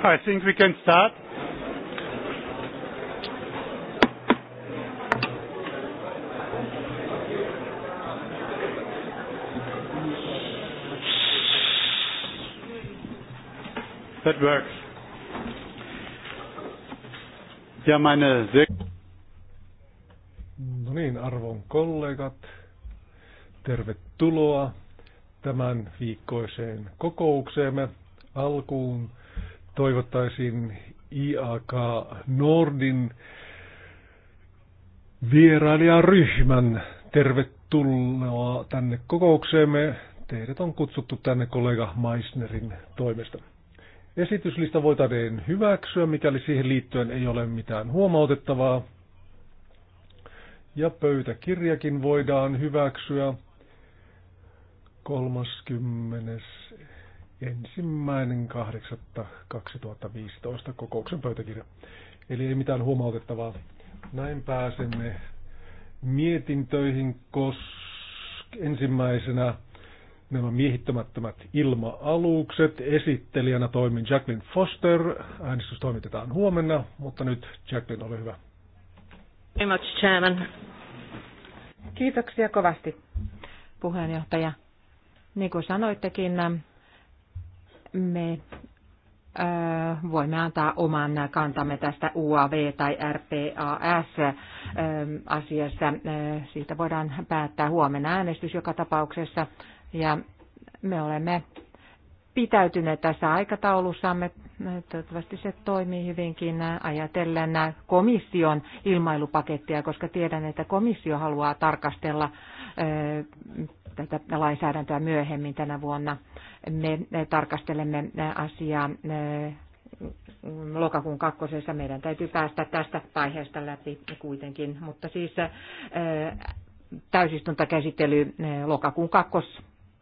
I think we can start. That works. Ja meine No niin, arvon kollegat, tervetuloa tämän viikkoiseen kokoukseemme. Alkuun Toivottaisin IAK Nordin vierailijaryhmän tervetuloa tänne kokoukseemme. Teidät on kutsuttu tänne kollega Meissnerin toimesta. Esityslista voitaneen hyväksyä, mikäli siihen liittyen ei ole mitään huomautettavaa. Ja pöytäkirjakin voidaan hyväksyä 30 ensimmäinen 8.2015 kokouksen pöytäkirja. Eli ei mitään huomautettavaa. Näin pääsemme mietintöihin, koska ensimmäisenä nämä miehittämättömät ilma-alukset. Esittelijänä toimin Jacqueline Foster. Äänestys toimitetaan huomenna, mutta nyt Jacqueline, ole hyvä. Very much, Chairman. Kiitoksia kovasti, puheenjohtaja. Niin kuin sanoittekin, me äh, voimme antaa oman kantamme tästä UAV- tai rpas äh, asiassa äh, Siitä voidaan päättää huomenna äänestys joka tapauksessa. Ja me olemme pitäytyneet tässä aikataulussamme. Toivottavasti se toimii hyvinkin ajatellen komission ilmailupakettia, koska tiedän, että komissio haluaa tarkastella tätä lainsäädäntöä myöhemmin tänä vuonna. Me tarkastelemme asiaa lokakuun kakkosessa. Meidän täytyy päästä tästä vaiheesta läpi kuitenkin, mutta siis täysistuntakäsittely lokakuun kakkos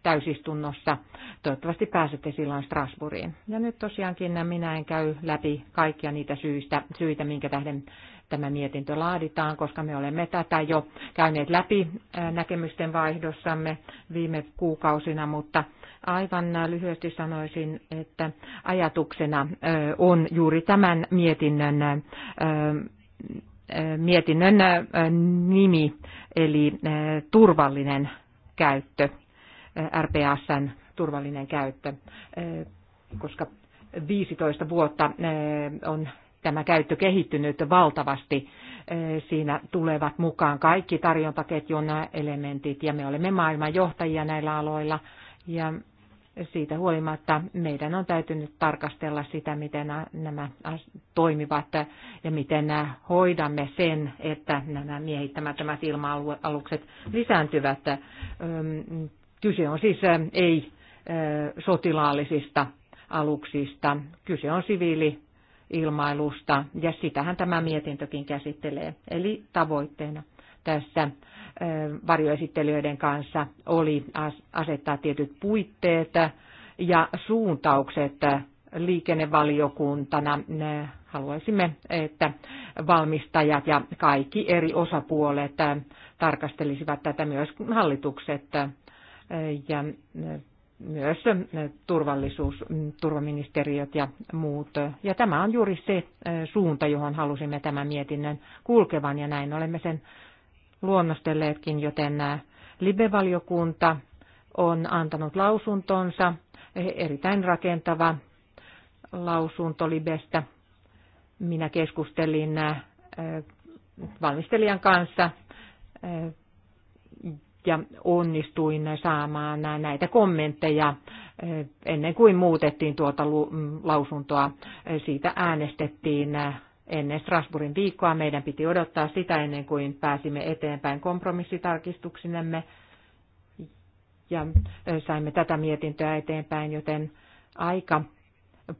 täysistunnossa. Toivottavasti pääsette silloin Strasbourgiin. Ja nyt tosiaankin minä en käy läpi kaikkia niitä syistä, syitä minkä tähden tämä mietintö laaditaan, koska me olemme tätä jo käyneet läpi näkemysten vaihdossamme viime kuukausina, mutta aivan lyhyesti sanoisin, että ajatuksena on juuri tämän mietinnön mietinnön nimi, eli turvallinen käyttö, RPSn turvallinen käyttö, koska 15 vuotta on tämä käyttö kehittynyt valtavasti. Siinä tulevat mukaan kaikki tarjontaketjun elementit ja me olemme maailman johtajia näillä aloilla ja siitä huolimatta meidän on täytynyt tarkastella sitä, miten nämä toimivat ja miten hoidamme sen, että nämä miehittämättömät ilma-alukset lisääntyvät. Kyse on siis ei sotilaallisista aluksista. Kyse on siviili ilmailusta, ja sitähän tämä mietintökin käsittelee. Eli tavoitteena tässä varjoesittelijöiden kanssa oli asettaa tietyt puitteet ja suuntaukset liikennevaliokuntana. Haluaisimme, että valmistajat ja kaikki eri osapuolet tarkastelisivat tätä myös hallitukset ja myös äh, turvallisuus, mm, turvaministeriöt ja muut. Ja tämä on juuri se äh, suunta, johon halusimme tämän mietinnön kulkevan, ja näin olemme sen luonnostelleetkin, joten äh, Libe-valiokunta on antanut lausuntonsa, e, erittäin rakentava lausunto Libestä. Minä keskustelin valmistelijan kanssa ja onnistuin saamaan näitä kommentteja eh, ennen kuin muutettiin tuota mm, lausuntoa. Siitä äänestettiin eh, ennen Strasbourgin viikkoa. Meidän piti odottaa sitä ennen kuin pääsimme eteenpäin kompromissitarkistuksinemme ja eh, saimme tätä mietintöä eteenpäin, joten aika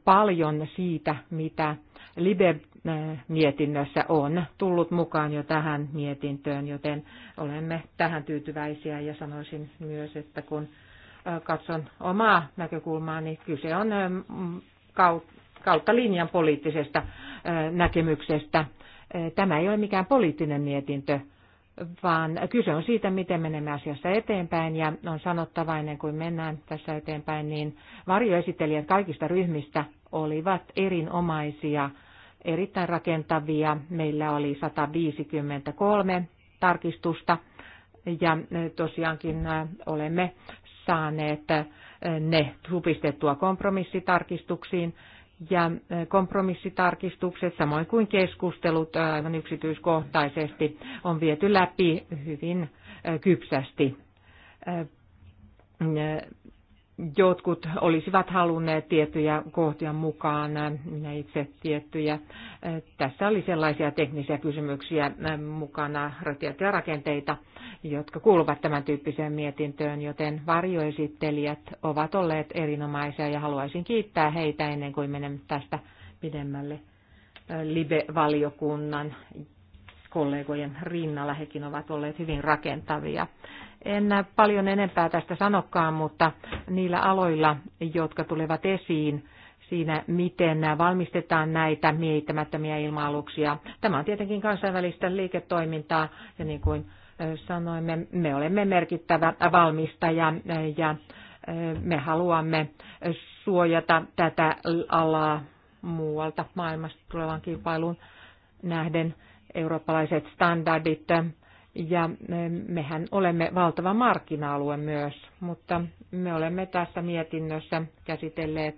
paljon siitä, mitä Libe-mietinnössä on tullut mukaan jo tähän mietintöön, joten olemme tähän tyytyväisiä ja sanoisin myös, että kun katson omaa näkökulmaa, niin kyse on kautta linjan poliittisesta näkemyksestä. Tämä ei ole mikään poliittinen mietintö, vaan kyse on siitä, miten menemme asiassa eteenpäin ja on sanottava ennen kuin mennään tässä eteenpäin, niin varjoesittelijät kaikista ryhmistä olivat erinomaisia, erittäin rakentavia. Meillä oli 153 tarkistusta ja e, tosiaankin e, olemme saaneet e, ne supistettua kompromissitarkistuksiin ja eh, kompromissitarkistukset, samoin kuin keskustelut eh, aivan yksityiskohtaisesti, on viety läpi hyvin eh, kypsästi jotkut olisivat halunneet tiettyjä kohtia mukaan, minä itse tiettyjä. Tässä oli sellaisia teknisiä kysymyksiä mukana, tiettyjä rakenteita, jotka kuuluvat tämän tyyppiseen mietintöön, joten varjoesittelijät ovat olleet erinomaisia ja haluaisin kiittää heitä ennen kuin menen tästä pidemmälle live-valiokunnan kollegojen rinnalla. Hekin ovat olleet hyvin rakentavia. En paljon enempää tästä sanokaan, mutta niillä aloilla, jotka tulevat esiin, siinä, miten valmistetaan näitä miehittämättömiä ilma-aluksia. Tämä on tietenkin kansainvälistä liiketoimintaa ja niin kuin sanoimme, me olemme merkittävä valmistaja ja me haluamme suojata tätä alaa muualta maailmasta tulevan kilpailuun nähden eurooppalaiset standardit ja eh, mehän olemme valtava markkina-alue myös, mutta me olemme tässä mietinnössä käsitelleet,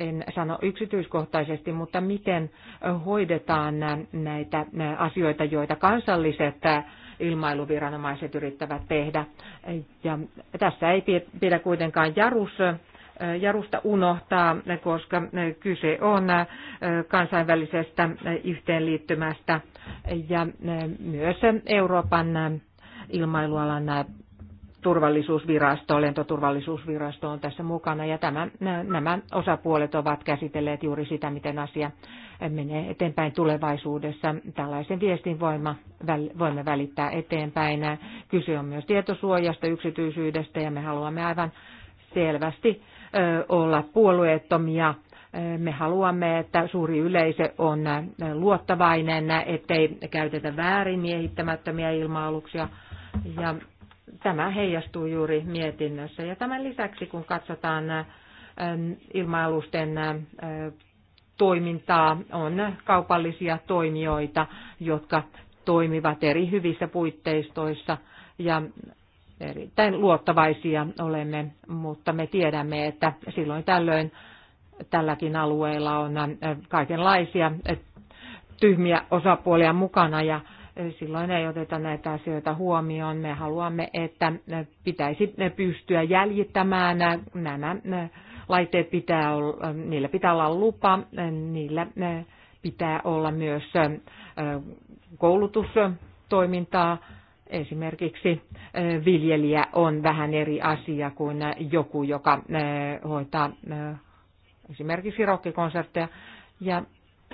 en sano yksityiskohtaisesti, mutta miten eh, hoidetaan näitä asioita, joita kansalliset eh, ilmailuviranomaiset yrittävät tehdä. Ja tässä ei pidä kuitenkaan jarus jarusta unohtaa, koska kyse on kansainvälisestä yhteenliittymästä ja myös Euroopan ilmailualan turvallisuusvirasto, lentoturvallisuusvirasto on tässä mukana ja tämä, nämä osapuolet ovat käsitelleet juuri sitä, miten asia menee eteenpäin tulevaisuudessa. Tällaisen viestin voima, voimme välittää eteenpäin. Kyse on myös tietosuojasta, yksityisyydestä ja me haluamme aivan selvästi olla puolueettomia. Me haluamme, että suuri yleisö on luottavainen, ettei käytetä väärin miehittämättömiä ilma-aluksia. Ja tämä heijastuu juuri mietinnössä. Ja tämän lisäksi, kun katsotaan ilma-alusten toimintaa, on kaupallisia toimijoita, jotka toimivat eri hyvissä puitteistoissa ja erittäin luottavaisia olemme, mutta me tiedämme, että silloin tällöin tälläkin alueella on äh, kaikenlaisia äh, tyhmiä osapuolia mukana ja äh, silloin ei oteta näitä asioita huomioon. Me haluamme, että pitäisi pystyä jäljittämään nämä laitteet, pitää olla, niillä pitää olla lupa, niillä pitää olla myös koulutustoimintaa Esimerkiksi viljelijä on vähän eri asia kuin joku, joka hoitaa esimerkiksi rokkikonsertteja. Ja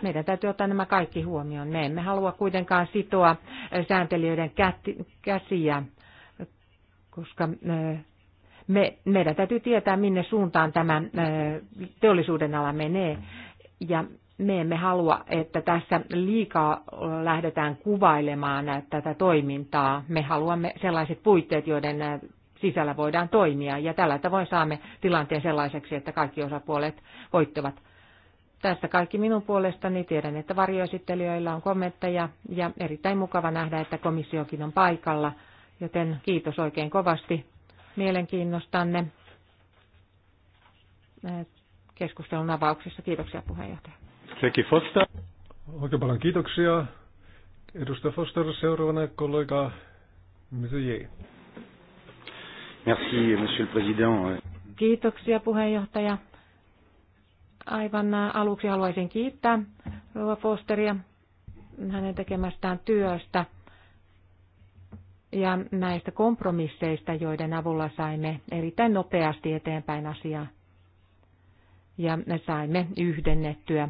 meidän täytyy ottaa nämä kaikki huomioon. Me emme halua kuitenkaan sitoa sääntelijöiden käsiä, koska me, meidän täytyy tietää, minne suuntaan tämä teollisuuden ala menee. Ja me emme halua, että tässä liikaa lähdetään kuvailemaan tätä toimintaa. Me haluamme sellaiset puitteet, joiden sisällä voidaan toimia, ja tällä tavoin saamme tilanteen sellaiseksi, että kaikki osapuolet voittavat. Tässä kaikki minun puolestani. Tiedän, että varjoesittelijöillä on kommentteja, ja erittäin mukava nähdä, että komissiokin on paikalla, joten kiitos oikein kovasti mielenkiinnostanne eh, keskustelun avauksessa. Kiitoksia puheenjohtaja. Jackie Foster. Oikein paljon kiitoksia. Edustaja Foster, seuraavana kollega Misier. Merci, monsieur le président. Kiitoksia puheenjohtaja. Aivan äh, aluksi haluaisin kiittää Rova Fosteria hänen tekemästään työstä ja näistä kompromisseista, joiden avulla saimme erittäin nopeasti eteenpäin asiaa ja saimme yhdennettyä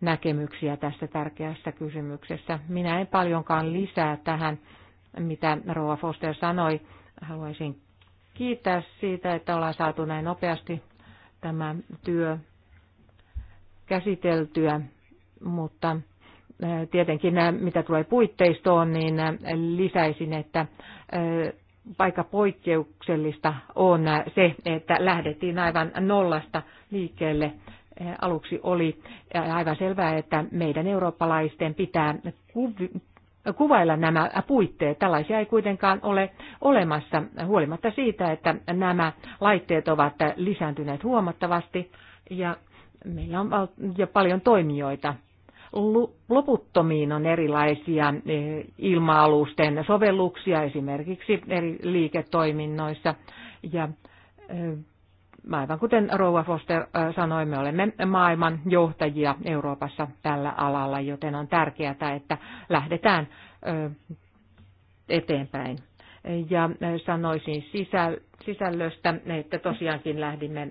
näkemyksiä tässä tärkeässä kysymyksessä. Minä en paljonkaan lisää tähän, mitä Roa Foster sanoi. Haluaisin kiittää siitä, että ollaan saatu näin nopeasti tämä työ käsiteltyä, mutta tietenkin mitä tulee puitteistoon, niin lisäisin, että paikka poikkeuksellista on se, että lähdettiin aivan nollasta liikkeelle Eh, aluksi oli eh, aivan selvää, että meidän eurooppalaisten pitää kuvailla nämä puitteet. Tällaisia ei kuitenkaan ole olemassa, huolimatta siitä, että nämä laitteet ovat lisääntyneet huomattavasti ja meillä on ja paljon toimijoita. Loputtomiin on erilaisia eh, ilma-alusten sovelluksia esimerkiksi eri liiketoiminnoissa ja aivan kuten Rouva Foster sanoi, me olemme maailman johtajia Euroopassa tällä alalla, joten on tärkeää, että lähdetään eteenpäin. Ja sanoisin sisällöstä, että tosiaankin lähdimme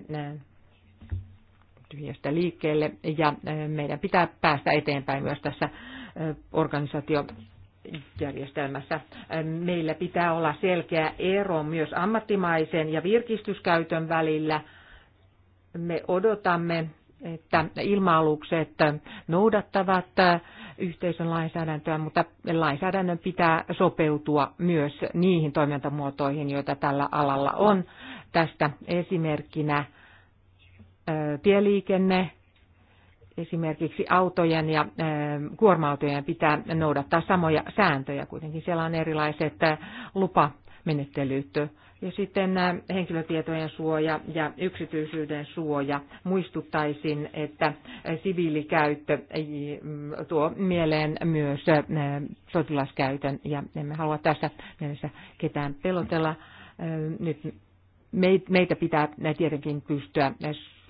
tyhjästä liikkeelle ja meidän pitää päästä eteenpäin myös tässä organisaatio järjestelmässä. Meillä pitää olla selkeä ero myös ammattimaisen ja virkistyskäytön välillä. Me odotamme, että ilma-alukset noudattavat yhteisön lainsäädäntöä, mutta lainsäädännön pitää sopeutua myös niihin toimintamuotoihin, joita tällä alalla on. Tästä esimerkkinä tieliikenne, esimerkiksi autojen ja kuorma-autojen pitää noudattaa samoja sääntöjä. Kuitenkin siellä on erilaiset lupamenettelyt. Ja sitten henkilötietojen suoja ja yksityisyyden suoja. Muistuttaisin, että siviilikäyttö mm, tuo mieleen myös sotilaskäytön ja emme halua tässä mielessä ketään pelotella. Nyt meitä pitää tietenkin pystyä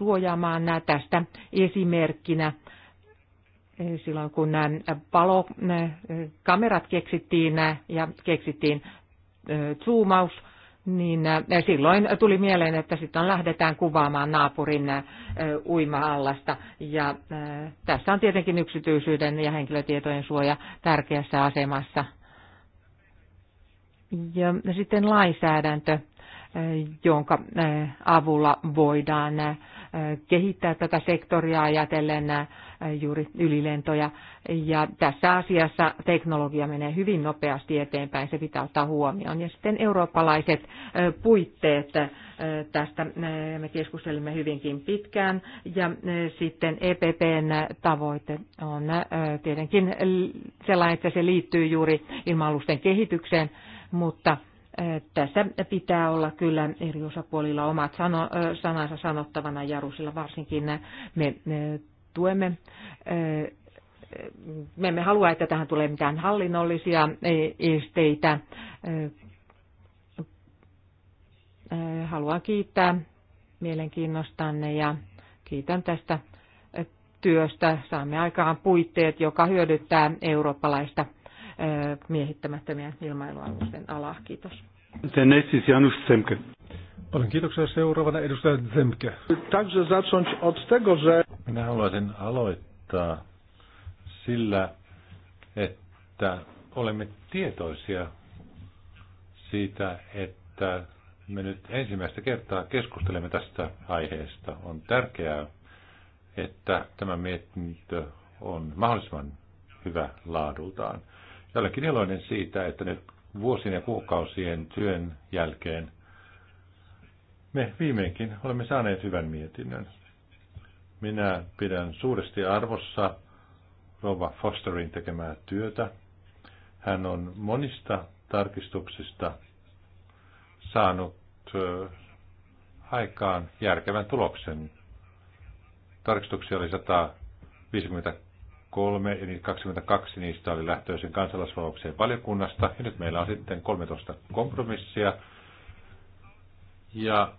suojaamaan tästä esimerkkinä silloin, kun nämä palokamerat keksittiin ja keksittiin zoomaus, niin silloin tuli mieleen, että sitten lähdetään kuvaamaan naapurin uima-allasta. Ja tässä on tietenkin yksityisyyden ja henkilötietojen suoja tärkeässä asemassa. Ja sitten lainsäädäntö. Eh, jonka eh, avulla voidaan eh, kehittää tätä sektoria ajatellen juuri ylilentoja. Ja tässä asiassa teknologia menee hyvin nopeasti eteenpäin, se pitää ottaa huomioon. Ja sitten eurooppalaiset puitteet, tästä me keskustelimme hyvinkin pitkään. Ja sitten EPPn tavoite on tietenkin sellainen, että se liittyy juuri ilma kehitykseen, mutta – tässä pitää olla kyllä eri osapuolilla omat sano, sanansa sanottavana Jarusilla, varsinkin varsinkin me tuemme me emme halua, että tähän tulee mitään hallinnollisia e, esteitä. Haluan kiittää mielenkiinnostanne ja kiitän tästä työstä. Saamme aikaan puitteet, joka hyödyttää eurooppalaista miehittämättömien ilmailualusten alaa. Kiitos. Tenesis Janusz Semke. Paljon kiitoksia seuraavana edustaja Zemke. Minä haluaisin aloittaa sillä, että olemme tietoisia siitä, että me nyt ensimmäistä kertaa keskustelemme tästä aiheesta. On tärkeää, että tämä mietintö on mahdollisimman hyvä laadultaan. Ja olenkin iloinen siitä, että nyt vuosien ja kuukausien työn jälkeen me viimeinkin olemme saaneet hyvän mietinnön. Minä pidän suuresti arvossa Rova Fosterin tekemää työtä. Hän on monista tarkistuksista saanut aikaan järkevän tuloksen. Tarkistuksia oli 150 kolme, eli 22 niistä oli lähtöisin kansalaisvapauksien valiokunnasta, ja nyt meillä on sitten 13 kompromissia. Ja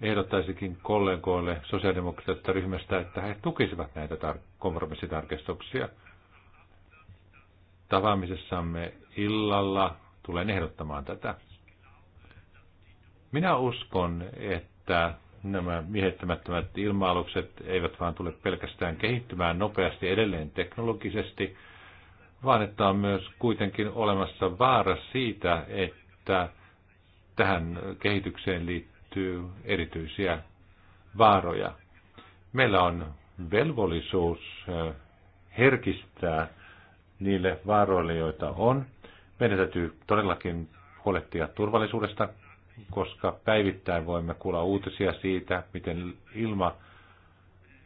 ehdottaisikin kollegoille sosiaalidemokraattisesta ryhmästä, että he tukisivat näitä tar- kompromissitarkistuksia. Tavaamisessamme illalla tulen ehdottamaan tätä. Minä uskon, että nämä miehittämättömät ilma-alukset eivät vaan tule pelkästään kehittymään nopeasti edelleen teknologisesti, vaan että on myös kuitenkin olemassa vaara siitä, että tähän kehitykseen liittyy erityisiä vaaroja. Meillä on velvollisuus herkistää niille vaaroille, joita on. Meidän täytyy todellakin huolehtia turvallisuudesta, koska päivittäin voimme kuulla uutisia siitä, miten ilma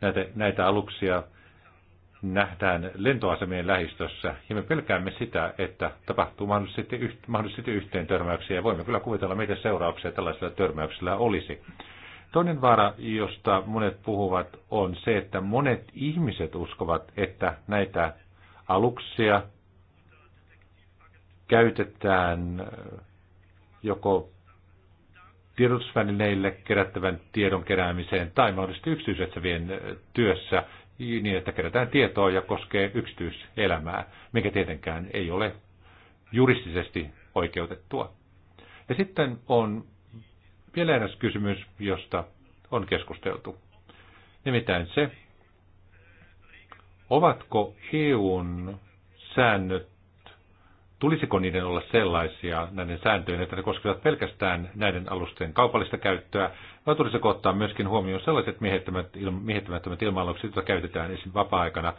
näitä, näitä aluksia nähdään lentoasemien lähistössä, ja me pelkäämme sitä, että tapahtuu mahdollisesti, mahdollisesti yhteen törmäyksiä, ja voimme kyllä kuvitella, mitä seurauksia tällaisella törmäyksellä olisi. Toinen vaara, josta monet puhuvat, on se, että monet ihmiset uskovat, että näitä aluksia käytetään joko tiedotusvälineille kerättävän tiedon keräämiseen tai mahdollisesti yksityisetsevien työssä niin, että kerätään tietoa ja koskee yksityiselämää, mikä tietenkään ei ole juristisesti oikeutettua. Ja sitten on vielä eräs kysymys, josta on keskusteltu. Nimittäin se, ovatko EUn säännöt tulisiko niiden olla sellaisia näiden sääntöjen, että ne koskevat pelkästään näiden alusten kaupallista käyttöä, vai tulisiko ottaa myöskin huomioon sellaiset miehittämättömät ilma-alukset, joita käytetään esim. vapaa-aikana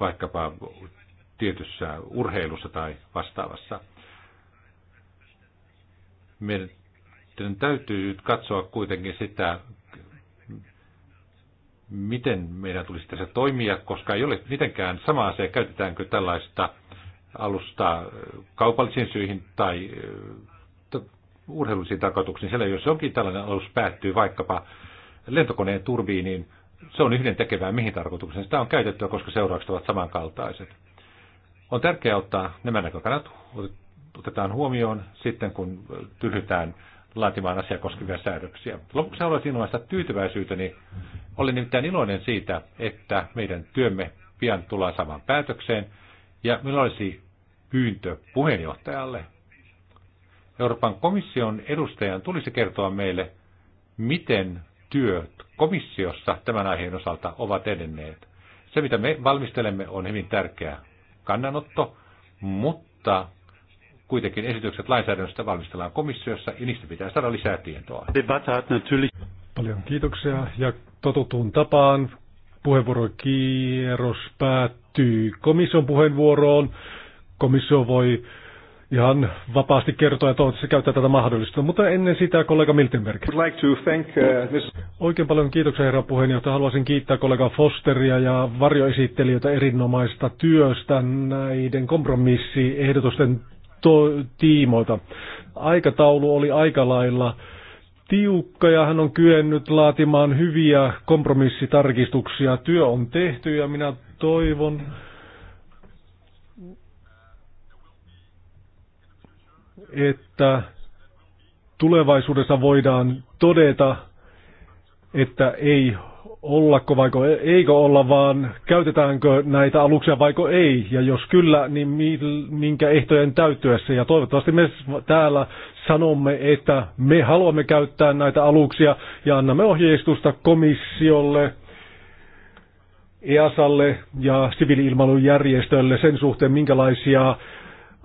vaikkapa tietyssä urheilussa tai vastaavassa. Meidän täytyy nyt katsoa kuitenkin sitä, miten meidän tulisi tässä toimia, koska ei ole mitenkään sama asia, käytetäänkö tällaista alusta kaupallisiin syihin tai urheilullisiin tarkoituksiin. Siellä jos jokin tällainen alus päättyy vaikkapa lentokoneen turbiiniin, niin se on yhden tekevää mihin tarkoitukseen. Sitä on käytetty, koska seuraukset ovat samankaltaiset. On tärkeää ottaa nämä näkökannat otetaan huomioon sitten, kun tyhjytään laatimaan asiaa koskevia säädöksiä. Lopuksi haluaisin ilmaista tyytyväisyyteni. Olen nimittäin iloinen siitä, että meidän työmme pian tullaan saman päätökseen, ja meillä olisi pyyntö puheenjohtajalle. Euroopan komission edustajan tulisi kertoa meille, miten työt komissiossa tämän aiheen osalta ovat edenneet. Se, mitä me valmistelemme, on hyvin tärkeä kannanotto, mutta kuitenkin esitykset lainsäädännöstä valmistellaan komissiossa ja niistä pitää saada lisää tietoa. Paljon kiitoksia ja totutuun tapaan puheenvuorokierros päättyy komission puheenvuoroon komissio voi ihan vapaasti kertoa ja toivottavasti käyttää tätä mahdollisuutta. Mutta ennen sitä kollega Miltenberg. Like to thank, uh, this... Oikein paljon kiitoksia herra puheenjohtaja. Haluaisin kiittää kollega Fosteria ja varjoesittelijöitä erinomaista työstä näiden kompromissiehdotusten to- tiimoilta. Aikataulu oli aika lailla tiukka ja hän on kyennyt laatimaan hyviä kompromissitarkistuksia. Työ on tehty ja minä toivon, että tulevaisuudessa voidaan todeta, että ei ollako vaiko e- eikö olla, vaan käytetäänkö näitä aluksia vaiko ei, ja jos kyllä, niin minkä ehtojen täyttyessä. Ja toivottavasti me täällä sanomme, että me haluamme käyttää näitä aluksia ja annamme ohjeistusta komissiolle, EASalle ja siviili sen suhteen, minkälaisia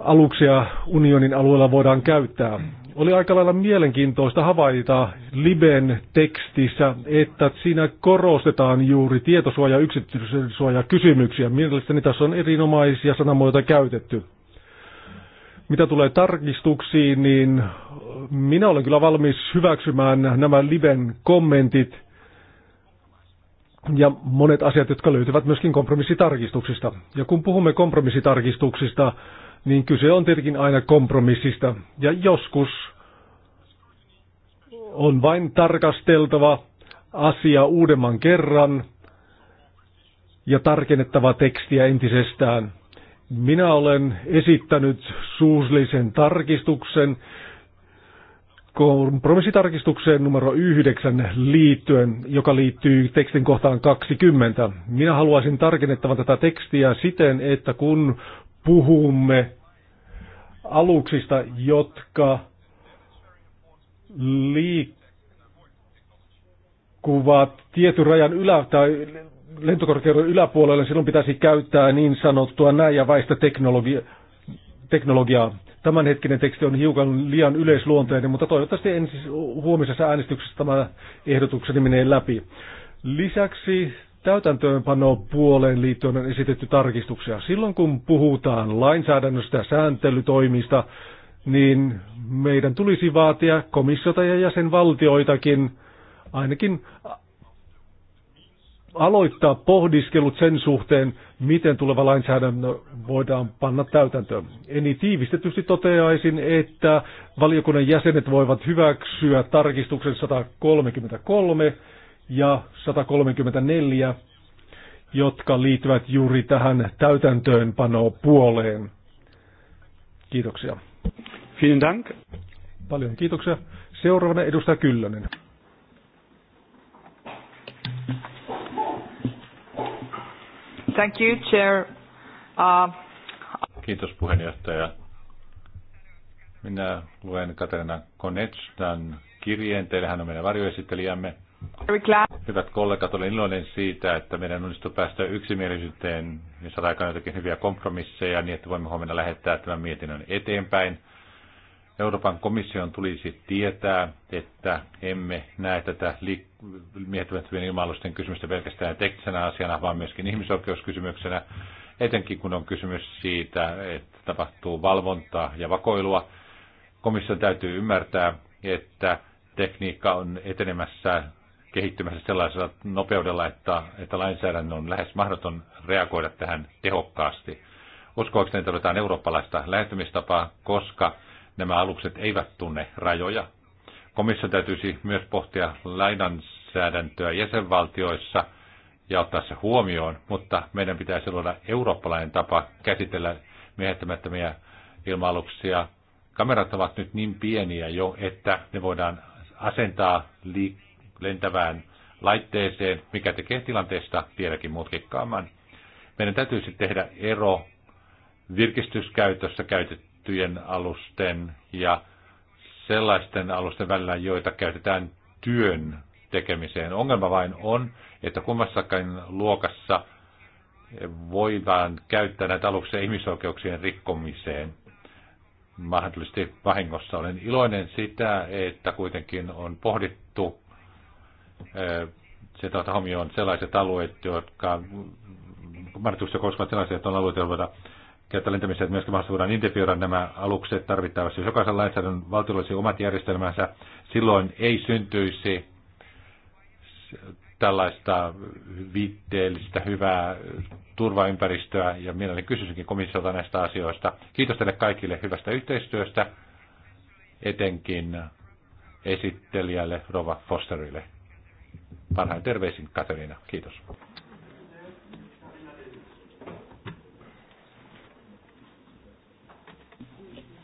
aluksia unionin alueella voidaan käyttää. Oli aika lailla mielenkiintoista havaita Liben tekstissä, että siinä korostetaan juuri tietosuoja- ja kysymyksiä. Mielestäni tässä on erinomaisia sanamuotoja käytetty. Mitä tulee tarkistuksiin, niin minä olen kyllä valmis hyväksymään nämä Liben kommentit ja monet asiat, jotka löytyvät myöskin kompromissitarkistuksista. Ja kun puhumme kompromissitarkistuksista, niin kyse on tietenkin aina kompromissista. Ja joskus on vain tarkasteltava asia uudemman kerran ja tarkennettava tekstiä entisestään. Minä olen esittänyt suuslisen tarkistuksen kompromissitarkistukseen numero 9 liittyen, joka liittyy tekstin kohtaan 20. Minä haluaisin tarkennettavan tätä tekstiä siten, että kun puhumme aluksista, jotka liikkuvat tietyn rajan ylä- tai lentokorkeuden yläpuolelle, silloin pitäisi käyttää niin sanottua väistä teknologi- teknologiaa. Tämänhetkinen teksti on hiukan liian yleisluonteinen, mutta toivottavasti ensi huomisessa äänestyksessä tämä ehdotukseni menee läpi. Lisäksi täytäntöönpano puoleen liittyen on esitetty tarkistuksia. Silloin kun puhutaan lainsäädännöstä ja sääntelytoimista, niin meidän tulisi vaatia komissiota ja jäsenvaltioitakin ainakin aloittaa pohdiskelut sen suhteen, miten tuleva lainsäädäntö voidaan panna täytäntöön. Eni tiivistetysti toteaisin, että valiokunnan jäsenet voivat hyväksyä tarkistuksen 133 ja 134, jotka liittyvät juuri tähän täytäntöönpanopuoleen. Kiitoksia. Vielen Dank. Paljon kiitoksia. Seuraavana edustaja Kyllönen. Thank you, Chair. Uh, Kiitos puheenjohtaja. Minä luen Katerina Konechtan kirjeen. Teillähän on meidän varjoesittelijämme. Hyvät kollegat, olen iloinen siitä, että meidän onnistui päästä yksimielisyyteen ja saada aikaan jotakin hyviä kompromisseja niin, että voimme huomenna lähettää tämän mietinnön eteenpäin. Euroopan komission tulisi tietää, että emme näe tätä liik- miettimättömien ilmailusten kysymystä pelkästään teknisenä asiana, vaan myöskin ihmisoikeuskysymyksenä, etenkin kun on kysymys siitä, että tapahtuu valvontaa ja vakoilua. Komission täytyy ymmärtää, että tekniikka on etenemässä kehittymässä sellaisella nopeudella, että, että lainsäädännön on lähes mahdoton reagoida tähän tehokkaasti. Uskoakseni tarvitaan eurooppalaista lähestymistapaa, koska nämä alukset eivät tunne rajoja. Komissio täytyisi myös pohtia lainsäädäntöä jäsenvaltioissa ja ottaa se huomioon, mutta meidän pitäisi luoda eurooppalainen tapa käsitellä miehittämättömiä ilma-aluksia. Kamerat ovat nyt niin pieniä jo, että ne voidaan asentaa liikkeelle lentävään laitteeseen, mikä tekee tilanteesta vieläkin mutkikkaamman. Meidän täytyisi tehdä ero virkistyskäytössä käytettyjen alusten ja sellaisten alusten välillä, joita käytetään työn tekemiseen. Ongelma vain on, että kummassakin luokassa voidaan käyttää näitä aluksia ihmisoikeuksien rikkomiseen mahdollisesti vahingossa. Olen iloinen sitä, että kuitenkin on pohdittu se ottaa huomioon sellaiset alueet, jotka marjoituksia koskevat sellaisia, että on alueita, joilla voidaan käyttää lentämistä, että myöskin mahdollisesti voidaan identifioida nämä alukset tarvittavasti. Jos jokaisen lainsäädännön valtiolla olisi omat järjestelmänsä, silloin ei syntyisi tällaista viitteellistä hyvää turvaympäristöä ja mielelläni kysyisinkin komissiolta näistä asioista. Kiitos teille kaikille hyvästä yhteistyöstä, etenkin esittelijälle Rova Fosterille. Parhain terveisin Katerina. Kiitos.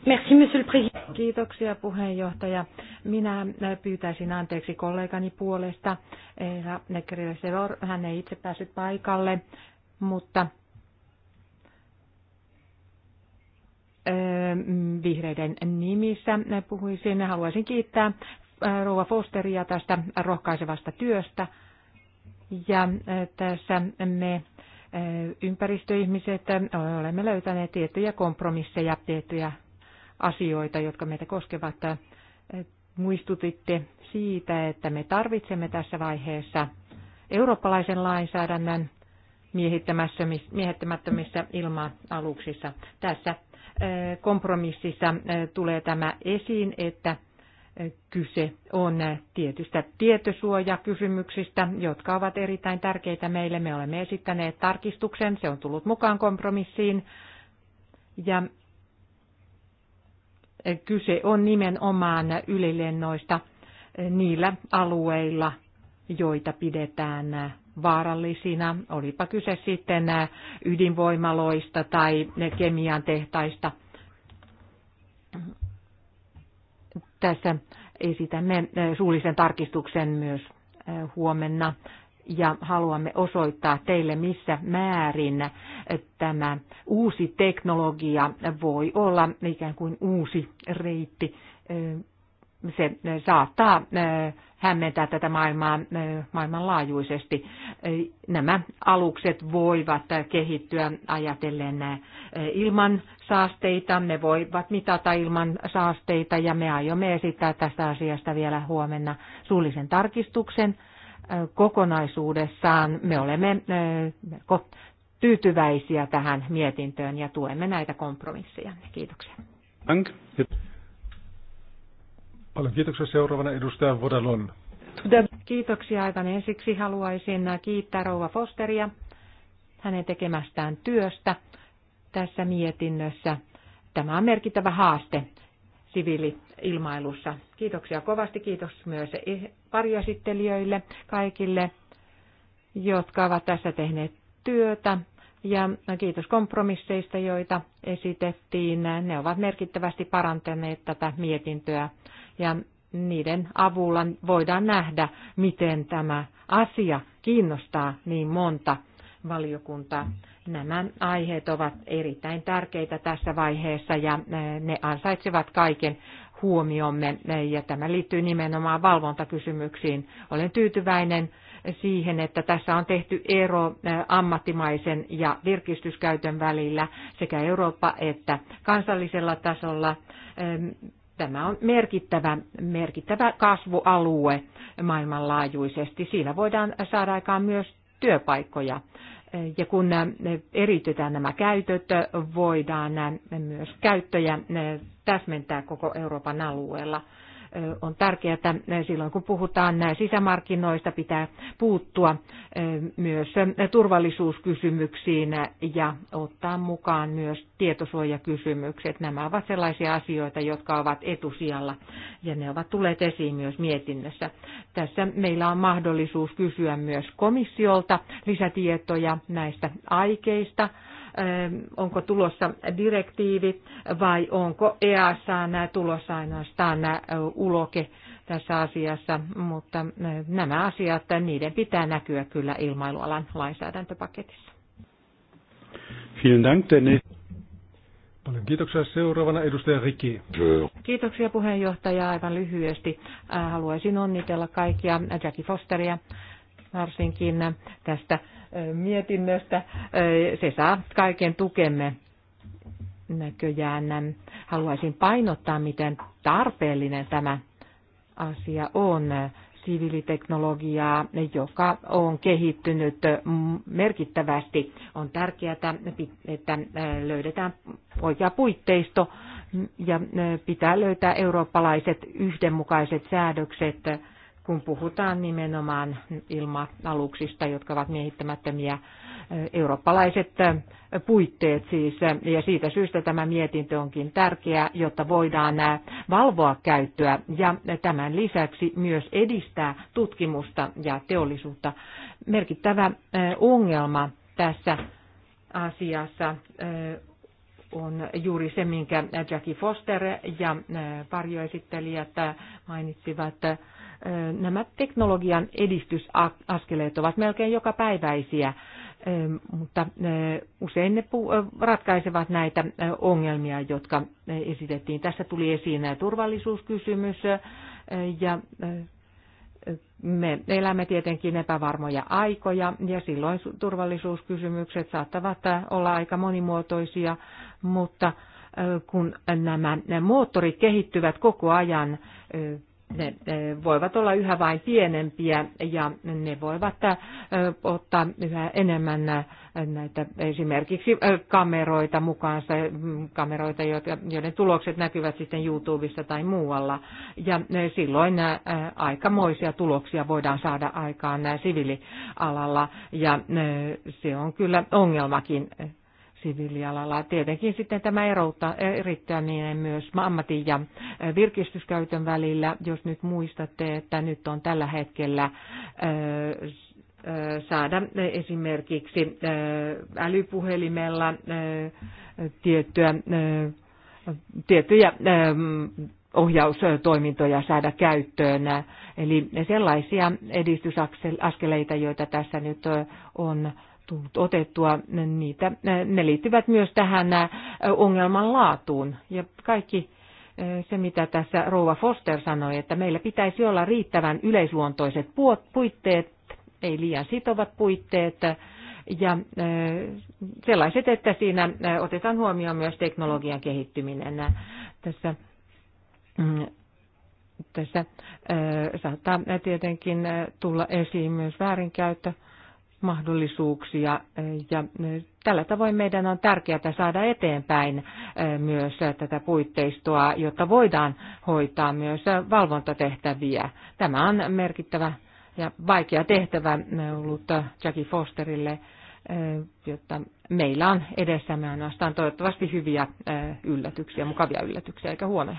Merci, monsieur le président. Kiitoksia puheenjohtaja. Minä äh, pyytäisin anteeksi kollegani puolesta. hän ei itse päässyt paikalle, mutta äh, vihreiden nimissä puhuisin. Haluaisin kiittää Äh, rouva Fosteria tästä rohkaisevasta työstä. Ja äh, tässä me äh, ympäristöihmiset olemme löytäneet tiettyjä kompromisseja, tiettyjä asioita, jotka meitä koskevat. Muistutitte siitä, että me tarvitsemme tässä vaiheessa eurooppalaisen lainsäädännön miehittämättömissä ilma-aluksissa. Tässä kompromississa tulee tämä esiin, että kyse on tietystä tietosuojakysymyksistä, jotka ovat erittäin tärkeitä meille. Me olemme esittäneet tarkistuksen, se on tullut mukaan kompromissiin. Ja kyse on nimenomaan ylilennoista niillä alueilla, joita pidetään vaarallisina, olipa kyse sitten ydinvoimaloista tai kemian tehtaista tässä esitämme eh, suullisen tarkistuksen myös eh, huomenna ja haluamme osoittaa teille, missä määrin eh, tämä uusi teknologia voi olla ikään kuin uusi reitti se eh, saattaa eh, hämmentää tätä maailmaa eh, maailmanlaajuisesti. Nämä alukset voivat kehittyä ajatellen ilman saasteita, ne voivat mitata ilman saasteita ja me aiomme esittää tästä asiasta vielä huomenna suullisen tarkistuksen kokonaisuudessaan. Me olemme tyytyväisiä tähän mietintöön ja tuemme näitä kompromisseja. Kiitoksia. Dank. Paljon kiitoksia seuraavana edustaja Vodalon. Kiitoksia aivan ensiksi. Haluaisin kiittää Rouva Fosteria hänen tekemästään työstä tässä mietinnössä. Tämä on merkittävä haaste siviili-ilmailussa. Kiitoksia kovasti. Kiitos myös parjasittelijöille e- kaikille, jotka ovat tässä tehneet työtä. Ja kiitos kompromisseista, joita esitettiin. Ne ovat merkittävästi parantaneet tätä mietintöä ja niiden avulla voidaan nähdä, miten tämä asia kiinnostaa niin monta valiokuntaa. Nämä aiheet ovat erittäin tärkeitä tässä vaiheessa ja ne ansaitsevat kaiken huomiomme ja tämä liittyy nimenomaan valvontakysymyksiin. Olen tyytyväinen siihen, että tässä on tehty ero ammattimaisen ja virkistyskäytön välillä sekä Eurooppa että kansallisella tasolla. Tämä on merkittävä, merkittävä kasvualue maailmanlaajuisesti. Siinä voidaan saada aikaan myös työpaikkoja. Ja kun eriytetään nämä käytöt, voidaan myös käyttöjä täsmentää koko Euroopan alueella on tärkeää, että silloin kun puhutaan sisämarkkinoista, pitää puuttua myös turvallisuuskysymyksiin ja ottaa mukaan myös tietosuojakysymykset. Nämä ovat sellaisia asioita, jotka ovat etusijalla ja ne ovat tulleet esiin myös mietinnössä. Tässä meillä on mahdollisuus kysyä myös komissiolta lisätietoja näistä aikeista onko tulossa direktiivi vai onko EASAan tulossa ainoastaan uloke tässä asiassa, mutta nämä asiat, niiden pitää näkyä kyllä ilmailualan lainsäädäntöpaketissa. Vielen Dank, Paljon kiitoksia. Seuraavana edustaja Riki. Kiitoksia puheenjohtaja. Aivan lyhyesti äh, haluaisin onnitella kaikkia Jackie Fosteria varsinkin äh, tästä mietinnöstä. Se saa kaiken tukemme näköjään. Haluaisin painottaa, miten tarpeellinen tämä asia on siviiliteknologiaa, joka on kehittynyt merkittävästi. On tärkeää, että löydetään oikea puitteisto ja pitää löytää eurooppalaiset yhdenmukaiset säädökset kun puhutaan nimenomaan ilma-aluksista, jotka ovat miehittämättömiä eh, eurooppalaiset eh, puitteet siis. Eh, ja siitä syystä tämä mietintö onkin tärkeä, jotta voidaan valvoa käyttöä ja tämän lisäksi myös edistää tutkimusta ja teollisuutta. Merkittävä ongelma tässä asiassa on juuri se, minkä Jackie Foster ja varjoesittelijät mainitsivat, Nämä teknologian edistysaskeleet ovat melkein joka päiväisiä, mutta usein ne ratkaisevat näitä ongelmia, jotka esitettiin. Tässä tuli esiin turvallisuuskysymys ja me elämme tietenkin epävarmoja aikoja ja silloin turvallisuuskysymykset saattavat olla aika monimuotoisia, mutta kun nämä moottorit kehittyvät koko ajan, ne voivat olla yhä vain pienempiä ja ne voivat äh, ottaa yhä enemmän äh, näitä esimerkiksi äh, kameroita mukaansa, mm, kameroita, joiden tulokset näkyvät sitten YouTubessa tai muualla. Ja silloin aikamoisia tuloksia voidaan saada aikaan siviilialalla ja se on kyllä ongelmakin siviilialalla. Tietenkin sitten tämä eroutta, e, niin myös ammatin ja e, virkistyskäytön välillä, jos nyt muistatte, että nyt on tällä hetkellä e, saada esimerkiksi älypuhelimella tiettyä, tiettyjä ohjaustoimintoja saada käyttöön. Eli sellaisia edistysaskeleita, joita tässä nyt on tullut otettua, niitä, ne liittyvät myös tähän ongelman laatuun. Ja kaikki se, mitä tässä Rouva Foster sanoi, että meillä pitäisi olla riittävän yleisluontoiset puitteet, ei liian sitovat puitteet, ja sellaiset, että siinä otetaan huomioon myös teknologian kehittyminen. Tässä mm, tässä saattaa tietenkin tulla esiin myös väärinkäyttö mahdollisuuksia ja e, tällä tavoin meidän on tärkeää saada eteenpäin e, myös tätä puitteistoa, jotta voidaan hoitaa myös valvontatehtäviä. Tämä on merkittävä ja vaikea tehtävä e, ollut Jackie Fosterille, jotta meillä on edessämme ainoastaan toivottavasti hyviä yllätyksiä, mukavia yllätyksiä eikä huonoja.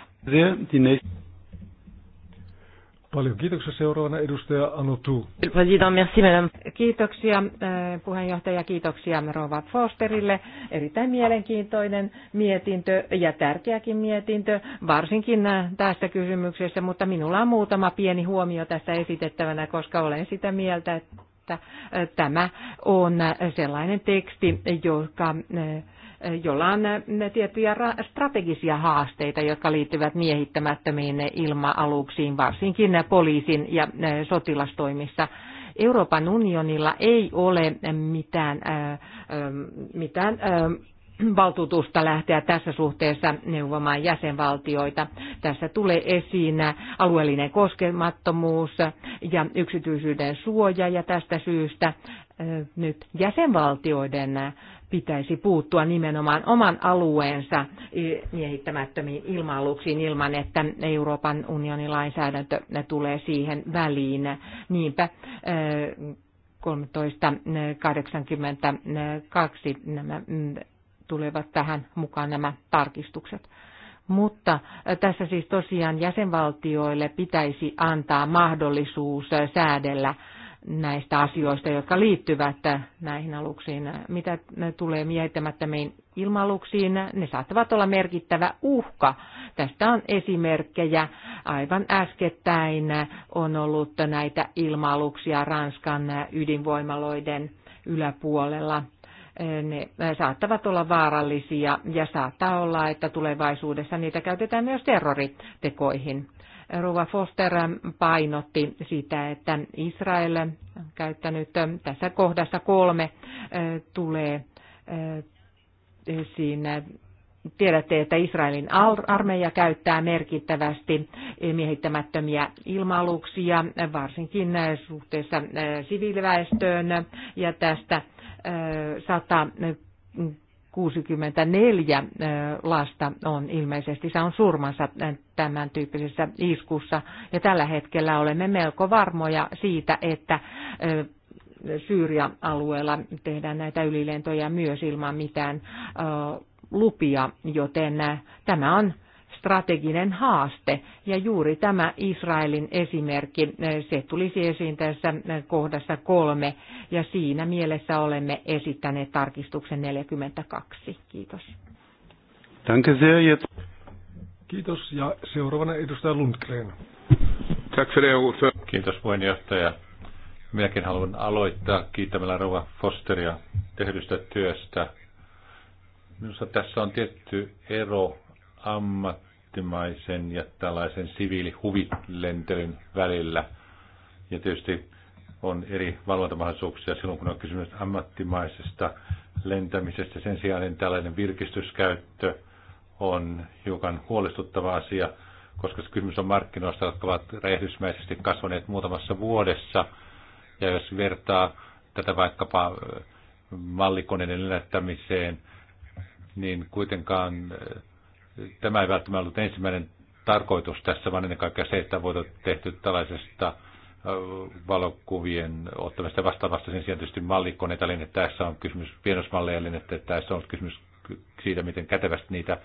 Paljon kiitoksia. Seuraavana edustaja Anu Tu. Kiitoksia eh, puheenjohtaja, kiitoksia Rova Fosterille. Erittäin mielenkiintoinen mietintö ja tärkeäkin mietintö, varsinkin eh, tästä kysymyksestä, mutta minulla on muutama pieni huomio tästä esitettävänä, koska olen sitä mieltä, että eh, tämä on sellainen teksti, joka jolla on eh, tiettyjä strategisia haasteita, jotka liittyvät miehittämättömiin ilma-aluksiin, varsinkin poliisin ja eh, sotilastoimissa. Euroopan unionilla ei ole mitään, eh, mitään valtuutusta lähteä tässä suhteessa neuvomaan jäsenvaltioita. Tässä tulee esiin alueellinen koskemattomuus ja yksityisyyden suoja ja tästä syystä nyt jäsenvaltioiden pitäisi puuttua nimenomaan oman alueensa miehittämättömiin ilma-aluksiin ilman, että Euroopan unionin lainsäädäntö tulee siihen väliin. Niinpä 1382 eh, nämä mm, tulevat tähän mukaan nämä tarkistukset. Mutta eh, tässä siis tosiaan jäsenvaltioille pitäisi antaa mahdollisuus eh, säädellä näistä asioista, jotka liittyvät näihin aluksiin. Mitä ne tulee miehittämättömiin ilmaluksiin, ne saattavat olla merkittävä uhka. Tästä on esimerkkejä. Aivan äskettäin on ollut näitä ilmaluksia Ranskan ydinvoimaloiden yläpuolella ne saattavat olla vaarallisia ja saattaa olla, että tulevaisuudessa niitä käytetään myös terroritekoihin. Rova Foster painotti sitä, että Israel on käyttänyt tässä kohdassa kolme tulee siinä Tiedätte, että Israelin armeija käyttää merkittävästi miehittämättömiä ilmaluksia varsinkin suhteessa siviiliväestöön, ja tästä 100 64 lasta on ilmeisesti saanut surmansa tämän tyyppisessä iskussa. Ja tällä hetkellä olemme melko varmoja siitä, että Syyrian alueella tehdään näitä ylilentoja myös ilman mitään lupia, joten tämä on strateginen haaste. Ja juuri tämä Israelin esimerkki, eh, se tulisi esiin tässä eh, kohdassa kolme, ja siinä mielessä olemme esittäneet tarkistuksen 42. Kiitos. Danke sehr. Kiitos, ja seuraavana edustaja Lundgren. Kiitos puheenjohtaja. Minäkin haluan aloittaa kiittämällä Rova Fosteria tehdystä työstä. Minusta tässä on tietty ero ammattimaisen ja tällaisen siviilihuvilentelyn välillä. Ja tietysti on eri valvontamahdollisuuksia silloin, kun on kysymys ammattimaisesta lentämisestä. Sen sijaan niin tällainen virkistyskäyttö on hiukan huolestuttava asia, koska kysymys on markkinoista, jotka ovat räjähdysmäisesti kasvaneet muutamassa vuodessa. Ja jos vertaa tätä vaikkapa mallikoneiden lennättämiseen, niin kuitenkaan Tämä ei välttämättä ollut ensimmäinen tarkoitus tässä, vaan ennen kaikkea se, että voitot tehty tällaisesta valokuvien ottamista vastaavasta sen sijaan tietysti mallikkoneita, eli että tässä on kysymys pienosmalleja, eli että tässä on kysymys siitä, miten kätevästi niitä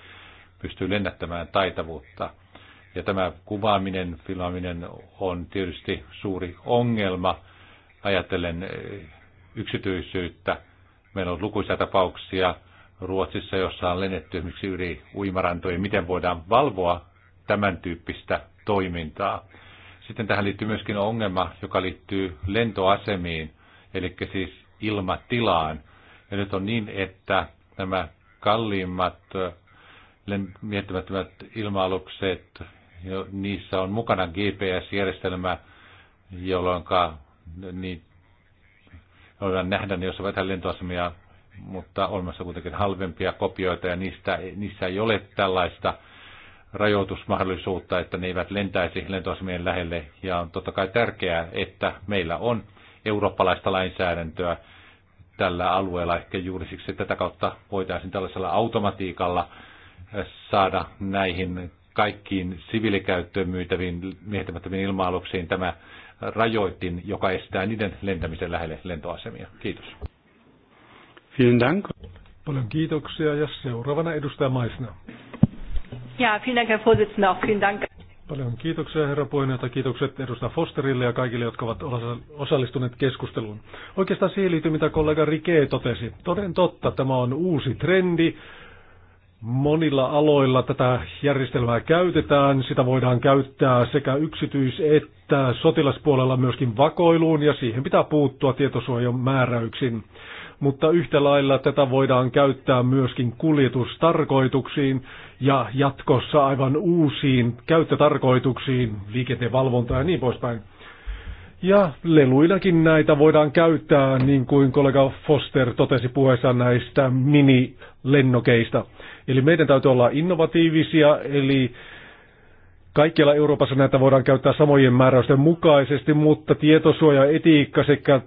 pystyy lennättämään taitavuutta. Ja tämä kuvaaminen, filmaaminen on tietysti suuri ongelma, ajatellen yksityisyyttä. Meillä on lukuisia tapauksia, Ruotsissa, jossa on lennetty esimerkiksi yli uimarantoja, miten voidaan valvoa tämän tyyppistä toimintaa. Sitten tähän liittyy myöskin ongelma, joka liittyy lentoasemiin, eli siis ilmatilaan. Ja nyt on niin, että nämä kalliimmat miettimättömät ilma-alukset, niissä on mukana GPS-järjestelmä, jolloin niin, voidaan nähdä, jos on vähän lentoasemia mutta olemassa kuitenkin halvempia kopioita ja niistä, niissä ei ole tällaista rajoitusmahdollisuutta, että ne eivät lentäisi lentoasemien lähelle. Ja on totta kai tärkeää, että meillä on eurooppalaista lainsäädäntöä tällä alueella. Ehkä juuri siksi tätä kautta voitaisiin tällaisella automatiikalla eh, saada näihin kaikkiin siviilikäyttöön myytäviin miehittämättömiin ilma-aluksiin tämä rajoitin, joka estää niiden lentämisen lähelle lentoasemia. Kiitos. Vielen Dank. Paljon kiitoksia ja seuraavana edustaja Maisna. Ja, vielen Dank, Herr Vorsitzender, auch vielen Dank. Paljon kiitoksia herra puheenjohtaja, kiitokset edustaja Fosterille ja kaikille, jotka ovat osallistuneet keskusteluun. Oikeastaan siihen liittyy, mitä kollega Rike totesi. Toden totta, tämä on uusi trendi. Monilla aloilla tätä järjestelmää käytetään. Sitä voidaan käyttää sekä yksityis- että sotilaspuolella myöskin vakoiluun ja siihen pitää puuttua tietosuojan määräyksin mutta yhtä lailla tätä voidaan käyttää myöskin kuljetustarkoituksiin ja jatkossa aivan uusiin käyttötarkoituksiin, liikennevalvonta ja niin poispäin. Ja leluillakin näitä voidaan käyttää, niin kuin kollega Foster totesi puheessa näistä mini mini-lennokeista. Eli meidän täytyy olla innovatiivisia, eli kaikkialla Euroopassa näitä voidaan käyttää samojen määräysten mukaisesti, mutta tietosuoja, etiikka sekä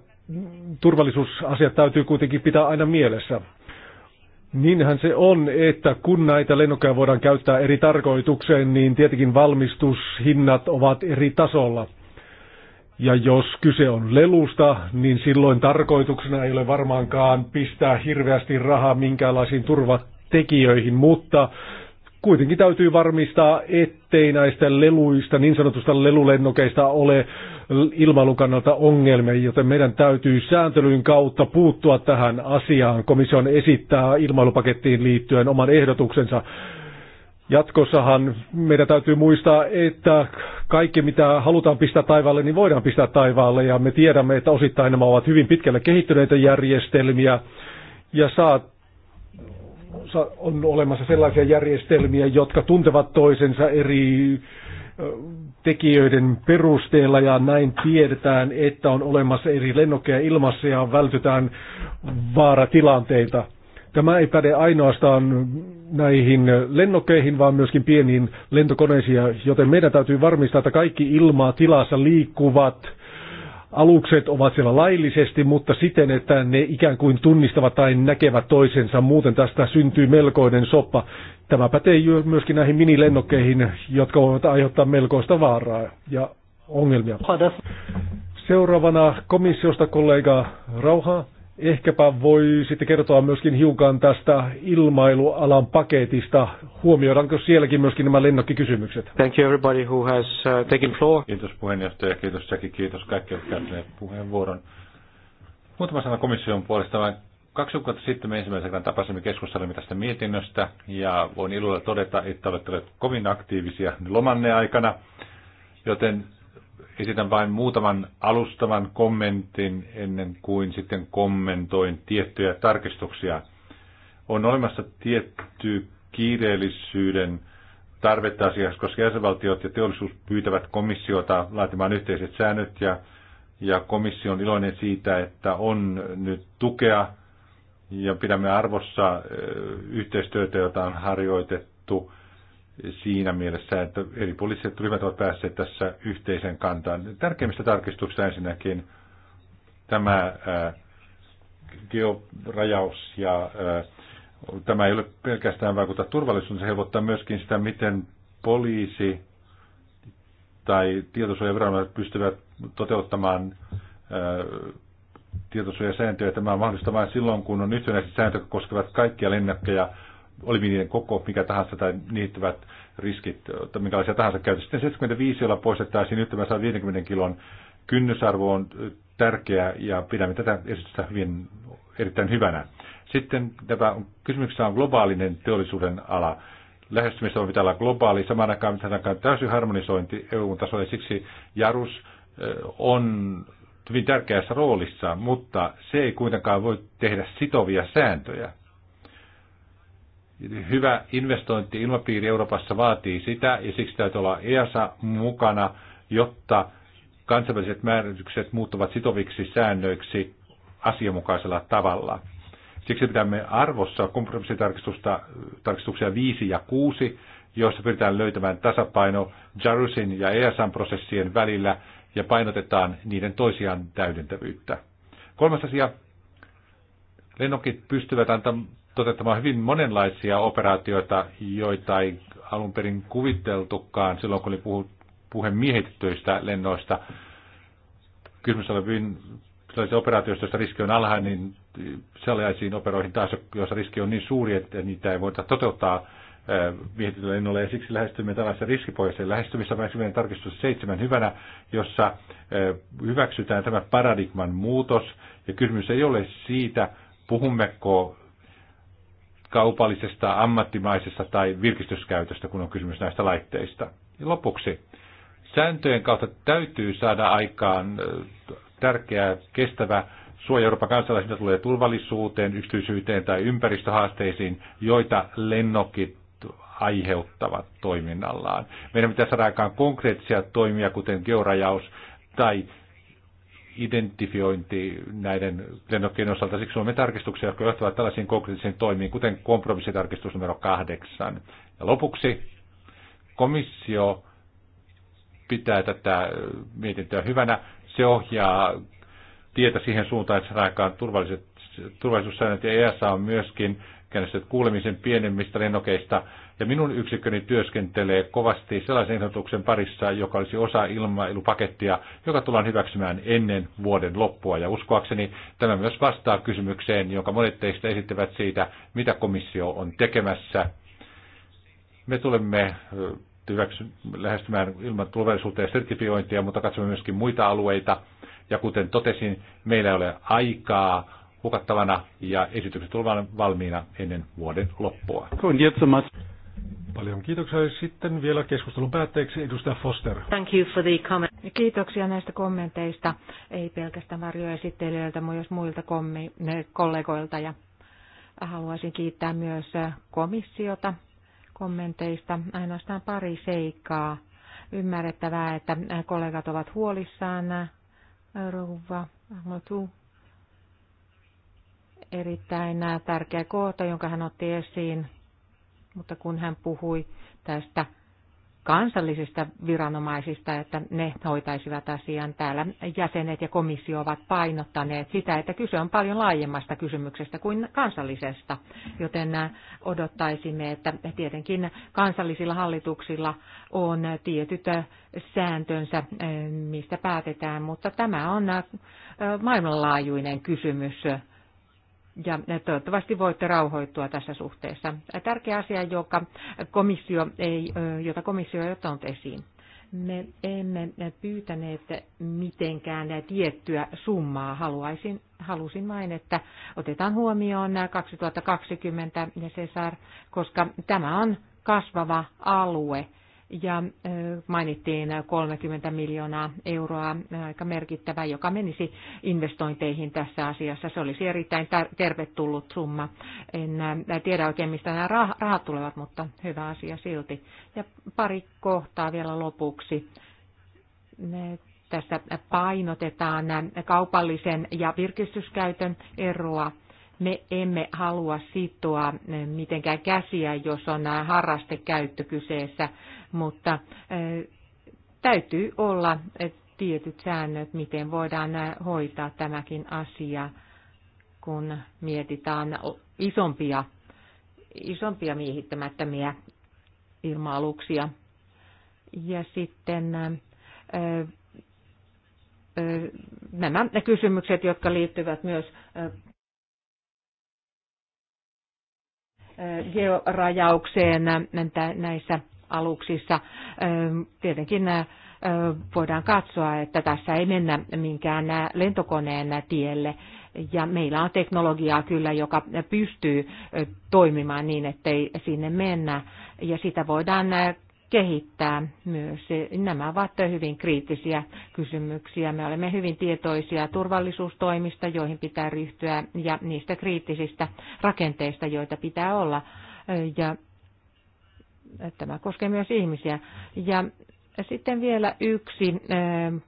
turvallisuusasiat täytyy kuitenkin pitää aina mielessä. Niinhän se on, että kun näitä lennokkeja voidaan käyttää eri tarkoitukseen, niin tietenkin valmistushinnat ovat eri tasolla. Ja jos kyse on lelusta, niin silloin tarkoituksena ei ole varmaankaan pistää hirveästi rahaa minkäänlaisiin turvatekijöihin, mutta Kuitenkin täytyy varmistaa, ettei näistä leluista, niin sanotusta lelulennokeista ole ilmailun kannalta ongelmia, joten meidän täytyy sääntelyn kautta puuttua tähän asiaan. Komission esittää ilmailupakettiin liittyen oman ehdotuksensa. Jatkossahan meidän täytyy muistaa, että kaikki mitä halutaan pistää taivaalle, niin voidaan pistää taivaalle. Ja me tiedämme, että osittain nämä ovat hyvin pitkälle kehittyneitä järjestelmiä. Ja saat on olemassa sellaisia järjestelmiä, jotka tuntevat toisensa eri tekijöiden perusteella ja näin tiedetään, että on olemassa eri lennokkeja ilmassa ja vältytään vaaratilanteita. Tämä ei päde ainoastaan näihin lennokkeihin, vaan myöskin pieniin lentokoneisiin, joten meidän täytyy varmistaa, että kaikki ilmaa tilassa liikkuvat alukset ovat siellä laillisesti, mutta siten, että ne ikään kuin tunnistavat tai näkevät toisensa. Muuten tästä syntyy melkoinen soppa. Tämä pätee myöskin näihin minilennokkeihin, jotka voivat aiheuttaa melkoista vaaraa ja ongelmia. Seuraavana komissiosta kollega Rauha. Ehkäpä voi sitten kertoa myöskin hiukan tästä ilmailualan paketista. Huomioidaanko sielläkin myöskin nämä lennokkikysymykset? Thank you everybody who has uh, taken floor. Kiitos puheenjohtaja, kiitos Jackie, kiitos kaikki, jotka käyttäneet puheenvuoron. Muutama sana komission puolesta. Mä kaksi kuukautta sitten me ensimmäisen kerran tapasimme keskustelemme tästä mietinnöstä ja voin ilolla todeta, että olette olleet kovin aktiivisia lomanne aikana, joten Esitän vain muutaman alustavan kommentin ennen kuin sitten kommentoin tiettyjä tarkistuksia. On olemassa tietty kiireellisyyden tarvetta asiassa, koska jäsenvaltiot ja teollisuus pyytävät komissiota laatimaan yhteiset säännöt ja, ja komissio on iloinen siitä, että on nyt tukea ja pidämme arvossa yhteistyötä, jota on harjoitettu siinä mielessä, että eri poliittiset ryhmät ovat päässeet tässä yhteisen kantaan. Tärkeimmistä tarkistuksista ensinnäkin tämä äh, georajaus ja äh, tämä ei ole pelkästään vaikuta turvallisuuteen, se helpottaa myöskin sitä, miten poliisi tai tietosuojaviranomaiset pystyvät toteuttamaan äh, tietosuojasääntöjä. Tämä on mahdollista vain silloin, kun on yhtenäiset sääntöjä, jotka koskevat kaikkia lennäkkejä oli niiden koko, mikä tahansa tai liittyvät riskit, tai minkälaisia tahansa käytössä. Sitten 75, jolla poistettaisiin nyt tämä 150 kilon kynnysarvo on tärkeä ja pidämme tätä esitystä hyvin, erittäin hyvänä. Sitten tämä on, kysymyksessä on globaalinen teollisuuden ala. Lähestymistä on pitää olla globaali, samaan aikaan samaan aikaan täysin harmonisointi EU-tasolla, siksi Jarus eh, on hyvin tärkeässä roolissa, mutta se ei kuitenkaan voi tehdä sitovia sääntöjä hyvä investointi ilmapiiri Euroopassa vaatii sitä, ja siksi täytyy olla EASA mukana, jotta kansainväliset määritykset muuttuvat sitoviksi säännöiksi asianmukaisella tavalla. Siksi pitämme arvossa kompromissitarkistuksia 5 ja 6, joissa pyritään löytämään tasapaino Jarusin ja EASAn prosessien välillä ja painotetaan niiden toisiaan täydentävyyttä. Kolmas asia. Lennokit pystyvät antamaan toteuttamaan hyvin monenlaisia operaatioita, joita ei alun perin kuviteltukaan silloin, kun oli puhu, puhe miehitettyistä lennoista. Kysymys oli hyvin sellaisia operaatioista, joissa riski on alhainen, niin sellaisiin operoihin taas, joissa riski on niin suuri, että niitä ei voida toteuttaa miehitettyillä lennoilla. ja siksi lähestymme tällaisen riskipohjaisen esimerkiksi tarkistus seitsemän hyvänä, jossa hyväksytään tämä paradigman muutos, ja kysymys ei ole siitä, puhummeko kaupallisesta, ammattimaisesta tai virkistyskäytöstä, kun on kysymys näistä laitteista. Ja lopuksi, sääntöjen kautta täytyy saada aikaan tärkeää, kestävä suoja Euroopan kansalaisilta tulee turvallisuuteen, yksityisyyteen tai ympäristöhaasteisiin, joita lennokit aiheuttavat toiminnallaan. Meidän pitää saada aikaan konkreettisia toimia, kuten georajaus tai identifiointi näiden lennokkien osalta. Siksi olemme tarkistuksia, jotka johtavat tällaisiin konkreettisiin toimiin, kuten kompromissitarkistus numero kahdeksan. Ja lopuksi komissio pitää tätä mietintöä hyvänä. Se ohjaa tietä siihen suuntaan, että saadaan turvalliset turvallisuussäännöt ja ESA on myöskin käynnistänyt kuulemisen pienemmistä lennokeista, ja minun yksikköni työskentelee kovasti sellaisen ehdotuksen parissa, joka olisi osa ilmailupakettia, joka tullaan hyväksymään ennen vuoden loppua. Ja uskoakseni tämä myös vastaa kysymykseen, jonka monet teistä esittävät siitä, mitä komissio on tekemässä. Me tulemme hyväksy, lähestymään ilman ja sertifiointia, mutta katsomme myöskin muita alueita. Ja kuten totesin, meillä ei ole aikaa hukattavana ja esitykset tulevat valmiina ennen vuoden loppua. Paljon kiitoksia. Sitten vielä keskustelun päätteeksi edustaja Foster. Thank you for the comment. Kiitoksia näistä kommenteista, ei pelkästään varjoesittelijöiltä, myös muilta kommi- kollegoilta. Ja haluaisin kiittää myös äh, komissiota kommenteista. Ainoastaan pari seikkaa. Ymmärrettävää, että äh, kollegat ovat huolissaan. Äh, rouva erittäin äh, tärkeä kohta, jonka hän otti esiin, mutta kun hän puhui tästä kansallisista viranomaisista, että ne hoitaisivat asian. Täällä jäsenet ja komissio ovat painottaneet sitä, että kyse on paljon laajemmasta kysymyksestä kuin kansallisesta, joten äh, odottaisimme, että tietenkin kansallisilla hallituksilla on tietyt äh, sääntönsä, mistä päätetään, mutta tämä on maailmanlaajuinen kysymys ja toivottavasti voitte rauhoittua tässä suhteessa. Tärkeä asia, joka komissio ei, jota komissio ei ottanut esiin. Me emme pyytäneet mitenkään tiettyä summaa. Haluaisin, halusin vain, että otetaan huomioon 2020 ja Cesar, koska tämä on kasvava alue ja mainittiin 30 miljoonaa euroa, aika merkittävä, joka menisi investointeihin tässä asiassa. Se olisi erittäin tervetullut summa. En tiedä oikein, mistä nämä rahat tulevat, mutta hyvä asia silti. Ja pari kohtaa vielä lopuksi. Tässä painotetaan kaupallisen ja virkistyskäytön eroa me emme halua sitoa mitenkään käsiä, jos on harrastekäyttö kyseessä, mutta täytyy olla tietyt säännöt, miten voidaan hoitaa tämäkin asia, kun mietitään isompia, isompia miehittämättömiä ilma-aluksia. Ja sitten nämä kysymykset, jotka liittyvät myös georajaukseen näissä aluksissa. Tietenkin voidaan katsoa, että tässä ei mennä minkään lentokoneen tielle. Ja meillä on teknologiaa kyllä, joka pystyy toimimaan niin, ettei sinne mennä. Ja sitä voidaan kehittää myös. Nämä ovat hyvin kriittisiä kysymyksiä. Me olemme hyvin tietoisia turvallisuustoimista, joihin pitää ryhtyä, ja niistä kriittisistä rakenteista, joita pitää olla. Ja Tämä koskee myös ihmisiä. Ja sitten vielä yksi eh,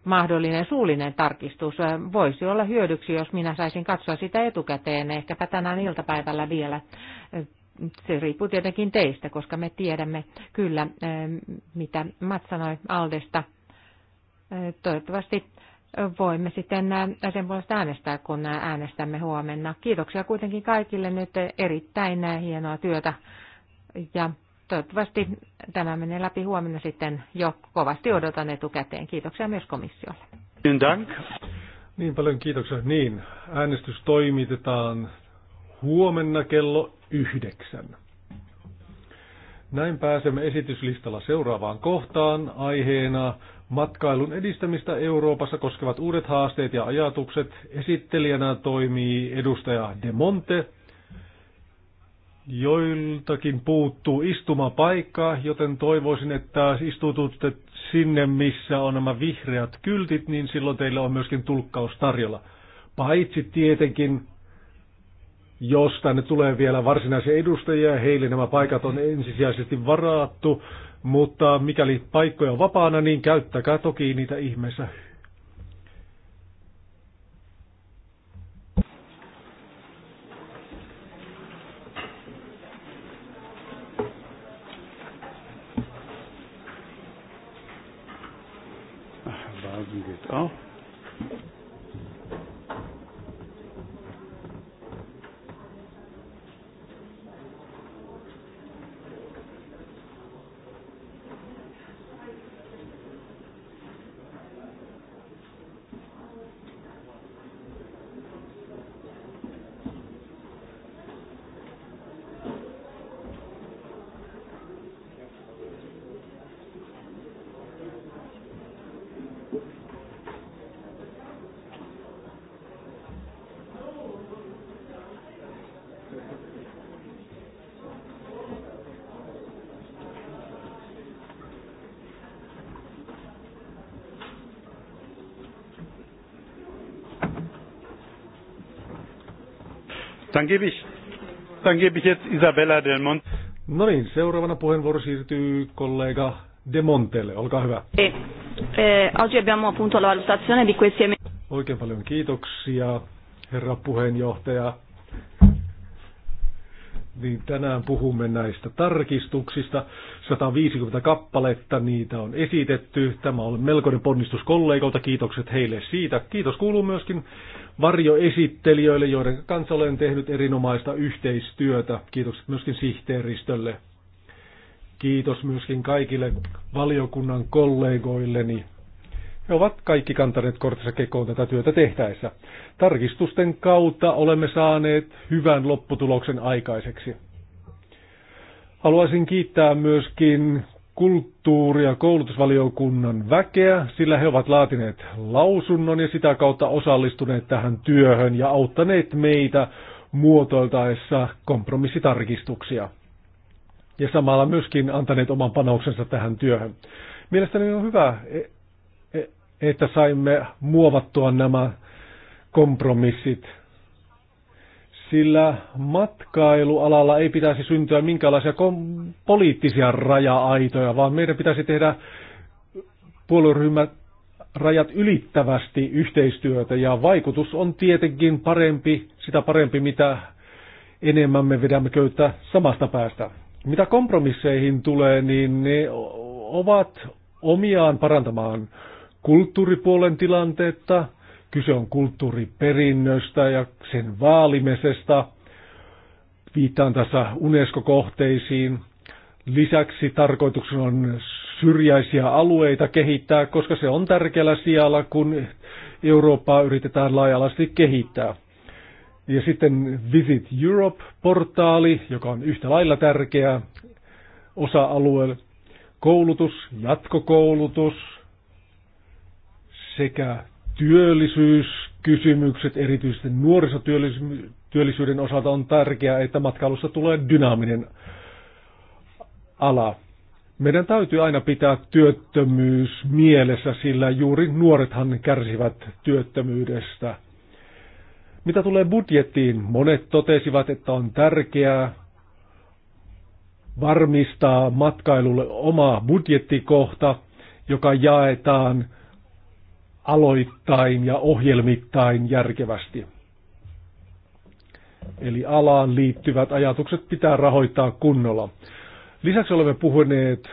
mahdollinen suullinen tarkistus. Eh, voisi olla hyödyksi, jos minä saisin katsoa sitä etukäteen, ehkäpä tänään iltapäivällä vielä. Eh, se riippuu tietenkin teistä, koska me tiedämme kyllä, mitä Matt sanoi Aldesta. Toivottavasti voimme sitten sen puolesta äänestää, kun äänestämme huomenna. Kiitoksia kuitenkin kaikille nyt erittäin hienoa työtä ja toivottavasti tämä menee läpi huomenna sitten jo kovasti odotan etukäteen. Kiitoksia myös komissiolle. Niin paljon kiitoksia. Niin, äänestys toimitetaan huomenna kello yhdeksän. Näin pääsemme esityslistalla seuraavaan kohtaan aiheena matkailun edistämistä Euroopassa koskevat uudet haasteet ja ajatukset. Esittelijänä toimii edustaja De Monte. Joiltakin puuttuu istumapaikka, joten toivoisin, että istututte sinne, missä on nämä vihreät kyltit, niin silloin teillä on myöskin tulkkaus tarjolla. Paitsi tietenkin, jos tänne tulee vielä varsinaisia edustajia, heille nämä paikat on ensisijaisesti varattu, mutta mikäli paikkoja on vapaana, niin käyttäkää toki niitä ihmeessä Oh. Dann gebe ich, dann gebe ich jetzt Isabella Del Monte. No niin, seuraavana puheenvuoro siirtyy kollega De Montelle. Olkaa hyvä. E, oggi abbiamo appunto la valutazione di questi Oikein paljon kiitoksia, herra puheenjohtaja. Niin tänään puhumme näistä tarkistuksista. 150 kappaletta, niitä on esitetty. Tämä on melkoinen ponnistus kollegoilta. Kiitokset heille siitä. Kiitos kuuluu myöskin varjoesittelijöille, joiden kanssa olen tehnyt erinomaista yhteistyötä. Kiitokset myöskin sihteeristölle. Kiitos myöskin kaikille valiokunnan kollegoilleni. He ovat kaikki kantaneet kortissa kekoon tätä työtä tehtäessä. Tarkistusten kautta olemme saaneet hyvän lopputuloksen aikaiseksi. Haluaisin kiittää myöskin kulttuuri- ja koulutusvaliokunnan väkeä, sillä he ovat laatineet lausunnon ja sitä kautta osallistuneet tähän työhön ja auttaneet meitä muotoiltaessa kompromissitarkistuksia. Ja samalla myöskin antaneet oman panoksensa tähän työhön. Mielestäni on hyvä, e, e, että saimme muovattua nämä kompromissit sillä matkailualalla ei pitäisi syntyä minkäänlaisia poliittisia raja-aitoja, vaan meidän pitäisi tehdä puolueryhmät rajat ylittävästi yhteistyötä ja vaikutus on tietenkin parempi, sitä parempi mitä enemmän me vedämme köyttä samasta päästä. Mitä kompromisseihin tulee, niin ne ovat omiaan parantamaan kulttuuripuolen tilanteetta. Kyse on kulttuuriperinnöstä ja sen vaalimisesta. Viittaan tässä UNESCO-kohteisiin. Lisäksi tarkoituksena on syrjäisiä alueita kehittää, koska se on tärkeällä sijalla, kun Eurooppaa yritetään laajalasti kehittää. Ja sitten Visit Europe-portaali, joka on yhtä lailla tärkeä osa-alue, koulutus, jatkokoulutus sekä työllisyyskysymykset, erityisesti nuorisotyöllisyyden osalta on tärkeää, että matkailussa tulee dynaaminen ala. Meidän täytyy aina pitää työttömyys mielessä, sillä juuri nuorethan kärsivät työttömyydestä. Mitä tulee budjettiin, monet totesivat, että on tärkeää varmistaa matkailulle oma budjettikohta, joka jaetaan – aloittain ja ohjelmittain järkevästi. Eli alaan liittyvät ajatukset pitää rahoittaa kunnolla. Lisäksi olemme puhuneet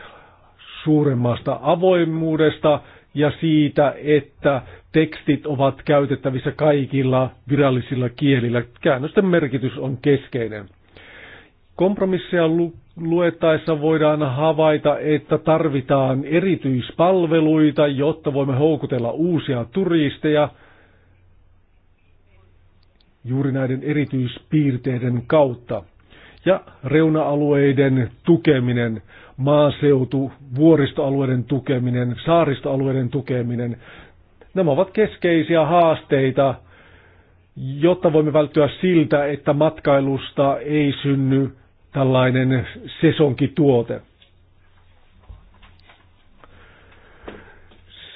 suuremmasta avoimuudesta ja siitä, että tekstit ovat käytettävissä kaikilla virallisilla kielillä. Käännösten merkitys on keskeinen. Kompromisseja luettaessa voidaan havaita, että tarvitaan erityispalveluita, jotta voimme houkutella uusia turisteja juuri näiden erityispiirteiden kautta. Ja reuna-alueiden tukeminen, maaseutu, vuoristoalueiden tukeminen, saaristoalueiden tukeminen, nämä ovat keskeisiä haasteita, jotta voimme välttyä siltä, että matkailusta ei synny tällainen sesonkituote.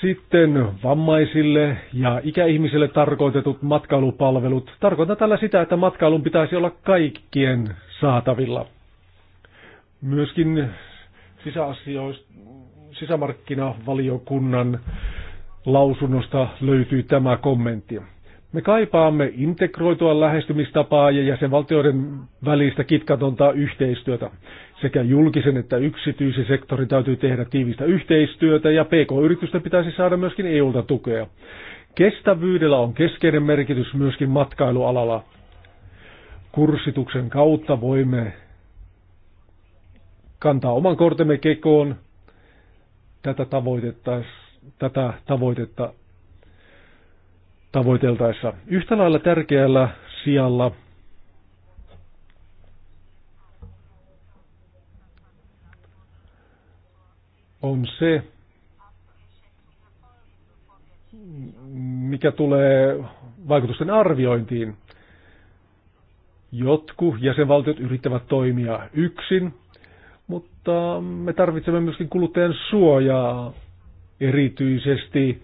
Sitten vammaisille ja ikäihmisille tarkoitetut matkailupalvelut. Tarkoitan tällä sitä, että matkailun pitäisi olla kaikkien saatavilla. Myöskin sisämarkkinavaliokunnan lausunnosta löytyy tämä kommentti. Me kaipaamme integroitua lähestymistapaa ja jäsenvaltioiden välistä kitkatonta yhteistyötä. Sekä julkisen että yksityisen sektorin täytyy tehdä tiivistä yhteistyötä ja PK-yritysten pitäisi saada myöskin EUlta tukea. Kestävyydellä on keskeinen merkitys myöskin matkailualalla. Kurssituksen kautta voimme kantaa oman kortemme kekoon tätä tavoitetta, tätä tavoitetta tavoiteltaessa. Yhtä lailla tärkeällä sijalla on se, mikä tulee vaikutusten arviointiin. Jotkut jäsenvaltiot yrittävät toimia yksin, mutta me tarvitsemme myöskin kuluttajan suojaa erityisesti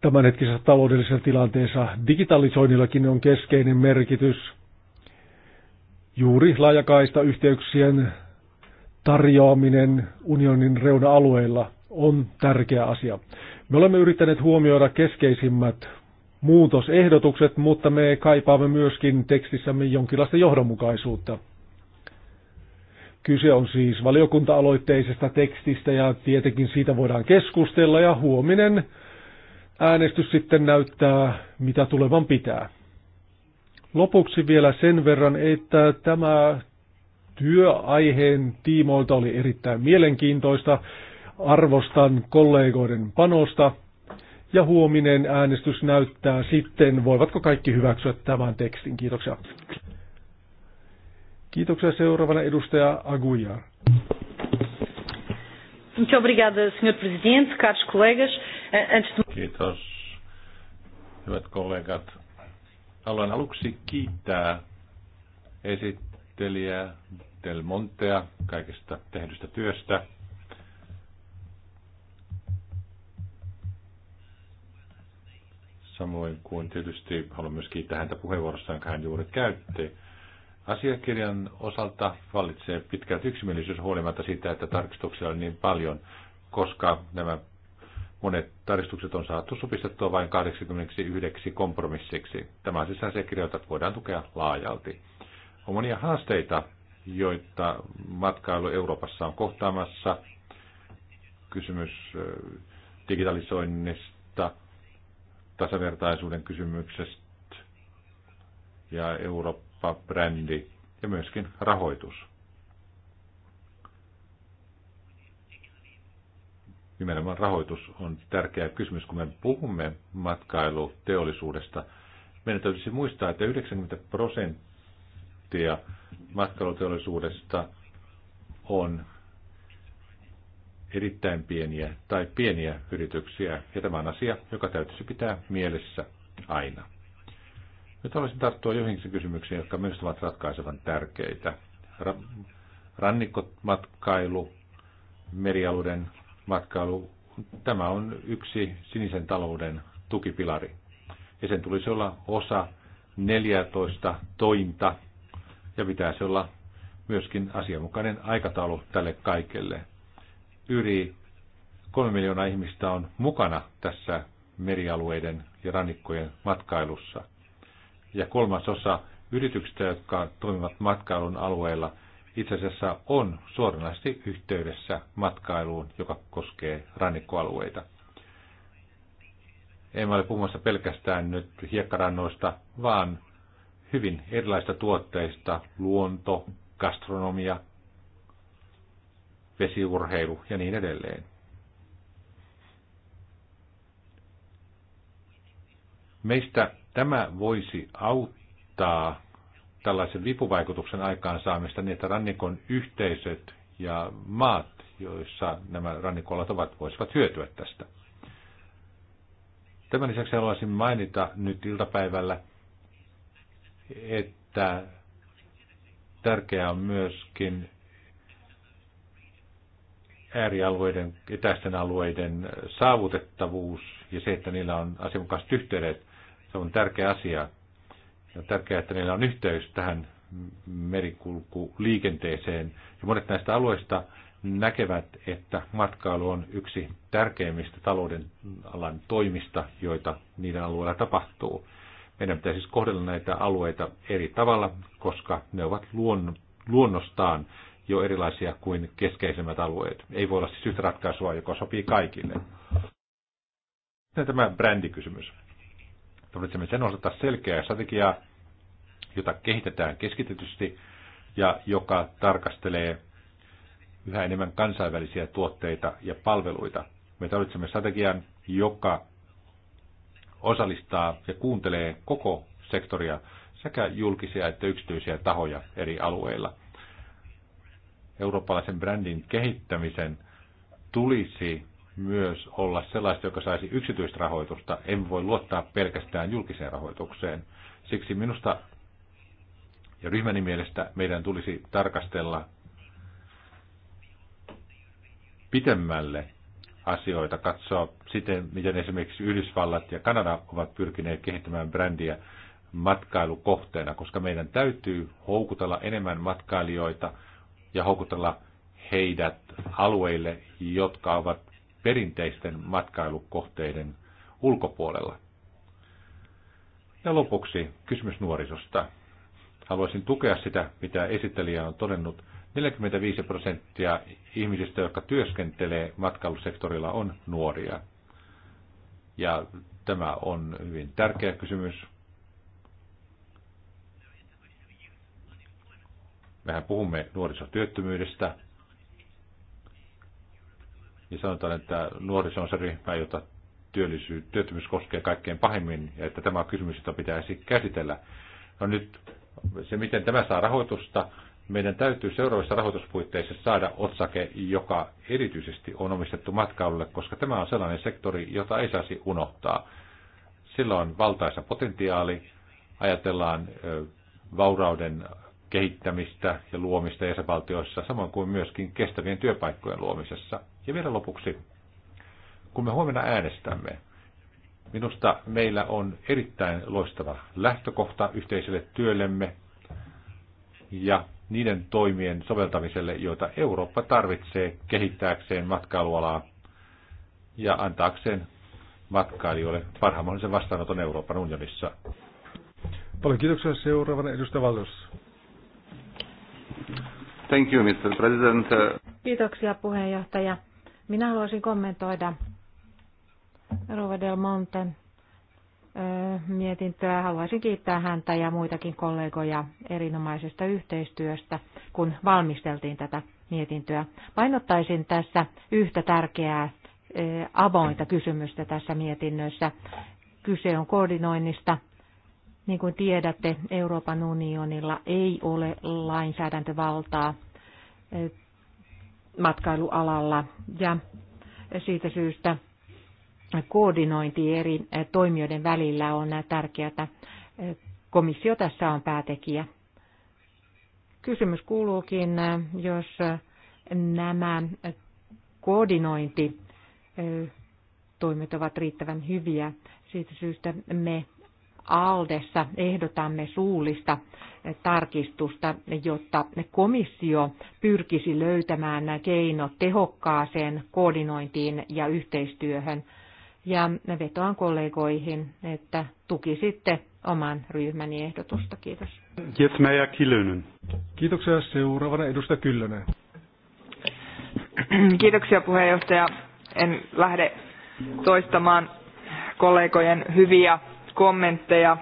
tämänhetkisessä taloudellisessa tilanteessa. Digitalisoinnillakin on keskeinen merkitys juuri laajakaista yhteyksien tarjoaminen unionin reuna-alueilla on tärkeä asia. Me olemme yrittäneet huomioida keskeisimmät muutosehdotukset, mutta me kaipaamme myöskin tekstissämme jonkinlaista johdonmukaisuutta. Kyse on siis valiokunta-aloitteisesta tekstistä ja tietenkin siitä voidaan keskustella ja huominen äänestys sitten näyttää, mitä tulevan pitää. Lopuksi vielä sen verran, että tämä työaiheen tiimoilta oli erittäin mielenkiintoista. Arvostan kollegoiden panosta ja huominen äänestys näyttää sitten, voivatko kaikki hyväksyä tämän tekstin. Kiitoksia. Kiitoksia seuraavana edustaja Aguiar. Muito obrigada, Sr. Presidente, caros colegas. Antes de Kiitos, hyvät kollegat. Haluan aluksi kiittää esittelijää Del Montea kaikesta tehdystä työstä. Samoin kuin tietysti haluan myös kiittää häntä puheenvuorossaan, jonka hän juuri käytti. Asiakirjan osalta vallitsee pitkälti yksimielisyys huolimatta siitä, että tarkistuksia on niin paljon, koska nämä Monet tarkistukset on saatu supistettua vain 81 kompromissiksi. Tämä sisäisiä kirjoitat voidaan tukea laajalti. On monia haasteita, joita matkailu Euroopassa on kohtaamassa. Kysymys digitalisoinnista, tasavertaisuuden kysymyksestä ja Eurooppa-brändi ja myöskin rahoitus. nimenomaan rahoitus on tärkeä kysymys. Kun me puhumme matkailuteollisuudesta, meidän täytyisi muistaa, että 90 prosenttia matkailuteollisuudesta on erittäin pieniä tai pieniä yrityksiä, ja tämä on asia, joka täytyisi pitää mielessä aina. Nyt haluaisin tarttua joihinkin kysymyksiin, jotka myös ovat ratkaisevan tärkeitä. rannikkomatkailu, merialueiden matkailu, tämä on yksi sinisen talouden tukipilari. Ja sen tulisi olla osa 14 tointa ja pitäisi olla myöskin asianmukainen aikataulu tälle kaikelle. Yli kolme miljoonaa ihmistä on mukana tässä merialueiden ja rannikkojen matkailussa. Ja kolmas osa yrityksistä, jotka toimivat matkailun alueella – itse asiassa on suoranaisesti yhteydessä matkailuun, joka koskee rannikkoalueita. Emme ole puhumassa pelkästään nyt hiekkarannoista, vaan hyvin erilaista tuotteista, luonto, gastronomia, vesiurheilu ja niin edelleen. Meistä tämä voisi auttaa tällaisen vipuvaikutuksen aikaansaamista niin, että rannikon yhteisöt ja maat, joissa nämä rannikolat ovat, voisivat hyötyä tästä. Tämän lisäksi haluaisin mainita nyt iltapäivällä, että tärkeää on myöskin äärialueiden, etäisten alueiden saavutettavuus ja se, että niillä on asianmukaiset yhteydet. Se on tärkeä asia on tärkeää, että niillä on yhteys tähän merikulkuliikenteeseen. Ja monet näistä alueista näkevät, että matkailu on yksi tärkeimmistä talouden alan toimista, joita niiden alueella tapahtuu. Meidän pitää siis kohdella näitä alueita eri tavalla, koska ne ovat luon, luonnostaan jo erilaisia kuin keskeisemmät alueet. Ei voi olla siis yhtä ratkaisua, joka sopii kaikille. tämä brändikysymys. Tarvitsemme sen osalta selkeää strategiaa, jota kehitetään keskitetysti ja joka tarkastelee yhä enemmän kansainvälisiä tuotteita ja palveluita. Me tarvitsemme strategian, joka osallistaa ja kuuntelee koko sektoria, sekä julkisia että yksityisiä tahoja eri alueilla. Eurooppalaisen brändin kehittämisen tulisi myös olla sellaista, joka saisi rahoitusta. en voi luottaa pelkästään julkiseen rahoitukseen. Siksi minusta ja ryhmäni mielestä meidän tulisi tarkastella pitemmälle asioita, katsoa siten, miten esimerkiksi Yhdysvallat ja Kanada ovat pyrkineet kehittämään brändiä matkailukohteena, koska meidän täytyy houkutella enemmän matkailijoita ja houkutella heidät alueille, jotka ovat perinteisten matkailukohteiden ulkopuolella. Ja lopuksi kysymys nuorisosta. Haluaisin tukea sitä, mitä esittelijä on todennut. 45 prosenttia ihmisistä, jotka työskentelee matkailusektorilla, on nuoria. Ja tämä on hyvin tärkeä kysymys. Mehän puhumme nuorisotyöttömyydestä, ja niin sanotaan, että nuoriso on se ryhmä, jota työllisyys, työttömyys koskee kaikkein pahimmin, ja että tämä on kysymys, jota pitäisi käsitellä. No nyt se, miten tämä saa rahoitusta, meidän täytyy seuraavissa rahoituspuitteissa saada otsake, joka erityisesti on omistettu matkailulle, koska tämä on sellainen sektori, jota ei saisi unohtaa. Sillä on valtaisa potentiaali, ajatellaan vaurauden kehittämistä ja luomista jäsenvaltioissa, samoin kuin myöskin kestävien työpaikkojen luomisessa. Ja vielä lopuksi, kun me huomenna äänestämme, minusta meillä on erittäin loistava lähtökohta yhteiselle työllemme ja niiden toimien soveltamiselle, joita Eurooppa tarvitsee kehittääkseen matkailualaa ja antaakseen matkailijoille parhaan mahdollisen vastaanoton Euroopan unionissa. Paljon kiitoksia seuraavana edustaja Valdos. Thank you, Mr. President. Kiitoksia puheenjohtaja. Minä haluaisin kommentoida Rova Del Monten mietintöä. Haluaisin kiittää häntä ja muitakin kollegoja erinomaisesta yhteistyöstä, kun valmisteltiin tätä mietintöä. Painottaisin tässä yhtä tärkeää avointa kysymystä tässä mietinnössä. Kyse on koordinoinnista. Niin kuin tiedätte, Euroopan unionilla ei ole lainsäädäntövaltaa matkailualalla ja siitä syystä koordinointi eri toimijoiden välillä on tärkeää. Komissio tässä on päätekijä. Kysymys kuuluukin, jos nämä koordinointitoimet ovat riittävän hyviä. Siitä syystä me Aldessa ehdotamme suullista tarkistusta, jotta komissio pyrkisi löytämään nämä keinot tehokkaaseen koordinointiin ja yhteistyöhön. Ja vetoan kollegoihin, että tukisitte oman ryhmäni ehdotusta. Kiitos. Kiitos Kilönen. Kiitoksia seuraavana edustaja Kyllönen. Kiitoksia puheenjohtaja. En lähde toistamaan kollegojen hyviä kommentteja,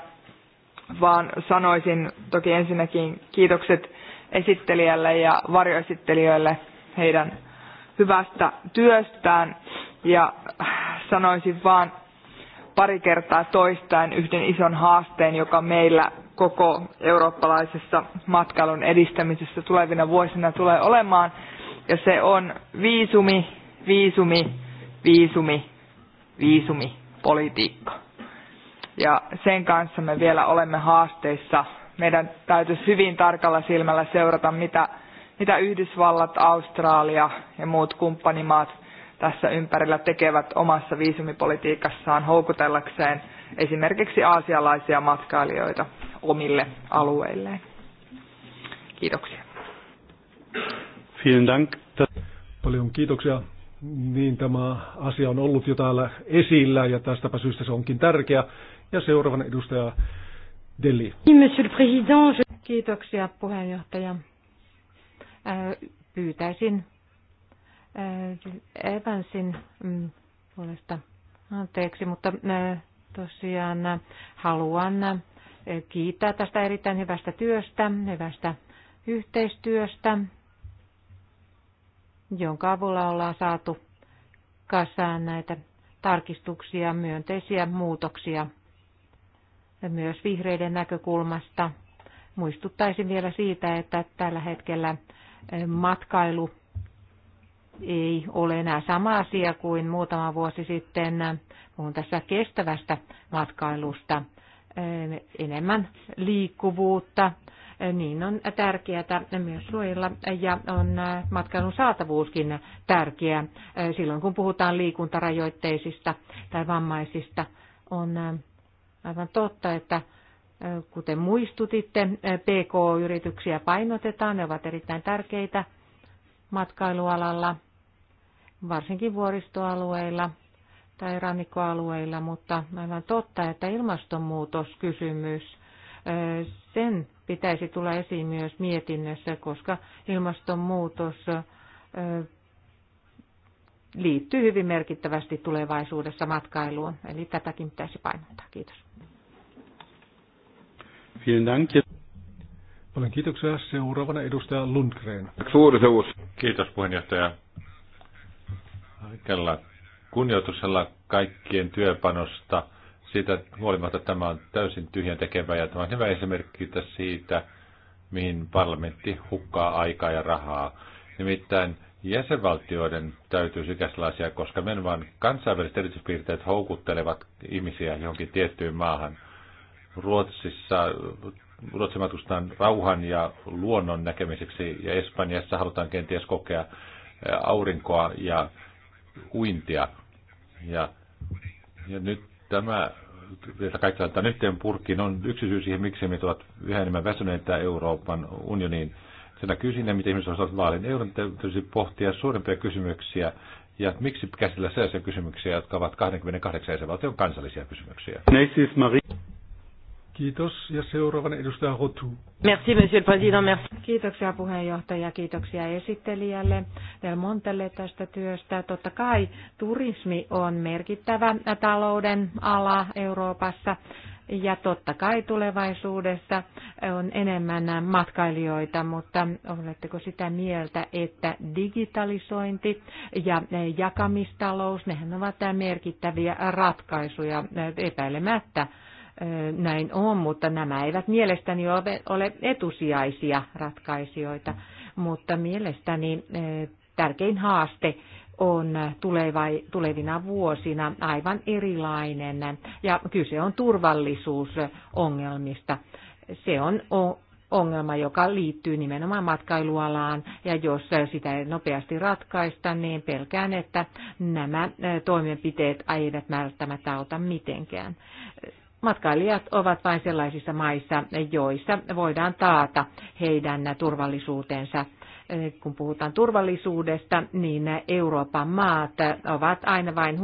vaan sanoisin toki ensinnäkin kiitokset esittelijälle ja varjoesittelijöille heidän hyvästä työstään ja sanoisin vaan pari kertaa toistaen yhden ison haasteen, joka meillä koko eurooppalaisessa matkailun edistämisessä tulevina vuosina tulee olemaan, ja se on viisumi, viisumi, viisumi, viisumi politiikka ja sen kanssa me vielä olemme haasteissa. Meidän täytyisi hyvin tarkalla silmällä seurata, mitä, mitä Yhdysvallat, Australia ja muut kumppanimaat tässä ympärillä tekevät omassa viisumipolitiikassaan houkutellakseen esimerkiksi aasialaisia matkailijoita omille alueilleen. Kiitoksia. Vielen Dank. Paljon kiitoksia niin tämä asia on ollut jo täällä esillä ja tästäpä syystä se onkin tärkeä. Ja seuraavan edustaja Deli. Niin, Kiitoksia puheenjohtaja. Pyytäisin Evansin mm, puolesta anteeksi, mutta tosiaan haluan kiittää tästä erittäin hyvästä työstä, hyvästä yhteistyöstä jonka avulla ollaan saatu kasaan näitä tarkistuksia, myönteisiä muutoksia myös vihreiden näkökulmasta. Muistuttaisin vielä siitä, että tällä hetkellä eh, matkailu ei ole enää sama asia kuin muutama vuosi sitten. Puhun tässä kestävästä matkailusta, eh, enemmän liikkuvuutta, niin on tärkeää myös suojella ja on äh, matkailun saatavuuskin tärkeä äh, silloin, kun puhutaan liikuntarajoitteisista tai vammaisista. On äh, aivan totta, että kuten muistutitte, PK-yrityksiä painotetaan, ne ovat erittäin tärkeitä matkailualalla, varsinkin vuoristoalueilla tai rannikkoalueilla, mutta aivan totta, että ilmastonmuutoskysymys, sen pitäisi tulla esiin myös mietinnössä, koska ilmastonmuutos liittyy hyvin merkittävästi tulevaisuudessa matkailuun. Eli tätäkin pitäisi painottaa. Kiitos. Paljon kiitoksia. Seuraavana edustaja Lundgren. Suurisuus. Kiitos puheenjohtaja. Kaikella kunnioituksella kaikkien työpanosta siitä huolimatta tämä on täysin tyhjän tekevä ja tämä on hyvä esimerkki siitä, mihin parlamentti hukkaa aikaa ja rahaa. Nimittäin jäsenvaltioiden täytyy sykäsellä asiaa, koska men vain kansainväliset erityispiirteet houkuttelevat ihmisiä johonkin tiettyyn maahan. Ruotsissa Ruotsin matkustetaan rauhan ja luonnon näkemiseksi ja Espanjassa halutaan kenties kokea aurinkoa ja uintia. Ja, ja nyt Tämä että kaikki tämä yhteen purkkiin, on yksi syy siihen, miksi me ovat yhä enemmän väsyneitä Euroopan unioniin. Se näkyy siinä, miten ihmiset osaavat vaalin. Euron täytyisi pohtia suurempia kysymyksiä ja miksi käsitellä sellaisia kysymyksiä, jotka ovat 28 jäsenvaltion kansallisia kysymyksiä. Next is Marie. Kiitos. Ja seuraavana edustaja Hotu. Merci, monsieur le président. Merci. Kiitoksia puheenjohtaja, kiitoksia esittelijälle Del Montelle tästä työstä. Totta kai turismi on merkittävä talouden ala Euroopassa. Ja totta kai tulevaisuudessa on enemmän matkailijoita, mutta oletteko sitä mieltä, että digitalisointi ja jakamistalous, nehän ovat merkittäviä ratkaisuja epäilemättä näin on, mutta nämä eivät mielestäni ole etusijaisia ratkaisijoita, mutta mielestäni tärkein haaste on tulevina vuosina aivan erilainen ja kyse on turvallisuusongelmista. Se on ongelma, joka liittyy nimenomaan matkailualaan ja jos sitä ei nopeasti ratkaista, niin pelkään, että nämä toimenpiteet eivät välttämättä auta mitenkään matkailijat ovat vain sellaisissa maissa, joissa voidaan taata heidän turvallisuutensa. Kun puhutaan turvallisuudesta, niin Euroopan maat ovat aina vain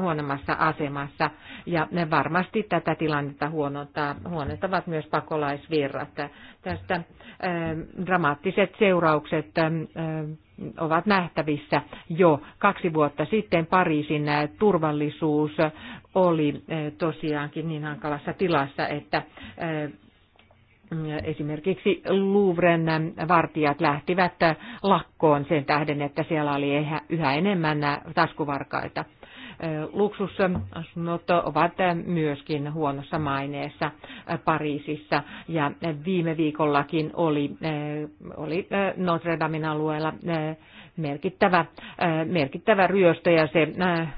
huonommassa asemassa ja ne varmasti tätä tilannetta huonontavat myös pakolaisvirrat. Tästä dramaattiset seuraukset ovat nähtävissä jo kaksi vuotta sitten Pariisin turvallisuus oli eh, tosiaankin niin hankalassa tilassa, että eh, esimerkiksi Louvren eh, vartijat lähtivät lakkoon sen tähden, että siellä oli yhä enemmän taskuvarkaita. Luksusasunnot ovat myöskin huonossa maineessa Pariisissa ja viime viikollakin oli, oli Notre Damen alueella merkittävä, merkittävä ryöstö ja se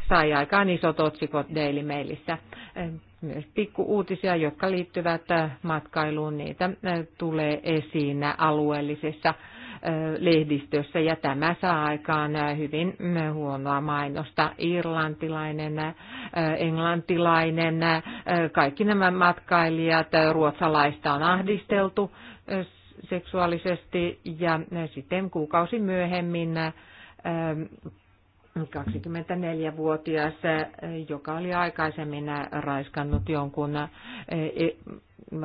sai aikaan isot otsikot Daily Mailissä. Myös pikkuuutisia, jotka liittyvät matkailuun, niitä tulee esiin alueellisessa lehdistössä ja tämä saa aikaan hyvin huonoa mainosta. Irlantilainen, englantilainen, kaikki nämä matkailijat, ruotsalaista on ahdisteltu seksuaalisesti ja sitten kuukausi myöhemmin 24-vuotias, ähm, joka oli aikaisemmin raiskannut jonkun äh, e,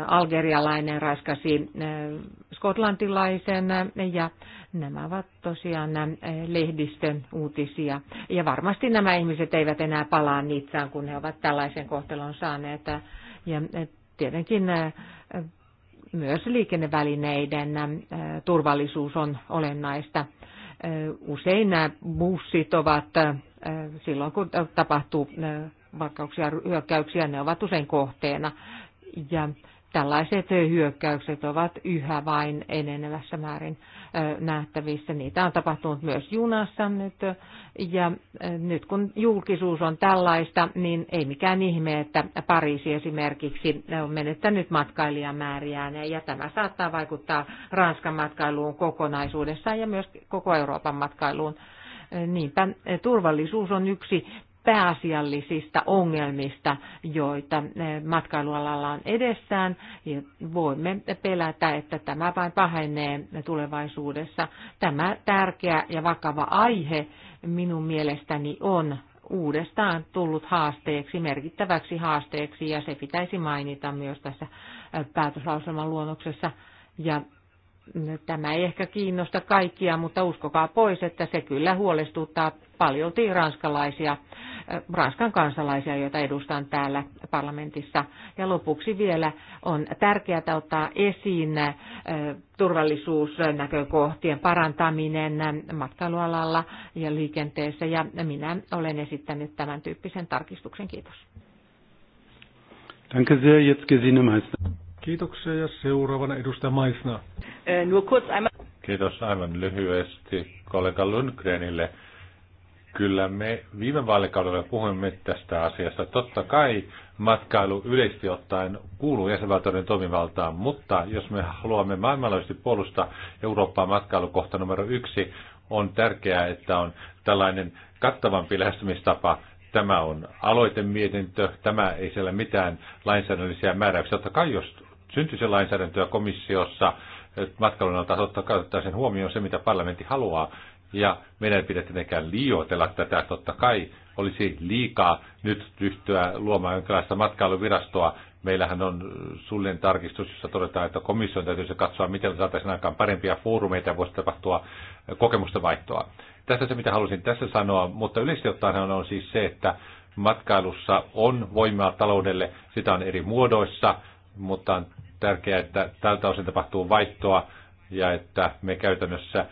algerialainen raiskasi äh, skotlantilaisen ja nämä ovat tosiaan äh, lehdistön uutisia. Ja varmasti nämä ihmiset eivät enää palaa Nitsaan, kun he ovat tällaisen kohtelon saaneet. Ja tietenkin myös liikennevälineiden turvallisuus on olennaista. Usein nämä bussit ovat, silloin kun tapahtuu vakauksia hyökkäyksiä, ne ovat usein kohteena. Ja tällaiset hyökkäykset ovat yhä vain enenevässä määrin nähtävissä. Niitä on tapahtunut myös junassa nyt. Ja nyt kun julkisuus on tällaista, niin ei mikään ihme, että Pariisi esimerkiksi on menettänyt matkailijamääriään. Ja tämä saattaa vaikuttaa Ranskan matkailuun kokonaisuudessaan ja myös koko Euroopan matkailuun. Niinpä turvallisuus on yksi pääasiallisista ongelmista, joita eh, matkailualalla on edessään. Ja voimme pelätä, että tämä vain pahenee tulevaisuudessa. Tämä tärkeä ja vakava aihe minun mielestäni on uudestaan tullut haasteeksi, merkittäväksi haasteeksi, ja se pitäisi mainita myös tässä eh, päätöslauselman luonnoksessa. Ja mm, tämä ei ehkä kiinnosta kaikkia, mutta uskokaa pois, että se kyllä huolestuttaa paljolti ranskalaisia Äh, Ranskan kansalaisia, joita edustan täällä parlamentissa. Ja lopuksi vielä on tärkeää ottaa esiin äh, turvallisuusnäkökohtien parantaminen äh, matkailualalla ja liikenteessä. Ja minä olen esittänyt tämän tyyppisen tarkistuksen. Kiitos. Danke sehr, jetzt Meissner. Kiitoksia ja seuraavana edustaja Maisna. Kiitos aivan lyhyesti kollega Lundgrenille Kyllä me viime vaalikaudella puhuimme tästä asiasta. Totta kai matkailu yleisesti ottaen kuuluu jäsenvaltioiden toimivaltaan, mutta jos me haluamme maailmanlaajuisesti puolustaa Eurooppaa matkailukohta numero yksi, on tärkeää, että on tällainen kattavampi lähestymistapa. Tämä on aloitemietintö, tämä ei siellä mitään lainsäädännöllisiä määräyksiä. Totta kai jos syntyisi lainsäädäntöä komissiossa matkailun alta, totta kai otettaisiin huomioon se, mitä parlamentti haluaa ja meidän ei pidä tietenkään liioitella tätä. Totta kai olisi liikaa nyt ryhtyä luomaan jonkinlaista matkailuvirastoa. Meillähän on sullinen tarkistus, jossa todetaan, että komission täytyisi katsoa, miten saataisiin aikaan parempia foorumeita ja voisi tapahtua kokemusta vaihtoa. Tässä se, mitä halusin tässä sanoa, mutta yleisesti ottaenhan on siis se, että matkailussa on voimaa taloudelle, sitä on eri muodoissa, mutta on tärkeää, että tältä osin tapahtuu vaihtoa ja että me käytännössä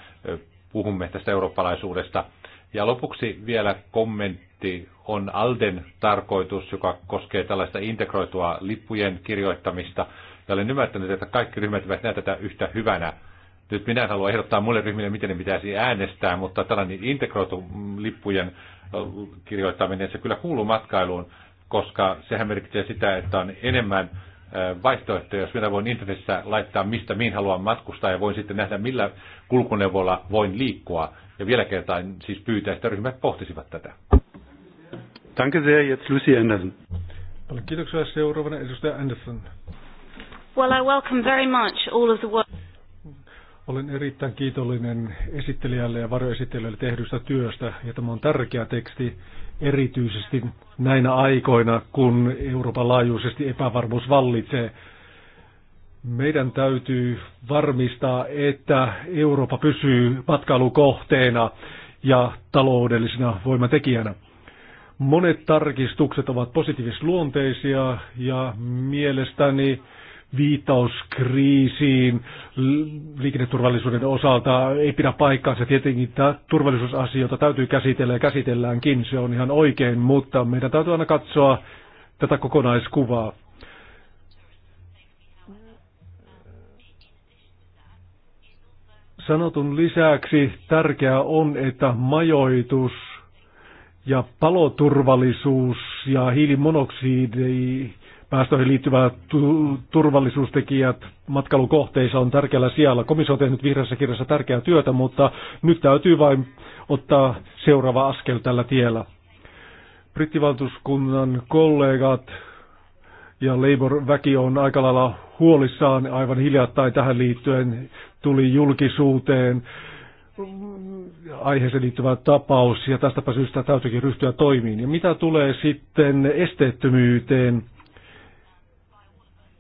puhumme tästä eurooppalaisuudesta. Ja lopuksi vielä kommentti on Alden tarkoitus, joka koskee tällaista integroitua lippujen kirjoittamista. Ja olen ymmärtänyt, että kaikki ryhmät eivät näe tätä yhtä hyvänä. Nyt minä en halua ehdottaa muille ryhmille, miten ne pitäisi äänestää, mutta tällainen integroitu lippujen kirjoittaminen, se kyllä kuuluu matkailuun, koska sehän merkitsee sitä, että on enemmän vaihtoehtoja, jos minä voin internetissä laittaa, mistä mihin haluan matkustaa ja voin sitten nähdä, millä kulkuneuvolla voin liikkua. Ja vielä kertaan siis pyytää, että ryhmät pohtisivat tätä. Danke sehr, jetzt Lucy Anderson. Paljon kiitoksia seuraavana edustaja Anderson. Well, I welcome very much all of the work. Olen erittäin kiitollinen esittelijälle ja varoesittelijälle tehdystä työstä, ja tämä on tärkeä teksti, erityisesti näinä aikoina, kun Euroopan laajuisesti epävarmuus vallitsee. Meidän täytyy varmistaa, että Eurooppa pysyy matkailukohteena ja taloudellisena voimatekijänä. Monet tarkistukset ovat positiivisluonteisia ja mielestäni viittauskriisiin kriisiin liikenneturvallisuuden osalta ei pidä paikkaansa. Tietenkin tämä turvallisuusasioita täytyy käsitellä ja käsitelläänkin, se on ihan oikein, mutta meidän täytyy aina katsoa tätä kokonaiskuvaa. Sanotun lisäksi tärkeää on, että majoitus ja paloturvallisuus ja hiilimonoksidi päästöihin liittyvät turvallisuustekijät matkailukohteissa on tärkeällä sijalla. Komissio on tehnyt vihreässä kirjassa tärkeää työtä, mutta nyt täytyy vain ottaa seuraava askel tällä tiellä. Brittivaltuuskunnan kollegat ja Labour-väki on aika lailla huolissaan aivan hiljattain tähän liittyen tuli julkisuuteen aiheeseen liittyvä tapaus ja tästäpä syystä täytyykin ryhtyä toimiin. Ja mitä tulee sitten esteettömyyteen,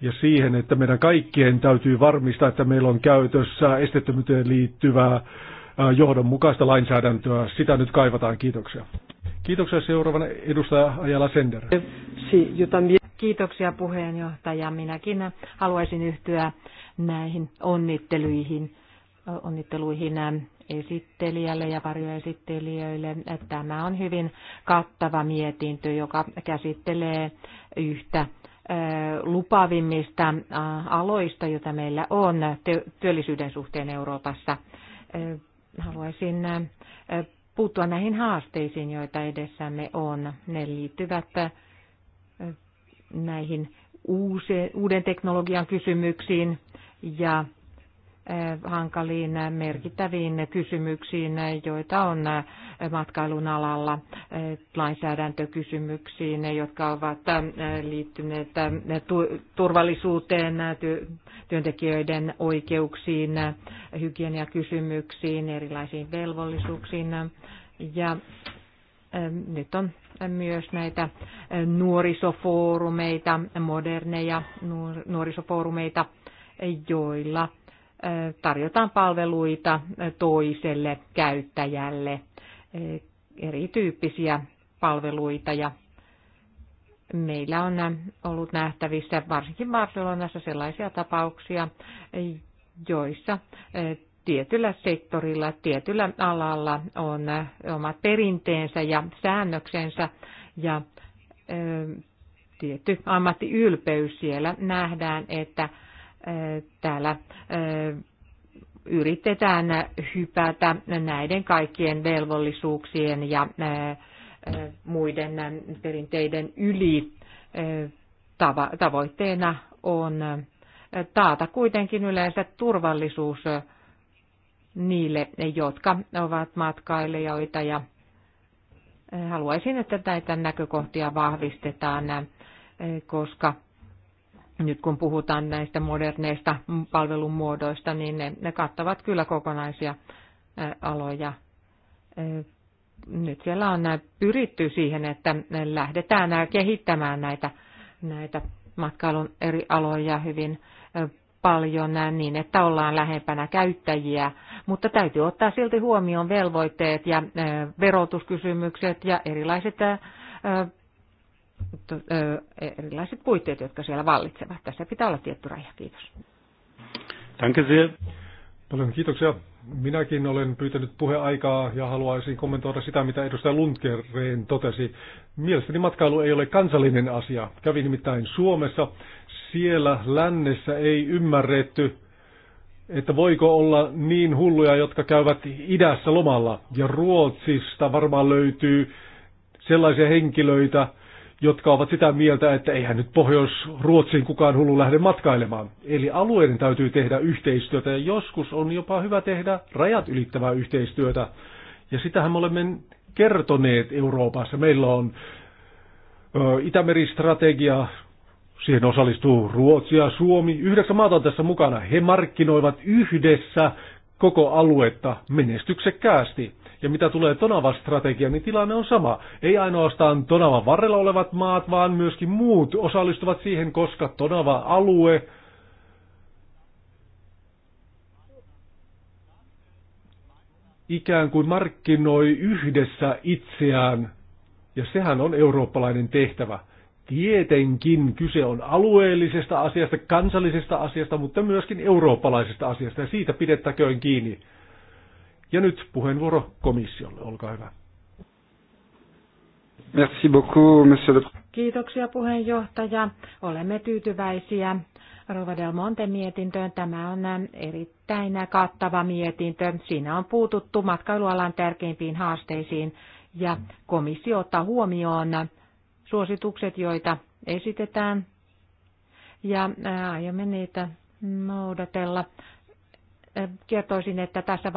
ja siihen, että meidän kaikkien täytyy varmistaa, että meillä on käytössä estettömyyteen liittyvää johdonmukaista lainsäädäntöä. Sitä nyt kaivataan. Kiitoksia. Kiitoksia seuraavana edustaja Ajala Sender. Kiitoksia puheenjohtaja. Minäkin haluaisin yhtyä näihin onnitteluihin, onnitteluihin esittelijälle ja varjoesittelijöille. Tämä on hyvin kattava mietintö, joka käsittelee yhtä lupavimmista aloista, joita meillä on työllisyyden suhteen Euroopassa. Haluaisin puuttua näihin haasteisiin, joita edessämme on. Ne liittyvät näihin uuden teknologian kysymyksiin ja Eh, hankaliin eh, merkittäviin kysymyksiin, eh, joita on matkailun alalla, lainsäädäntökysymyksiin, jotka ovat liittyneet turvallisuuteen, työntekijöiden oikeuksiin, hygieniakysymyksiin, erilaisiin velvollisuuksiin. Ja nyt on myös näitä nuorisofoorumeita, moderneja nuorisofoorumeita, joilla – tarjotaan palveluita toiselle käyttäjälle, erityyppisiä palveluita ja meillä on ollut nähtävissä varsinkin Barcelonassa sellaisia tapauksia, joissa e, tietyllä sektorilla, tietyllä alalla on e, omat perinteensä ja säännöksensä ja e, tietty ammattiylpeys siellä nähdään, että täällä yritetään hypätä näiden kaikkien velvollisuuksien ja muiden perinteiden yli. Tavoitteena on taata kuitenkin yleensä turvallisuus niille, jotka ovat matkailijoita ja haluaisin, että näitä näkökohtia vahvistetaan, koska nyt kun puhutaan näistä moderneista palvelumuodoista, niin ne, ne kattavat kyllä kokonaisia aloja. Nyt siellä on pyritty siihen, että lähdetään kehittämään näitä, näitä matkailun eri aloja hyvin paljon niin, että ollaan lähempänä käyttäjiä, mutta täytyy ottaa silti huomioon velvoitteet ja verotuskysymykset ja erilaiset E, erilaiset puitteet, jotka siellä vallitsevat. Tässä pitää olla tietty raja. Kiitos. Danke sehr. Paljon kiitoksia. Minäkin olen pyytänyt puheaikaa ja haluaisin kommentoida sitä, mitä edustaja Lundgren totesi. Mielestäni matkailu ei ole kansallinen asia. Kävin nimittäin Suomessa. Siellä lännessä ei ymmärretty, että voiko olla niin hulluja, jotka käyvät idässä lomalla. Ja Ruotsista varmaan löytyy sellaisia henkilöitä, jotka ovat sitä mieltä, että eihän nyt Pohjois-Ruotsiin kukaan hullu lähde matkailemaan. Eli alueiden täytyy tehdä yhteistyötä ja joskus on jopa hyvä tehdä rajat ylittävää yhteistyötä. Ja sitähän me olemme kertoneet Euroopassa. Meillä on Itämeri-strategia, siihen osallistuu Ruotsi ja Suomi. Yhdeksän maata on tässä mukana. He markkinoivat yhdessä koko aluetta menestyksekkäästi. Ja mitä tulee Tonavan strategiaan, niin tilanne on sama. Ei ainoastaan Tonavan varrella olevat maat, vaan myöskin muut osallistuvat siihen, koska Tonava-alue ikään kuin markkinoi yhdessä itseään, ja sehän on eurooppalainen tehtävä. Tietenkin kyse on alueellisesta asiasta, kansallisesta asiasta, mutta myöskin eurooppalaisesta asiasta, ja siitä pidettäköön kiinni. Ja nyt puheenvuoro komissiolle, olkaa hyvä. Merci beaucoup, monsieur le... Kiitoksia puheenjohtaja. Olemme tyytyväisiä Rova Del Monte mietintöön. Tämä on ähm, erittäin kattava mietintö. Siinä on puututtu matkailualan tärkeimpiin haasteisiin ja komissio ottaa huomioon suositukset, joita esitetään ja äh, aiomme niitä noudatella. Äh, kertoisin, että tässä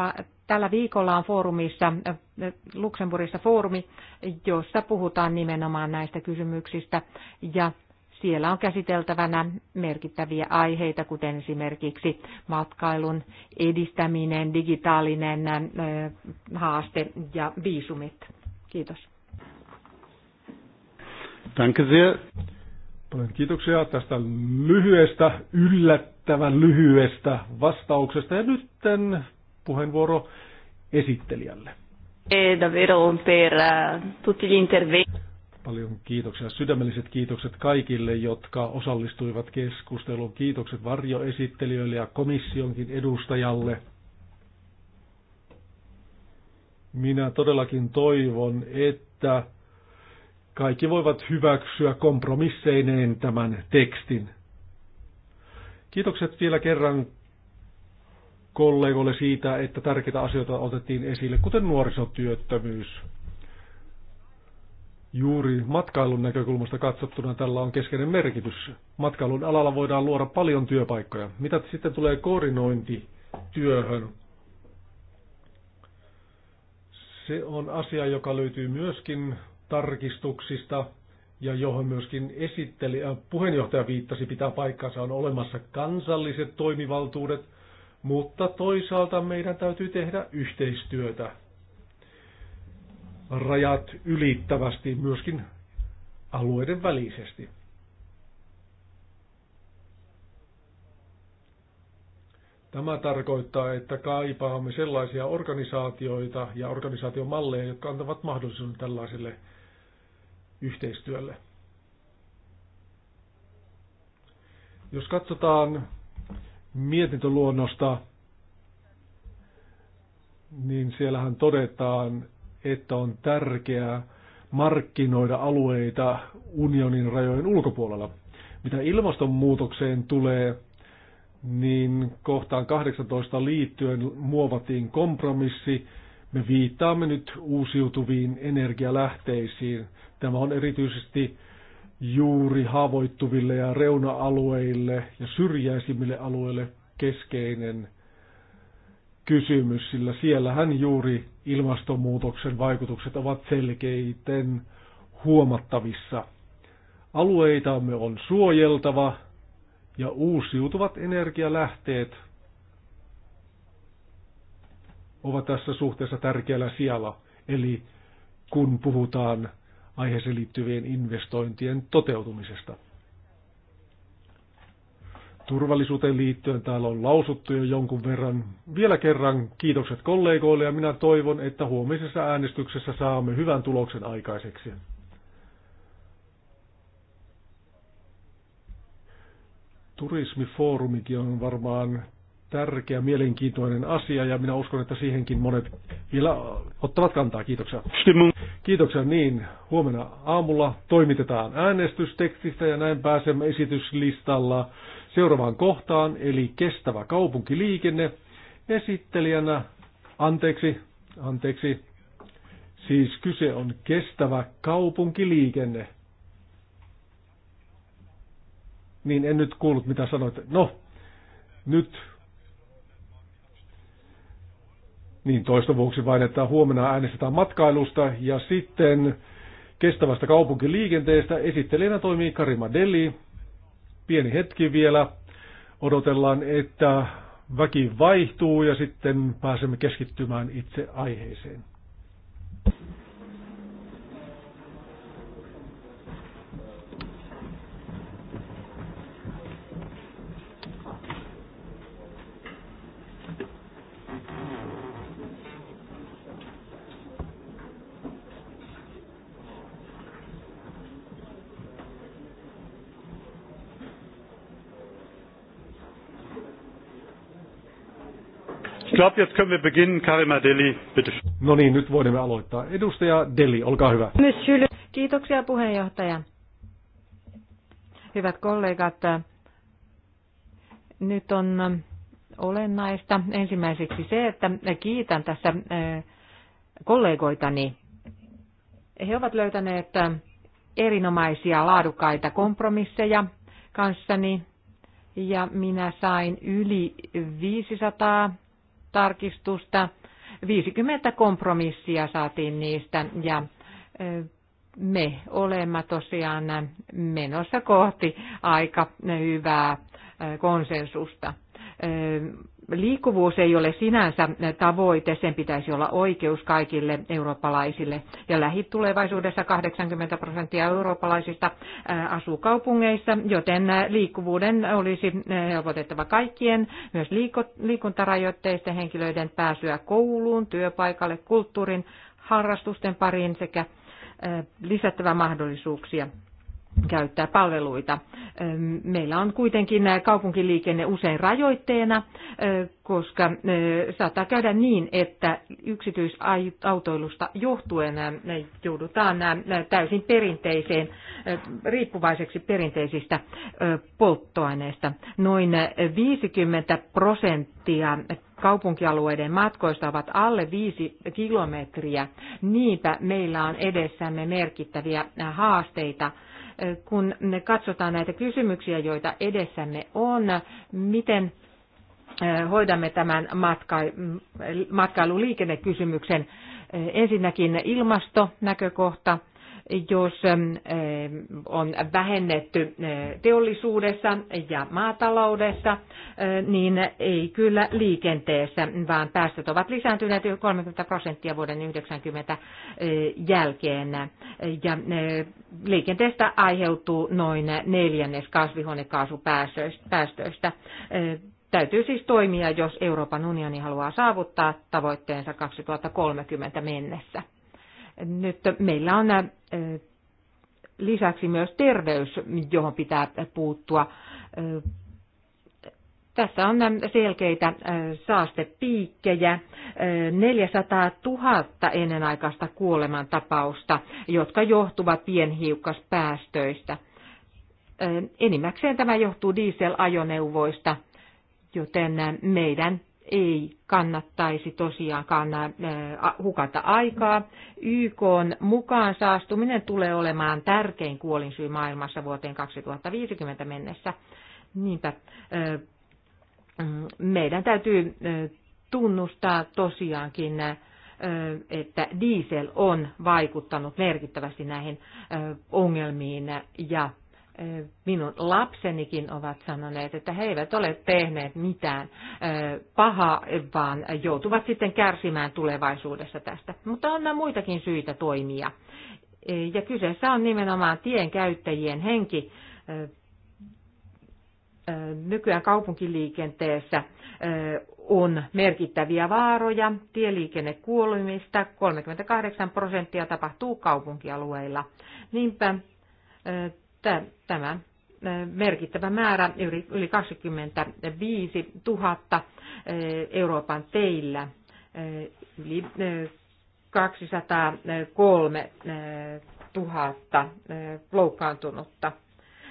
Tällä viikolla on foorumissa, Luxemburgissa foorumi, jossa puhutaan nimenomaan näistä kysymyksistä ja siellä on käsiteltävänä merkittäviä aiheita, kuten esimerkiksi matkailun edistäminen, digitaalinen haaste ja viisumit. Kiitos. Danke sehr. Paljon kiitoksia tästä lyhyestä, yllättävän lyhyestä vastauksesta. Ja nyt puheenvuoro esittelijälle. Eh, davvero per eh, tutti gli interventi. Paljon kiitoksia. Sydämelliset kiitokset kaikille, jotka osallistuivat keskusteluun. Kiitokset varjoesittelijöille ja komissionkin edustajalle. Minä todellakin toivon, että kaikki voivat hyväksyä kompromisseineen tämän tekstin. Kiitokset vielä kerran kollegoille siitä, että tärkeitä asioita otettiin esille, kuten nuorisotyöttömyys. Juuri matkailun näkökulmasta katsottuna tällä on keskeinen merkitys. Matkailun alalla voidaan luoda paljon työpaikkoja. Mitä sitten tulee koordinointityöhön? Se on asia, joka löytyy myöskin tarkistuksista ja johon myöskin esitteli, puheenjohtaja viittasi pitää paikkaansa, on olemassa kansalliset toimivaltuudet, mutta toisaalta meidän täytyy tehdä yhteistyötä rajat ylittävästi, myöskin alueiden välisesti. Tämä tarkoittaa, että kaipaamme sellaisia organisaatioita ja organisaatiomalleja, jotka antavat mahdollisuuden tällaiselle yhteistyölle. Jos katsotaan mietintöluonnosta, niin siellähän todetaan, että on tärkeää markkinoida alueita unionin rajojen ulkopuolella. Mitä ilmastonmuutokseen tulee, niin kohtaan 18 liittyen muovattiin kompromissi. Me viittaamme nyt uusiutuviin energialähteisiin. Tämä on erityisesti juuri haavoittuville ja reuna-alueille ja syrjäisimmille alueille keskeinen kysymys, sillä siellähän juuri ilmastonmuutoksen vaikutukset ovat selkeiten huomattavissa. Alueitamme on suojeltava ja uusiutuvat energialähteet ovat tässä suhteessa tärkeällä sijalla. Eli kun puhutaan aiheeseen liittyvien investointien toteutumisesta. Turvallisuuteen liittyen täällä on lausuttu jo jonkun verran. Vielä kerran kiitokset kollegoille ja minä toivon, että huomisessa äänestyksessä saamme hyvän tuloksen aikaiseksi. Turismifoorumikin on varmaan tärkeä, mielenkiintoinen asia ja minä uskon, että siihenkin monet vielä ottavat kantaa. Kiitoksia. Kiitoksia niin. Huomenna aamulla toimitetaan äänestystekstistä ja näin pääsemme esityslistalla seuraavaan kohtaan, eli kestävä kaupunkiliikenne. Esittelijänä, anteeksi, anteeksi, siis kyse on kestävä kaupunkiliikenne. Niin en nyt kuullut mitä sanoit. No, nyt niin toista vuoksi vain, että huomenna äänestetään matkailusta ja sitten kestävästä kaupunkiliikenteestä. Esittelijänä toimii Karima Deli. Pieni hetki vielä. Odotellaan, että väki vaihtuu ja sitten pääsemme keskittymään itse aiheeseen. glaube, jetzt können wir beginnen. Karima Deli, bitte. No niin, nyt voimme aloittaa. Edustaja Deli, olkaa hyvä. Monsieur. Kiitoksia puheenjohtaja. Hyvät kollegat, nyt on äh, olennaista ensimmäiseksi se, että kiitän tässä äh, kollegoitani. He ovat löytäneet äh, erinomaisia laadukkaita kompromisseja kanssani ja minä sain yli 500 tarkistusta. 50 kompromissia saatiin niistä ja me olemme tosiaan menossa kohti aika hyvää konsensusta liikkuvuus ei ole sinänsä tavoite, sen pitäisi olla oikeus kaikille eurooppalaisille. Ja lähitulevaisuudessa 80 prosenttia eurooppalaisista äh, asuu kaupungeissa, joten äh, liikkuvuuden olisi äh, helpotettava kaikkien, myös liikuntarajoitteisten henkilöiden pääsyä kouluun, työpaikalle, kulttuurin, harrastusten pariin sekä lisättävä mahdollisuuksia käyttää palveluita. Meillä on kuitenkin kaupunkiliikenne usein rajoitteena, koska saattaa käydä niin, että yksityisautoilusta johtuen joudutaan täysin perinteiseen, riippuvaiseksi perinteisistä polttoaineista. Noin 50 prosenttia kaupunkialueiden matkoista ovat alle 5 kilometriä. Niinpä meillä on edessämme merkittäviä haasteita kun katsotaan näitä kysymyksiä, joita edessämme on, miten eh, hoidamme tämän matka, mm, matkailuliikennekysymyksen. Eh, ensinnäkin ilmastonäkökohta jos on vähennetty eh, teollisuudessa ja maataloudessa, eh, niin ei kyllä liikenteessä, vaan päästöt ovat lisääntyneet jo 30 prosenttia vuoden 90 eh, jälkeen. Ja liikenteestä aiheutuu noin neljännes kasvihuonekaasupäästöistä. Täytyy siis toimia, jos Euroopan unioni haluaa saavuttaa tavoitteensa 2030 mennessä. Nyt meillä on lisäksi myös terveys, johon pitää puuttua. Tässä on selkeitä saastepiikkejä, 400 000 ennenaikaista kuolemantapausta, jotka johtuvat pienhiukkaspäästöistä. Enimmäkseen tämä johtuu dieselajoneuvoista, joten meidän ei kannattaisi tosiaankaan äh, hukata aikaa. YK on mukaan saastuminen tulee olemaan tärkein kuolinsyy maailmassa vuoteen 2050 mennessä. Niinpä äh, mm, meidän täytyy äh, tunnustaa tosiaankin, että diesel on vaikuttanut merkittävästi näihin ongelmiin ja minun lapsenikin ovat sanoneet, että he eivät ole tehneet mitään pahaa, vaan joutuvat sitten kärsimään tulevaisuudessa tästä. Mutta on muitakin syitä toimia. Ja kyseessä on nimenomaan tienkäyttäjien henki nykyään kaupunkiliikenteessä on merkittäviä vaaroja Tieliikennekuolumista 38 prosenttia tapahtuu kaupunkialueilla. Niinpä tämä merkittävä määrä, yli 25 000 Euroopan teillä, yli 203 000 loukkaantunutta.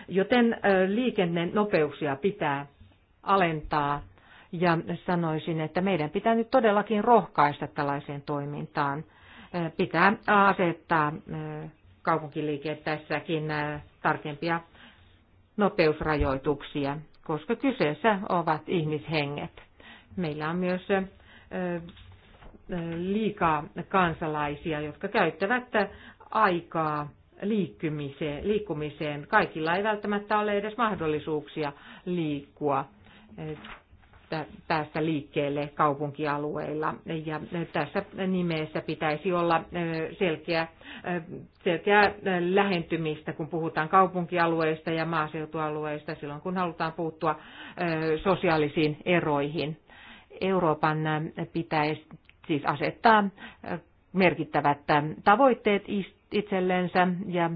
Joten liikennenopeuksia pitää alentaa ja sanoisin, että meidän pitää nyt todellakin rohkaista tällaiseen toimintaan. Pitää asettaa kaupunkiliikenteessäkin. tässäkin tarkempia nopeusrajoituksia, koska kyseessä ovat ihmishenget. Meillä on myös liikaa kansalaisia, jotka käyttävät aikaa liikkumiseen. liikkumiseen. Kaikilla ei välttämättä ole edes mahdollisuuksia liikkua päästä liikkeelle kaupunkialueilla. Ja tässä nimessä pitäisi olla selkeä, selkeä lähentymistä, kun puhutaan kaupunkialueista ja maaseutualueista silloin, kun halutaan puuttua sosiaalisiin eroihin. Euroopan pitäisi siis asettaa merkittävät tavoitteet itsellensä ja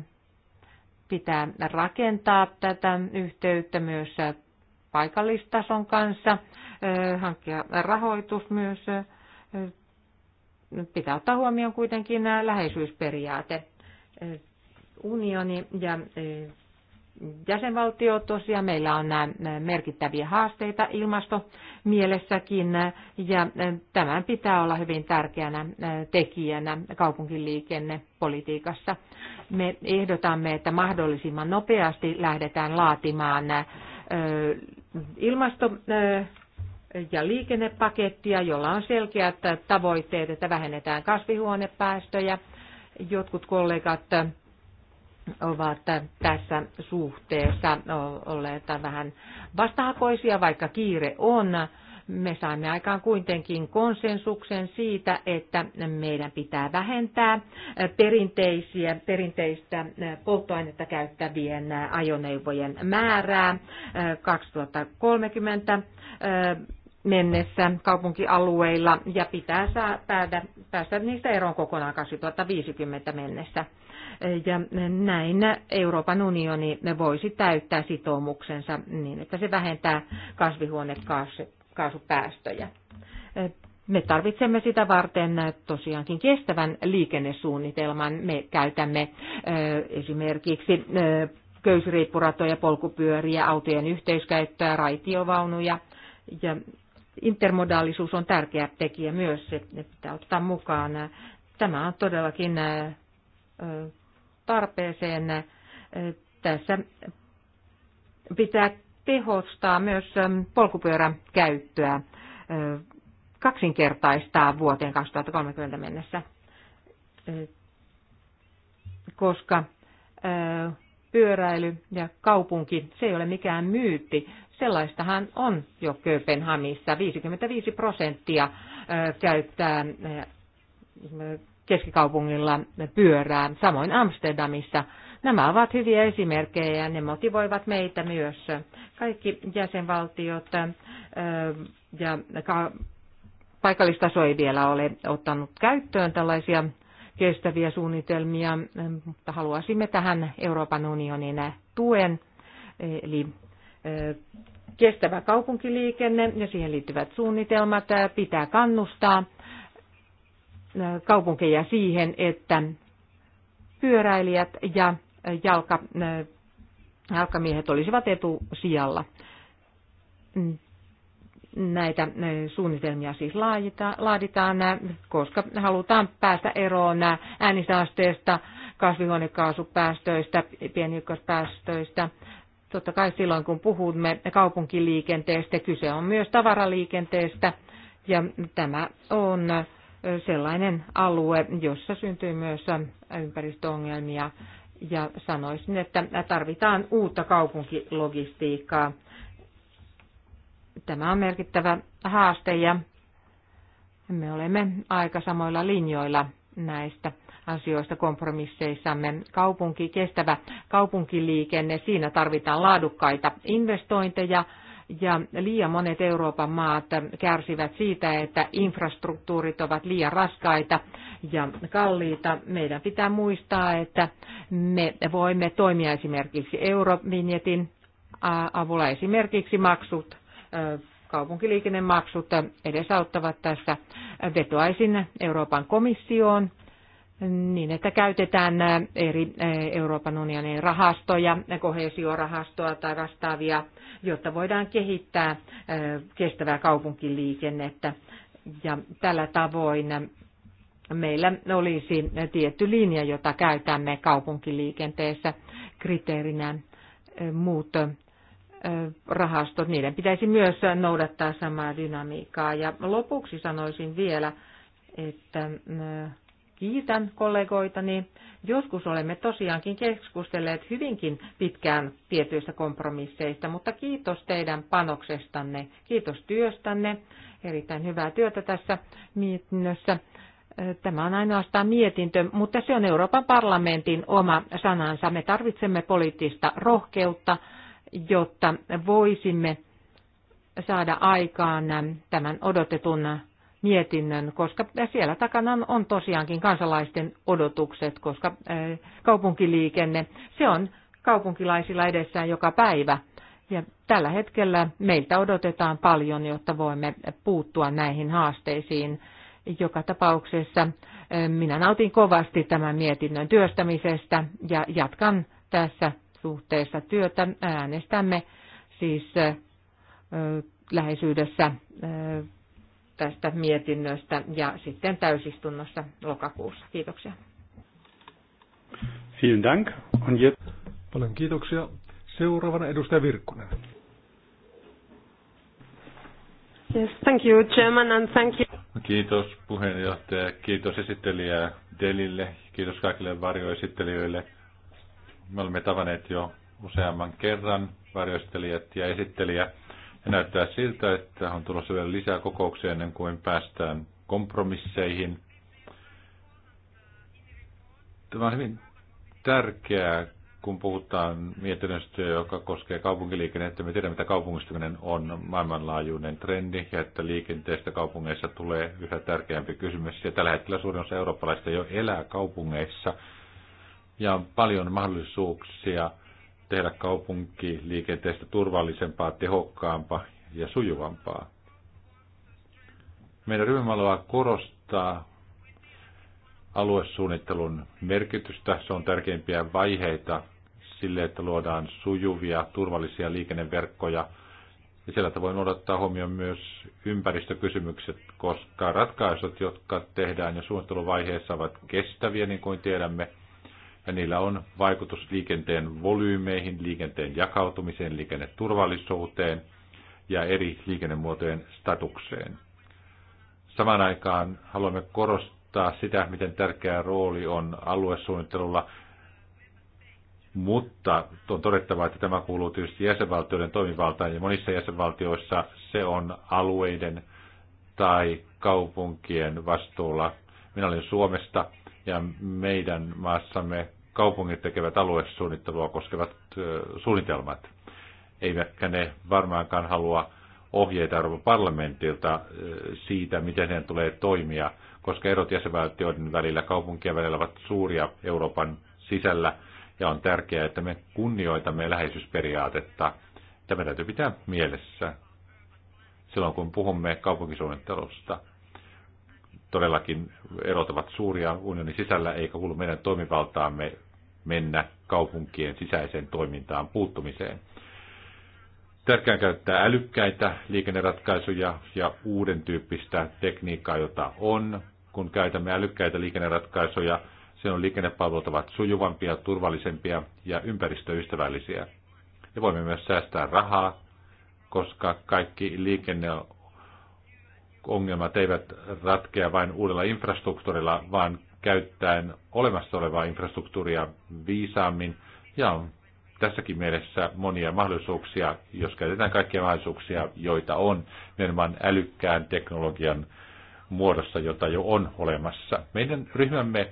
pitää rakentaa tätä yhteyttä myös paikallistason kanssa, hankkia rahoitus myös. Pitää ottaa huomioon kuitenkin läheisyysperiaate. Unioni ja jäsenvaltio tosiaan meillä on nämä merkittäviä haasteita ilmasto mielessäkin ja tämän pitää olla hyvin tärkeänä tekijänä kaupunkiliikennepolitiikassa. Me ehdotamme, että mahdollisimman nopeasti lähdetään laatimaan ilmasto- eh, ja liikennepakettia, jolla on selkeät tavoitteet, että vähennetään kasvihuonepäästöjä. Jotkut kollegat eh, ovat tässä suhteessa olleet vähän vastahakoisia, vaikka kiire on me saamme aikaan kuitenkin konsensuksen siitä, että meidän pitää vähentää perinteisiä, perinteistä polttoainetta käyttävien ajoneuvojen määrää 2030 mennessä kaupunkialueilla ja pitää saa päädä päästä niistä eroon kokonaan 2050 mennessä. Ja näin Euroopan unioni voisi täyttää sitoumuksensa niin, että se vähentää kasvihuonekaasut kasvihuonekaasupäästöjä. Me tarvitsemme sitä varten tosiaankin kestävän liikennesuunnitelman. Me käytämme esimerkiksi köysiriippuratoja, polkupyöriä, autojen yhteiskäyttöä, raitiovaunuja ja intermodaalisuus on tärkeä tekijä myös, se pitää ottaa mukaan. Tämä on todellakin tarpeeseen. Tässä pitää tehostaa myös polkupyörän käyttöä, äh, kaksinkertaistaa vuoteen 2030 mennessä, äh, koska äh, pyöräily ja kaupunki, se ei ole mikään myytti. Sellaistahan on jo Kööpenhamissa. 55 prosenttia käyttää keskikaupungilla pyörää, samoin Amsterdamissa Nämä ovat hyviä esimerkkejä ja ne motivoivat meitä myös. Kaikki jäsenvaltiot ja paikallistaso ei vielä ole ottanut käyttöön tällaisia kestäviä suunnitelmia, mutta haluaisimme tähän Euroopan unionin tuen, eli kestävä kaupunkiliikenne ja siihen liittyvät suunnitelmat pitää kannustaa kaupunkeja siihen, että pyöräilijät ja jalka, jalkamiehet olisivat etusijalla. Näitä suunnitelmia siis laaditaan, koska halutaan päästä eroon äänisaasteesta, kasvihuonekaasupäästöistä, pienhiukkaspäästöistä, totta kai silloin kun puhumme kaupunkiliikenteestä, kyse on myös tavaraliikenteestä ja tämä on sellainen alue, jossa syntyy myös ympäristöongelmia. Ja sanoisin, että tarvitaan uutta kaupunkilogistiikkaa. Tämä on merkittävä haaste ja me olemme aika samoilla linjoilla näistä asioista kompromisseissamme. Kaupunki, kestävä kaupunkiliikenne, siinä tarvitaan laadukkaita investointeja – ja liian monet Euroopan maat kärsivät siitä, että infrastruktuurit ovat liian raskaita ja kalliita. Meidän pitää muistaa, että me voimme toimia esimerkiksi Eurovinjetin avulla esimerkiksi maksut kaupunkiliikennemaksut edesauttavat tässä. Vetoaisin Euroopan komissioon niin, että käytetään eri Euroopan unionin rahastoja, kohesiorahastoa tai vastaavia, jotta voidaan kehittää kestävää kaupunkiliikennettä. Ja tällä tavoin meillä olisi tietty linja, jota käytämme kaupunkiliikenteessä kriteerinä muut rahastot, niiden pitäisi myös noudattaa samaa dynamiikkaa. Ja lopuksi sanoisin vielä, että kiitän kollegoitani. Joskus olemme tosiaankin keskustelleet hyvinkin pitkään tietyistä kompromisseista, mutta kiitos teidän panoksestanne, kiitos työstänne. Erittäin hyvää työtä tässä mietinnössä. Tämä on ainoastaan mietintö, mutta se on Euroopan parlamentin oma sanansa. Me tarvitsemme poliittista rohkeutta, jotta voisimme saada aikaan tämän odotetun mietinnön, koska siellä takana on tosiaankin kansalaisten odotukset, koska eh, kaupunkiliikenne, se on kaupunkilaisilla edessään joka päivä. Ja tällä hetkellä meiltä odotetaan paljon, jotta voimme puuttua näihin haasteisiin. Joka tapauksessa eh, minä nautin kovasti tämän mietinnön työstämisestä ja jatkan tässä suhteessa työtä. Äänestämme siis eh, läheisyydessä tästä mietinnöstä ja sitten täysistunnossa lokakuussa. Kiitoksia. Vielen Dank. Und jetzt... Paljon kiitoksia. Seuraavana edustaja Virkkunen. Yes, thank you, Chairman, and thank you. No, kiitos puheenjohtaja, kiitos esittelijä Delille, kiitos kaikille varjoesittelijöille. Me olemme tavanneet jo useamman kerran varjoesittelijät ja esittelijä. Ja näyttää siltä, että on tulossa vielä lisää kokouksia ennen kuin päästään kompromisseihin. Tämä on hyvin tärkeää, kun puhutaan mietinnöstä, joka koskee kaupunkiliikennettä. Me tiedämme, että kaupungistuminen on maailmanlaajuinen trendi ja että liikenteestä kaupungeissa tulee yhä tärkeämpi kysymys. Ja tällä hetkellä suurin osa eurooppalaista jo elää kaupungeissa ja on paljon mahdollisuuksia – tehdä kaupunki liikenteestä turvallisempaa, tehokkaampaa ja sujuvampaa. Meidän ryhmä haluaa korostaa aluesuunnittelun merkitystä. Se on tärkeimpiä vaiheita sille, että luodaan sujuvia, turvallisia liikenneverkkoja. Ja sillä tavoin odottaa huomioon myös ympäristökysymykset, koska ratkaisut, jotka tehdään jo suunnitteluvaiheessa, ovat kestäviä, niin kuin tiedämme – ja niillä on vaikutus liikenteen volyymeihin, liikenteen jakautumiseen, liikenneturvallisuuteen ja eri liikennemuotojen statukseen. Samaan aikaan haluamme korostaa sitä, miten tärkeä rooli on aluesuunnittelulla, mutta on todettava, että tämä kuuluu tietysti jäsenvaltioiden toimivaltaan ja monissa jäsenvaltioissa se on alueiden tai kaupunkien vastuulla. Minä olen Suomesta ja meidän maassamme kaupungit tekevät aluesuunnittelua koskevat suunnitelmat. Eivätkä ne varmaankaan halua ohjeita Euroopan parlamentilta siitä, miten heidän tulee toimia, koska erot jäsenvaltioiden välillä, kaupunkien välillä ovat suuria Euroopan sisällä, ja on tärkeää, että me kunnioitamme läheisyysperiaatetta. Tämä täytyy pitää mielessä silloin, kun puhumme kaupunkisuunnittelusta. Todellakin erot ovat suuria unionin sisällä, eikä kuulu meidän toimivaltaamme mennä kaupunkien sisäiseen toimintaan puuttumiseen. Tärkeää käyttää älykkäitä liikenneratkaisuja ja uuden tyyppistä tekniikkaa, jota on. Kun käytämme älykkäitä liikenneratkaisuja, sen on liikennepalvelut ovat sujuvampia, turvallisempia ja ympäristöystävällisiä. Ja voimme myös säästää rahaa, koska kaikki liikenne ongelmat eivät ratkea vain uudella infrastruktuurilla, vaan käyttäen olemassa olevaa infrastruktuuria viisaammin ja on tässäkin mielessä monia mahdollisuuksia, jos käytetään kaikkia mahdollisuuksia, joita on, nimenomaan älykkään teknologian muodossa, jota jo on olemassa. Meidän ryhmämme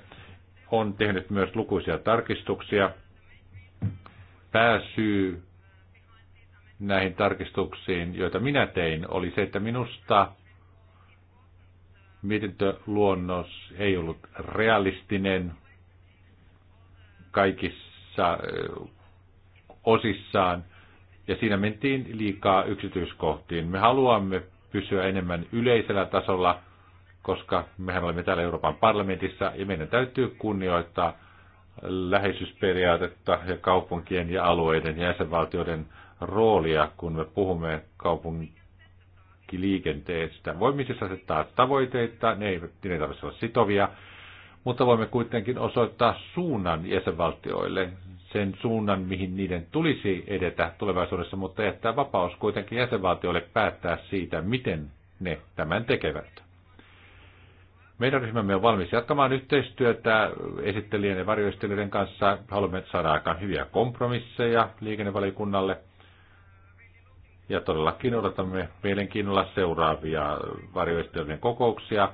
on tehnyt myös lukuisia tarkistuksia. Pääsyy näihin tarkistuksiin, joita minä tein, oli se, että minusta mietintöluonnos ei ollut realistinen kaikissa osissaan, ja siinä mentiin liikaa yksityiskohtiin. Me haluamme pysyä enemmän yleisellä tasolla, koska mehän olemme täällä Euroopan parlamentissa, ja meidän täytyy kunnioittaa läheisyysperiaatetta ja kaupunkien ja alueiden ja jäsenvaltioiden roolia, kun me puhumme kaupunkien liikenteestä. Voimme siis asettaa tavoitteita, ne eivät ne tarvitse olla sitovia, mutta voimme kuitenkin osoittaa suunnan jäsenvaltioille, sen suunnan, mihin niiden tulisi edetä tulevaisuudessa, mutta jättää vapaus kuitenkin jäsenvaltioille päättää siitä, miten ne tämän tekevät. Meidän ryhmämme on valmis jatkamaan yhteistyötä esittelijän ja varjoistelijoiden kanssa. Haluamme saada aikaan hyviä kompromisseja liikennevaliokunnalle – ja todellakin odotamme mielenkiinnolla seuraavia varjoistelmien kokouksia.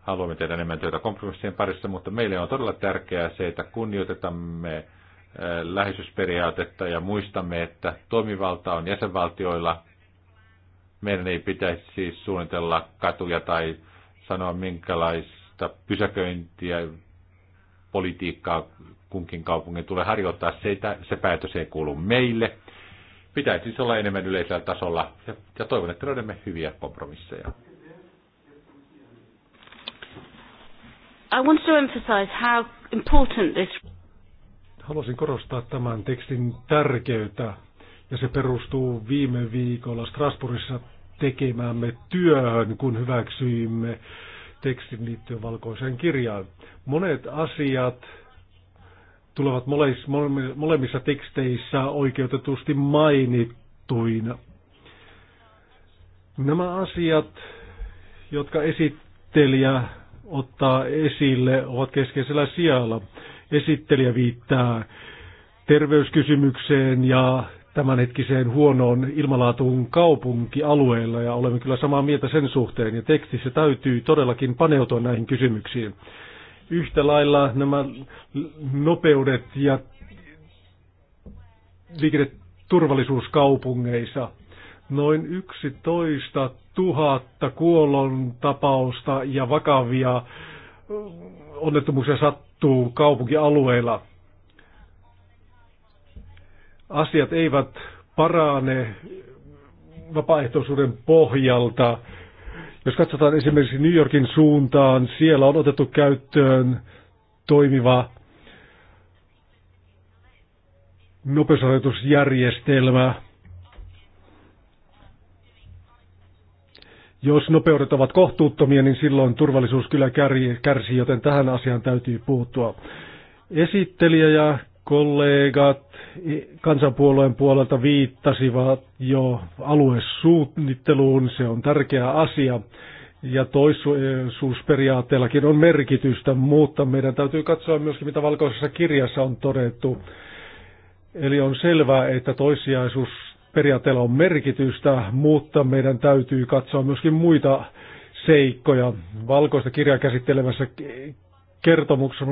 Haluamme tehdä enemmän työtä kompromissien parissa, mutta meille on todella tärkeää se, että kunnioitetamme eh, läheisyysperiaatetta ja muistamme, että toimivalta on jäsenvaltioilla. Meidän ei pitäisi siis suunnitella katuja tai sanoa minkälaista pysäköintiä politiikkaa kunkin kaupungin tulee harjoittaa. Se, se päätös ei kuulu meille. Pitäisi siis olla enemmän yleisellä tasolla ja, ja toivon, että löydämme hyviä kompromisseja. I want to emphasize how important this... Haluaisin korostaa tämän tekstin tärkeyttä ja se perustuu viime viikolla Strasbourgissa tekemäämme työhön, kun hyväksyimme tekstin liittyen valkoiseen kirjaan. Monet asiat tulevat molemmissa teksteissä oikeutetusti mainittuina. Nämä asiat, jotka esittelijä ottaa esille, ovat keskeisellä sijalla. Esittelijä viittaa terveyskysymykseen ja tämänhetkiseen huonoon ilmalaatuun kaupunkialueella ja olemme kyllä samaa mieltä sen suhteen ja tekstissä täytyy todellakin paneutua näihin kysymyksiin. Yhtä lailla nämä nopeudet ja liikenneturvallisuus kaupungeissa. Noin 11 000 kuolon tapausta ja vakavia onnettomuuksia sattuu kaupunkialueilla. Asiat eivät parane vapaaehtoisuuden pohjalta jos katsotaan esimerkiksi New Yorkin suuntaan, siellä on otettu käyttöön toimiva nopeusrajoitusjärjestelmä. Jos nopeudet ovat kohtuuttomia, niin silloin turvallisuus kyllä kärsii, joten tähän asiaan täytyy puuttua. Esittelijä ja kollegat kansanpuolueen puolelta viittasivat jo aluesuunnitteluun, se on tärkeä asia. Ja toissuusperiaatteellakin on merkitystä, mutta meidän täytyy katsoa myöskin, mitä valkoisessa kirjassa on todettu. Eli on selvää, että toissijaisuusperiaatteella on merkitystä, mutta meidän täytyy katsoa myöskin muita seikkoja. Valkoista kirjaa käsittelevässä kertomuksessa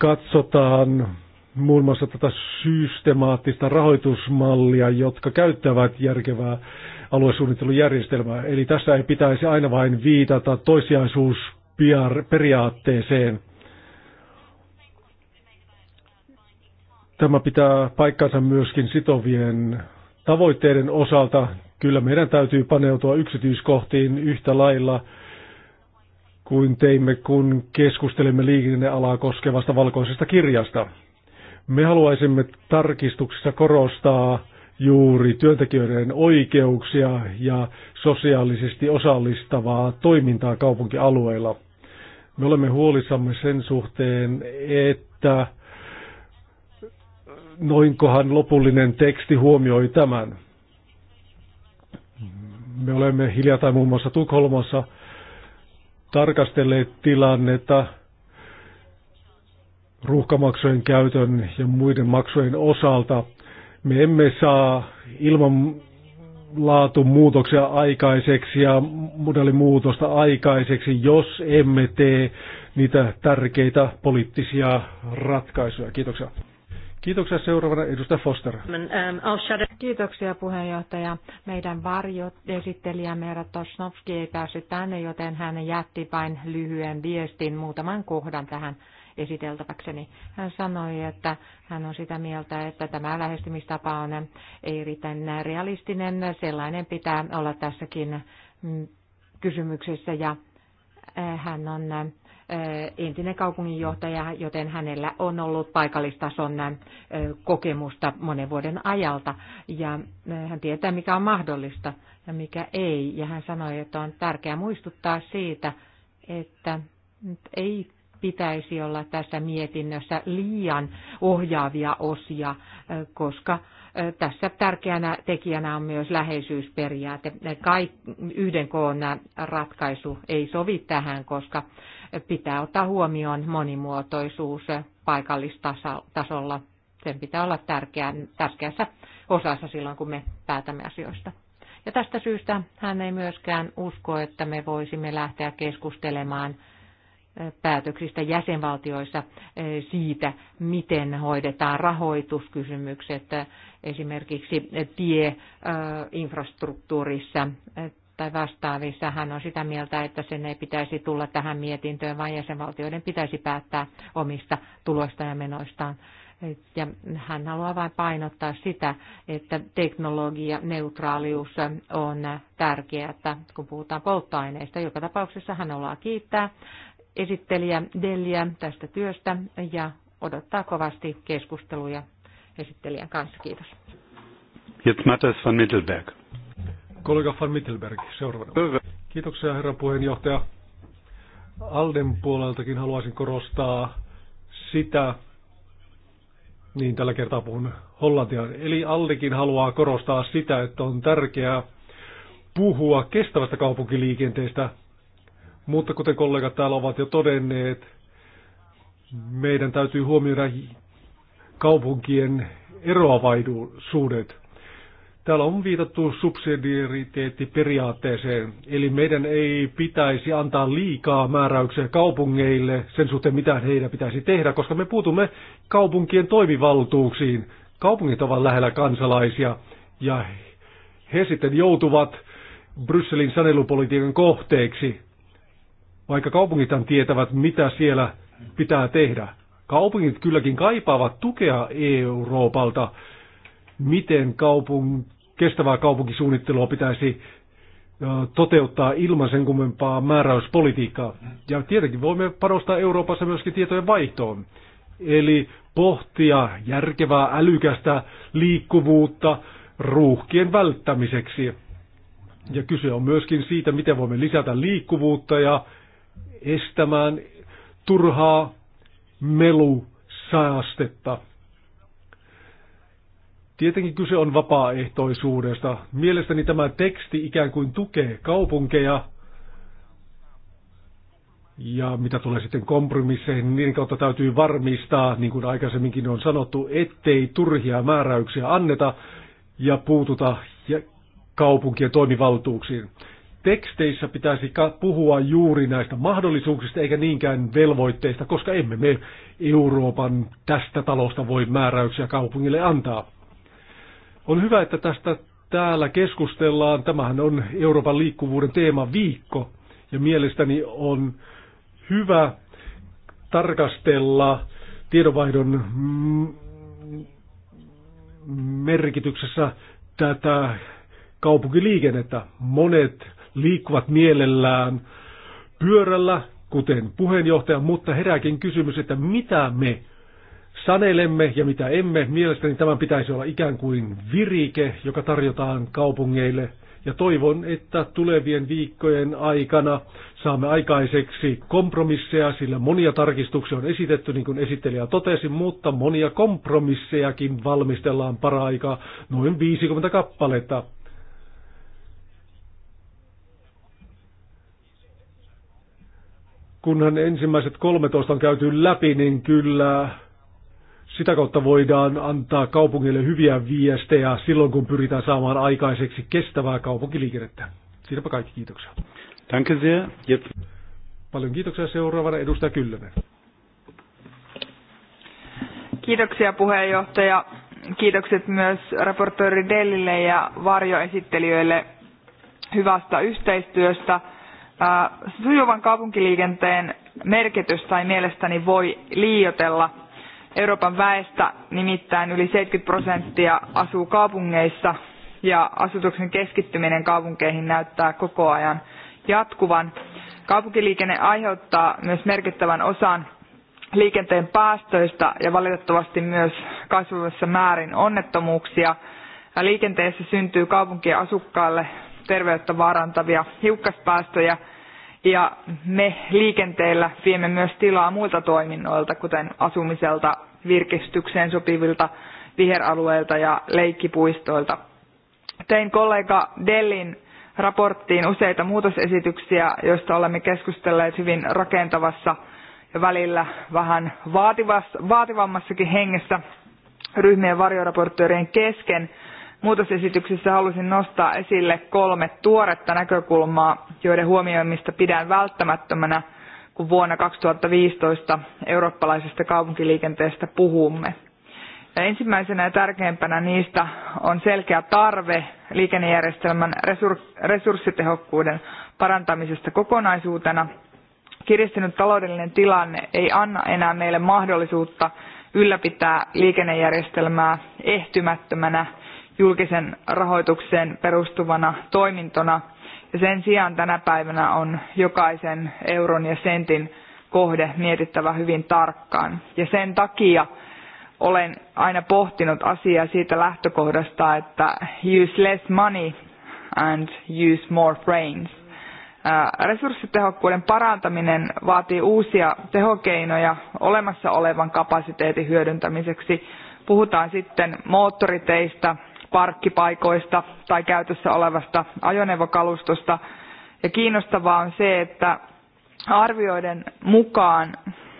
katsotaan muun muassa tätä systemaattista rahoitusmallia, jotka käyttävät järkevää aluesuunnittelujärjestelmää. Eli tässä ei pitäisi aina vain viitata toissijaisuusperiaatteeseen. Tämä pitää paikkansa myöskin sitovien tavoitteiden osalta. Kyllä meidän täytyy paneutua yksityiskohtiin yhtä lailla – kuin teimme, kun keskustelimme liikennealaa koskevasta valkoisesta kirjasta. Me haluaisimme tarkistuksessa korostaa juuri työntekijöiden oikeuksia ja sosiaalisesti osallistavaa toimintaa kaupunkialueilla. Me olemme huolissamme sen suhteen, että noinkohan lopullinen teksti huomioi tämän. Me olemme hiljattain muun muassa Tukholmassa tarkastelleet tilannetta ruuhkamaksujen käytön ja muiden maksujen osalta. Me emme saa ilman laatu muutoksia aikaiseksi ja muutosta aikaiseksi, jos emme tee niitä tärkeitä poliittisia ratkaisuja. Kiitoksia. Kiitoksia seuraavana edustaja Foster. Um, Kiitoksia puheenjohtaja. Meidän Meera Tosnovski ei päässyt tänne, joten hän jätti vain lyhyen viestin muutaman kohdan tähän esiteltäväkseni. Hän sanoi, että hän on sitä mieltä, että tämä lähestymistapa on erittäin realistinen. Sellainen pitää olla tässäkin mm, kysymyksessä ja eh, hän on eh, Eh, entinen kaupunginjohtaja, joten hänellä on ollut paikallistason eh, kokemusta monen vuoden ajalta. Ja eh, hän tietää, mikä on mahdollista ja mikä ei. Ja hän sanoi, että on tärkeää muistuttaa siitä, että ei pitäisi olla tässä mietinnössä liian ohjaavia osia, koska tässä tärkeänä tekijänä on myös läheisyysperiaate. Kaik, yhden koon ratkaisu ei sovi tähän, koska pitää ottaa huomioon monimuotoisuus paikallistasolla. Sen pitää olla tärkeän, tärkeässä osassa silloin, kun me päätämme asioista. Ja tästä syystä hän ei myöskään usko, että me voisimme lähteä keskustelemaan päätöksistä jäsenvaltioissa siitä, miten hoidetaan rahoituskysymykset esimerkiksi tieinfrastruktuurissa tai vastaavissa. Hän on sitä mieltä, että sen ei pitäisi tulla tähän mietintöön, vaan jäsenvaltioiden pitäisi päättää omista tuloista ja menoistaan. Ja hän haluaa vain painottaa sitä, että teknologia, neutraalius on tärkeää, että kun puhutaan polttoaineista. Joka tapauksessa hän haluaa kiittää esittelijä Deliä tästä työstä ja odottaa kovasti keskusteluja esittelijän kanssa. Kiitos. Jetzt Matthias von Mittelberg. Kollega van Mittelberg, seuraavana. Hyvä. Kiitoksia herra puheenjohtaja. Alden puoleltakin haluaisin korostaa sitä, niin tällä kertaa puhun hollantia. Eli Aldikin haluaa korostaa sitä, että on tärkeää puhua kestävästä kaupunkiliikenteestä, mutta kuten kollegat täällä ovat jo todenneet, meidän täytyy huomioida kaupunkien eroavaisuudet. Täällä on viitattu subsidiariteettiperiaatteeseen, eli meidän ei pitäisi antaa liikaa määräyksiä kaupungeille sen suhteen, mitä heidän pitäisi tehdä, koska me puutumme kaupunkien toimivaltuuksiin. Kaupungit ovat lähellä kansalaisia ja he sitten joutuvat Brysselin sanelupolitiikan kohteeksi, vaikka kaupungit tietävät, mitä siellä pitää tehdä. Kaupungit kylläkin kaipaavat tukea Euroopalta, miten kaupung, kestävää kaupunkisuunnittelua pitäisi toteuttaa ilman sen kummempaa määräyspolitiikkaa. Ja tietenkin voimme panostaa Euroopassa myöskin tietojen vaihtoon. Eli pohtia järkevää, älykästä liikkuvuutta ruuhkien välttämiseksi. Ja kyse on myöskin siitä, miten voimme lisätä liikkuvuutta ja estämään turhaa melusaastetta. Tietenkin kyse on vapaaehtoisuudesta. Mielestäni tämä teksti ikään kuin tukee kaupunkeja. Ja mitä tulee sitten kompromisseihin, niin kautta täytyy varmistaa, niin kuin aikaisemminkin on sanottu, ettei turhia määräyksiä anneta ja puututa kaupunkien toimivaltuuksiin. Teksteissä pitäisi puhua juuri näistä mahdollisuuksista eikä niinkään velvoitteista, koska emme me Euroopan tästä talosta voi määräyksiä kaupungille antaa. On hyvä, että tästä täällä keskustellaan. Tämähän on Euroopan liikkuvuuden teema viikko ja mielestäni on hyvä tarkastella tiedonvaihdon mm, merkityksessä tätä kaupunkiliikennettä. Monet liikkuvat mielellään pyörällä, kuten puheenjohtaja, mutta herääkin kysymys, että mitä me sanelemme ja mitä emme. Mielestäni tämän pitäisi olla ikään kuin virike, joka tarjotaan kaupungeille. Ja toivon, että tulevien viikkojen aikana saamme aikaiseksi kompromisseja, sillä monia tarkistuksia on esitetty, niin kuin esittelijä totesi, mutta monia kompromissejakin valmistellaan paraikaa, noin 50 kappaletta. kunhan ensimmäiset 13 on käyty läpi, niin kyllä sitä kautta voidaan antaa kaupungille hyviä viestejä silloin, kun pyritään saamaan aikaiseksi kestävää kaupunkiliikennettä. Siinäpä kaikki, kiitoksia. Danke sehr. Jetzt. Paljon kiitoksia seuraavana edustaja Kyllönen. Kiitoksia puheenjohtaja. Kiitokset myös raportoori Dellille ja varjoesittelijöille hyvästä yhteistyöstä. Äh, sujuvan kaupunkiliikenteen merkitys tai mielestäni voi liioitella – Euroopan väestä nimittäin yli 70 prosenttia asuu kaupungeissa ja asutuksen keskittyminen kaupunkeihin näyttää koko ajan jatkuvan. Kaupunkiliikenne aiheuttaa myös merkittävän osan liikenteen päästöistä ja valitettavasti myös kasvavassa määrin onnettomuuksia. Liikenteessä syntyy kaupunkien asukkaille terveyttä vaarantavia hiukkaspäästöjä – ja me liikenteellä viemme myös tilaa muilta toiminnoilta, kuten asumiselta, virkistykseen sopivilta viheralueilta ja leikkipuistoilta. Tein kollega Dellin raporttiin useita muutosesityksiä, joista olemme keskustelleet hyvin rakentavassa ja välillä vähän vaativammassakin hengessä ryhmien varjoraportöörien kesken. Muutosesityksissä halusin nostaa esille kolme tuoretta näkökulmaa, joiden huomioimista pidän välttämättömänä, kun vuonna 2015 eurooppalaisesta kaupunkiliikenteestä puhumme. Ja ensimmäisenä ja tärkeimpänä niistä on selkeä tarve liikennejärjestelmän resurssitehokkuuden parantamisesta kokonaisuutena. Kiristynyt taloudellinen tilanne ei anna enää meille mahdollisuutta ylläpitää liikennejärjestelmää ehtymättömänä julkisen rahoitukseen perustuvana toimintona – sen sijaan tänä päivänä on jokaisen euron ja sentin kohde mietittävä hyvin tarkkaan. Ja sen takia olen aina pohtinut asiaa siitä lähtökohdasta, että use less money and use more brains. Resurssitehokkuuden parantaminen vaatii uusia tehokeinoja olemassa olevan kapasiteetin hyödyntämiseksi. Puhutaan sitten moottoriteistä, parkkipaikoista tai käytössä olevasta ajoneuvokalustosta. Ja kiinnostavaa on se, että arvioiden mukaan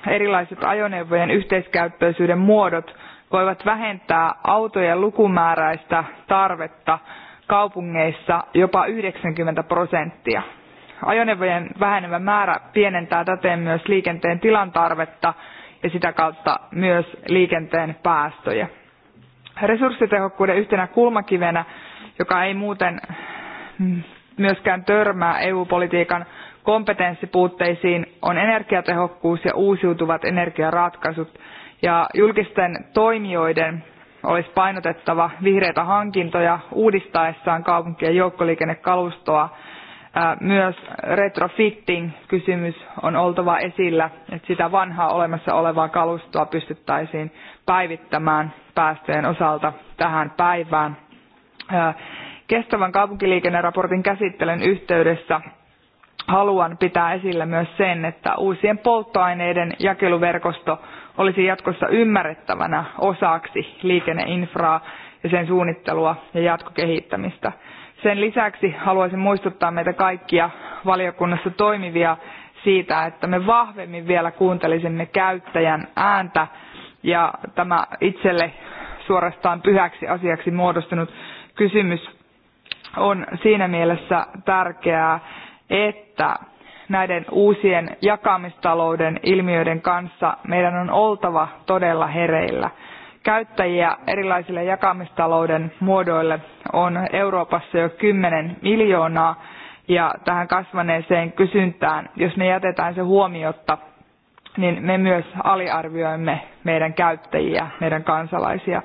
erilaiset ajoneuvojen yhteiskäyttöisyyden muodot voivat vähentää autojen lukumääräistä tarvetta kaupungeissa jopa 90 prosenttia. Ajoneuvojen vähenevä määrä pienentää täten myös liikenteen tilan tarvetta ja sitä kautta myös liikenteen päästöjä resurssitehokkuuden yhtenä kulmakivenä, joka ei muuten mm, myöskään törmää EU-politiikan kompetenssipuutteisiin, on energiatehokkuus ja uusiutuvat energiaratkaisut. Ja julkisten toimijoiden olisi painotettava vihreitä hankintoja uudistaessaan kaupunkien joukkoliikennekalustoa myös retrofitting kysymys on oltava esillä, että sitä vanhaa olemassa olevaa kalustoa pystyttäisiin päivittämään päästöjen osalta tähän päivään. Kestävän kaupunkiliikenneraportin käsittelyn yhteydessä haluan pitää esillä myös sen, että uusien polttoaineiden jakeluverkosto olisi jatkossa ymmärrettävänä osaksi liikenneinfraa ja sen suunnittelua ja jatkokehittämistä. Sen lisäksi haluaisin muistuttaa meitä kaikkia valiokunnassa toimivia siitä, että me vahvemmin vielä kuuntelisimme käyttäjän ääntä ja tämä itselle suorastaan pyhäksi asiaksi muodostunut kysymys on siinä mielessä tärkeää, että näiden uusien jakamistalouden ilmiöiden kanssa meidän on oltava todella hereillä käyttäjiä erilaisille jakamistalouden muodoille on Euroopassa jo 10 miljoonaa ja tähän kasvaneeseen kysyntään, jos me jätetään se huomiotta, niin me myös aliarvioimme meidän käyttäjiä, meidän kansalaisia.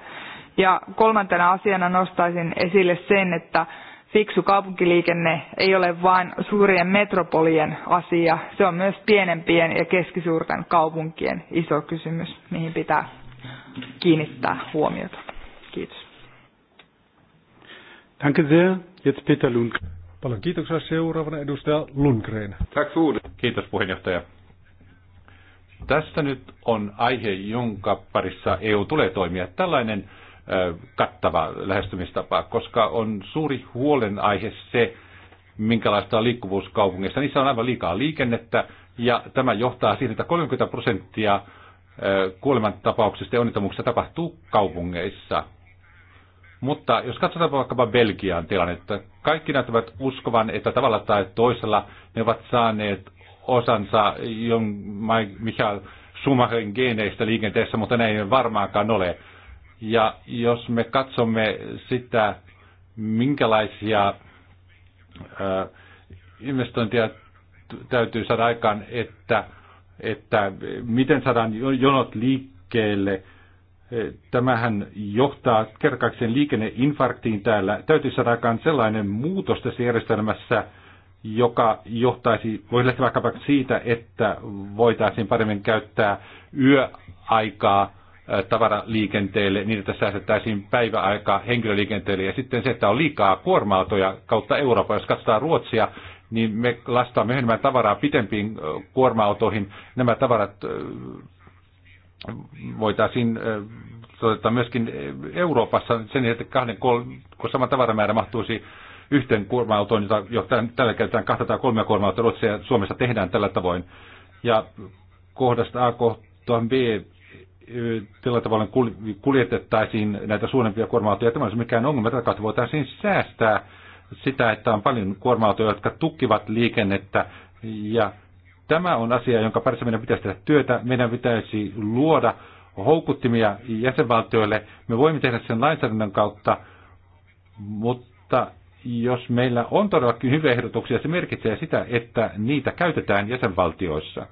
Ja kolmantena asiana nostaisin esille sen, että fiksu kaupunkiliikenne ei ole vain suurien metropolien asia, se on myös pienempien ja keskisuurten kaupunkien iso kysymys, mihin pitää kiinnittää huomiota. Kiitos. Danke sehr. Jetzt Peter Lundgren. Paljon kiitoksia. Seuraavana edustaja Lundgren. Kiitos puheenjohtaja. Tässä nyt on aihe, jonka parissa EU tulee toimia. Tällainen kattava lähestymistapa, koska on suuri huolenaihe se, minkälaista on liikkuvuus kaupungeissa. Niissä on aivan liikaa liikennettä ja tämä johtaa siihen, että 30 prosenttia kuolemantapauksista ja onnettomuuksista tapahtuu kaupungeissa. Mutta jos katsotaan vaikkapa Belgian tilannetta, kaikki näyttävät uskovan, että tavalla tai toisella ne ovat saaneet osansa Jon Michael Schumacherin geeneistä liikenteessä, mutta näin ei varmaankaan ole. Ja jos me katsomme sitä, minkälaisia investointeja täytyy saada aikaan, että että miten saadaan jonot liikkeelle. E, tämähän johtaa kerkaakseen liikenneinfarktiin täällä. Täytyy saada aikaan sellainen muutos tässä järjestelmässä, joka johtaisi, voisi lähteä vaikkapa siitä, että voitaisiin paremmin käyttää yöaikaa e, tavaraliikenteelle niin, että säästettäisiin päiväaikaa henkilöliikenteelle. Ja sitten se, että on liikaa kuorma-autoja kautta Euroopan. Jos katsotaan Ruotsia, niin me lastaamme enemmän tavaraa pitempiin kuorma-autoihin. Nämä tavarat voitaisiin toteuttaa myöskin Euroopassa sen, että kahden, kolme, kun sama tavaramäärä mahtuisi yhteen kuorma-autoon, jota jo tällä käytetään kahta tai kolmea kuorma-autoa Ruotsia ja Suomessa tehdään tällä tavoin. Ja kohdasta A kohtaan B tällä tavalla kuljetettaisiin näitä suurempia kuorma-autoja. Tämä on mikään ongelma. Tätä kautta voitaisiin säästää sitä, että on paljon kuorma jotka tukkivat liikennettä ja tämä on asia, jonka parissa meidän pitäisi tehdä työtä. Meidän pitäisi luoda houkuttimia jäsenvaltioille. Me voimme tehdä sen lainsäädännön kautta, mutta jos meillä on todellakin hyviä ehdotuksia, se merkitsee sitä, että niitä käytetään jäsenvaltioissa.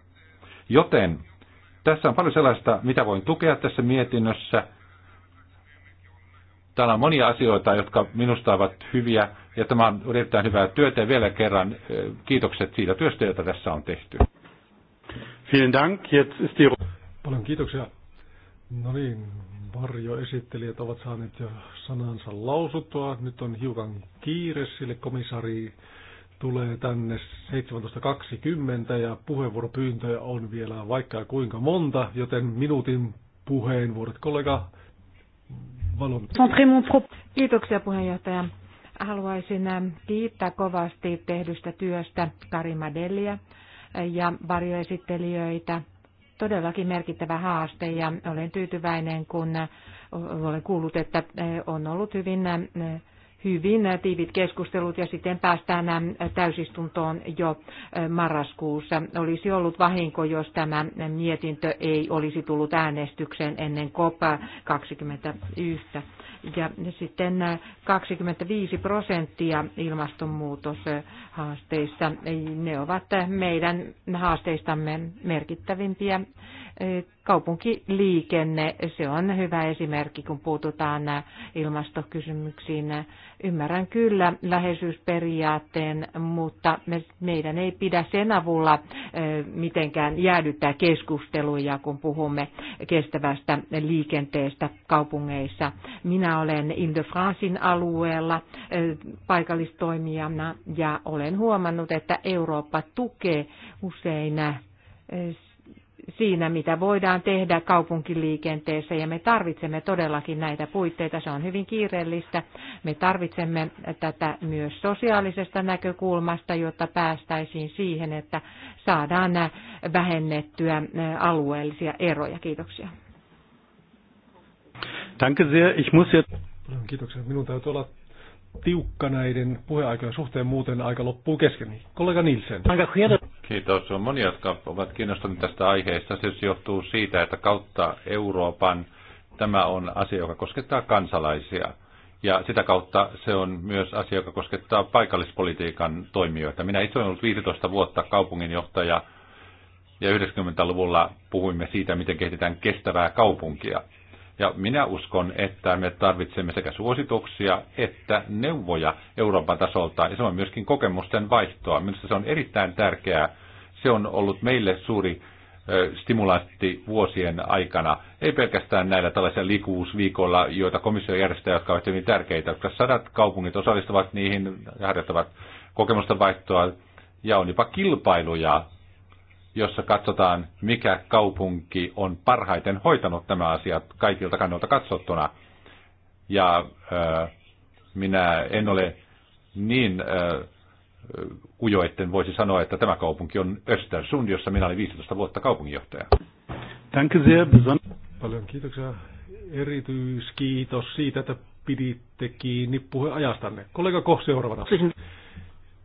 Joten tässä on paljon sellaista, mitä voin tukea tässä mietinnössä. Täällä on monia asioita, jotka minusta ovat hyviä. Ja tämä on erittäin hyvää työtä ja vielä kerran kiitokset siitä työstä, jota tässä on tehty. Vielen Dank. Jetzt ist die... Paljon kiitoksia. No niin, varjo esittelijät ovat saaneet jo sanansa lausuttua. Nyt on hiukan kiire, sille komissari tulee tänne 17.20 ja puheenvuoropyyntöjä on vielä vaikka kuinka monta, joten minuutin puheenvuorot kollega Valon. Kiitoksia puheenjohtaja haluaisin ähm, kiittää kovasti tehdystä työstä Karima Delliä äh, ja varjoesittelijöitä. Todellakin merkittävä haaste ja olen tyytyväinen, kun äh, olen kuullut, että äh, on ollut hyvin, hyvin tiivit keskustelut ja sitten päästään ähm, täysistuntoon jo marraskuussa. Olisi ollut vahinko, jos tämä mietintö ei olisi tullut äänestykseen ennen COP21 ja sitten 25 äh, prosenttia ilmastonmuutoshaasteissa, ne ovat äh, meidän haasteistamme merkittävimpiä. Kaupunkiliikenne, se on hyvä esimerkki, kun puututaan ilmastokysymyksiin. Ymmärrän kyllä läheisyysperiaatteen, mutta meidän ei pidä sen avulla mitenkään jäädyttää keskusteluja, kun puhumme kestävästä liikenteestä kaupungeissa. Minä olen Ile-de-Francein alueella paikallistoimijana ja olen huomannut, että Eurooppa tukee usein siinä, mitä voidaan tehdä kaupunkiliikenteessä ja me tarvitsemme todellakin näitä puitteita. Se on hyvin kiireellistä. Me tarvitsemme tätä myös sosiaalisesta näkökulmasta, jotta päästäisiin siihen, että saadaan vähennettyä alueellisia eroja. Kiitoksia. Kiitoksia. Minun täytyy olla tiukka näiden puheaikojen suhteen, muuten aika loppuu kesken. Niin, kollega Nielsen. Kiitos. On monia, jotka ovat kiinnostuneet tästä aiheesta. Se johtuu siitä, että kautta Euroopan tämä on asia, joka koskettaa kansalaisia. Ja sitä kautta se on myös asia, joka koskettaa paikallispolitiikan toimijoita. Minä itse olen ollut 15 vuotta kaupunginjohtaja ja 90-luvulla puhuimme siitä, miten kehitetään kestävää kaupunkia. Ja minä uskon, että me tarvitsemme sekä suosituksia että neuvoja Euroopan tasolta, ja se on myöskin kokemusten vaihtoa. Minusta se on erittäin tärkeää. Se on ollut meille suuri stimulantti vuosien aikana. Ei pelkästään näillä tällaisilla liikkuvuusviikoilla, joita komissio järjestää, jotka ovat hyvin tärkeitä, koska sadat kaupungit osallistuvat niihin, harjoittavat kokemusten vaihtoa ja on jopa kilpailuja jossa katsotaan, mikä kaupunki on parhaiten hoitanut nämä asiat kaikilta kannalta katsottuna. Ja äh, minä en ole niin äh, ujo, etten voisi sanoa, että tämä kaupunki on Östersund, jossa minä olin 15 vuotta kaupunginjohtaja. Paljon kiitoksia. Erityiskiitos siitä, että piditte kiinni ajastanne. Kollega Koh seuraavana.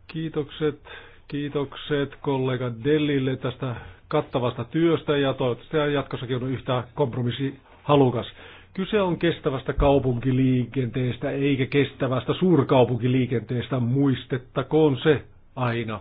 Kiitokset Kiitokset kollega Dellille tästä kattavasta työstä ja toivottavasti jatkossakin on yhtä kompromissihalukas. Kyse on kestävästä kaupunkiliikenteestä eikä kestävästä suurkaupunkiliikenteestä, muistettakoon se aina.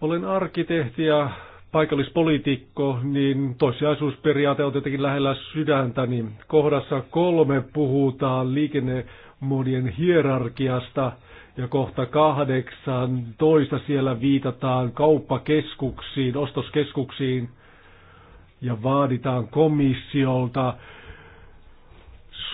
Olen arkkitehti ja paikallispoliitikko, niin toissijaisuusperiaate on tietenkin lähellä sydäntä, niin kohdassa kolme puhutaan liikennemodien hierarkiasta ja kohta kahdeksan toista siellä viitataan kauppakeskuksiin, ostoskeskuksiin ja vaaditaan komissiolta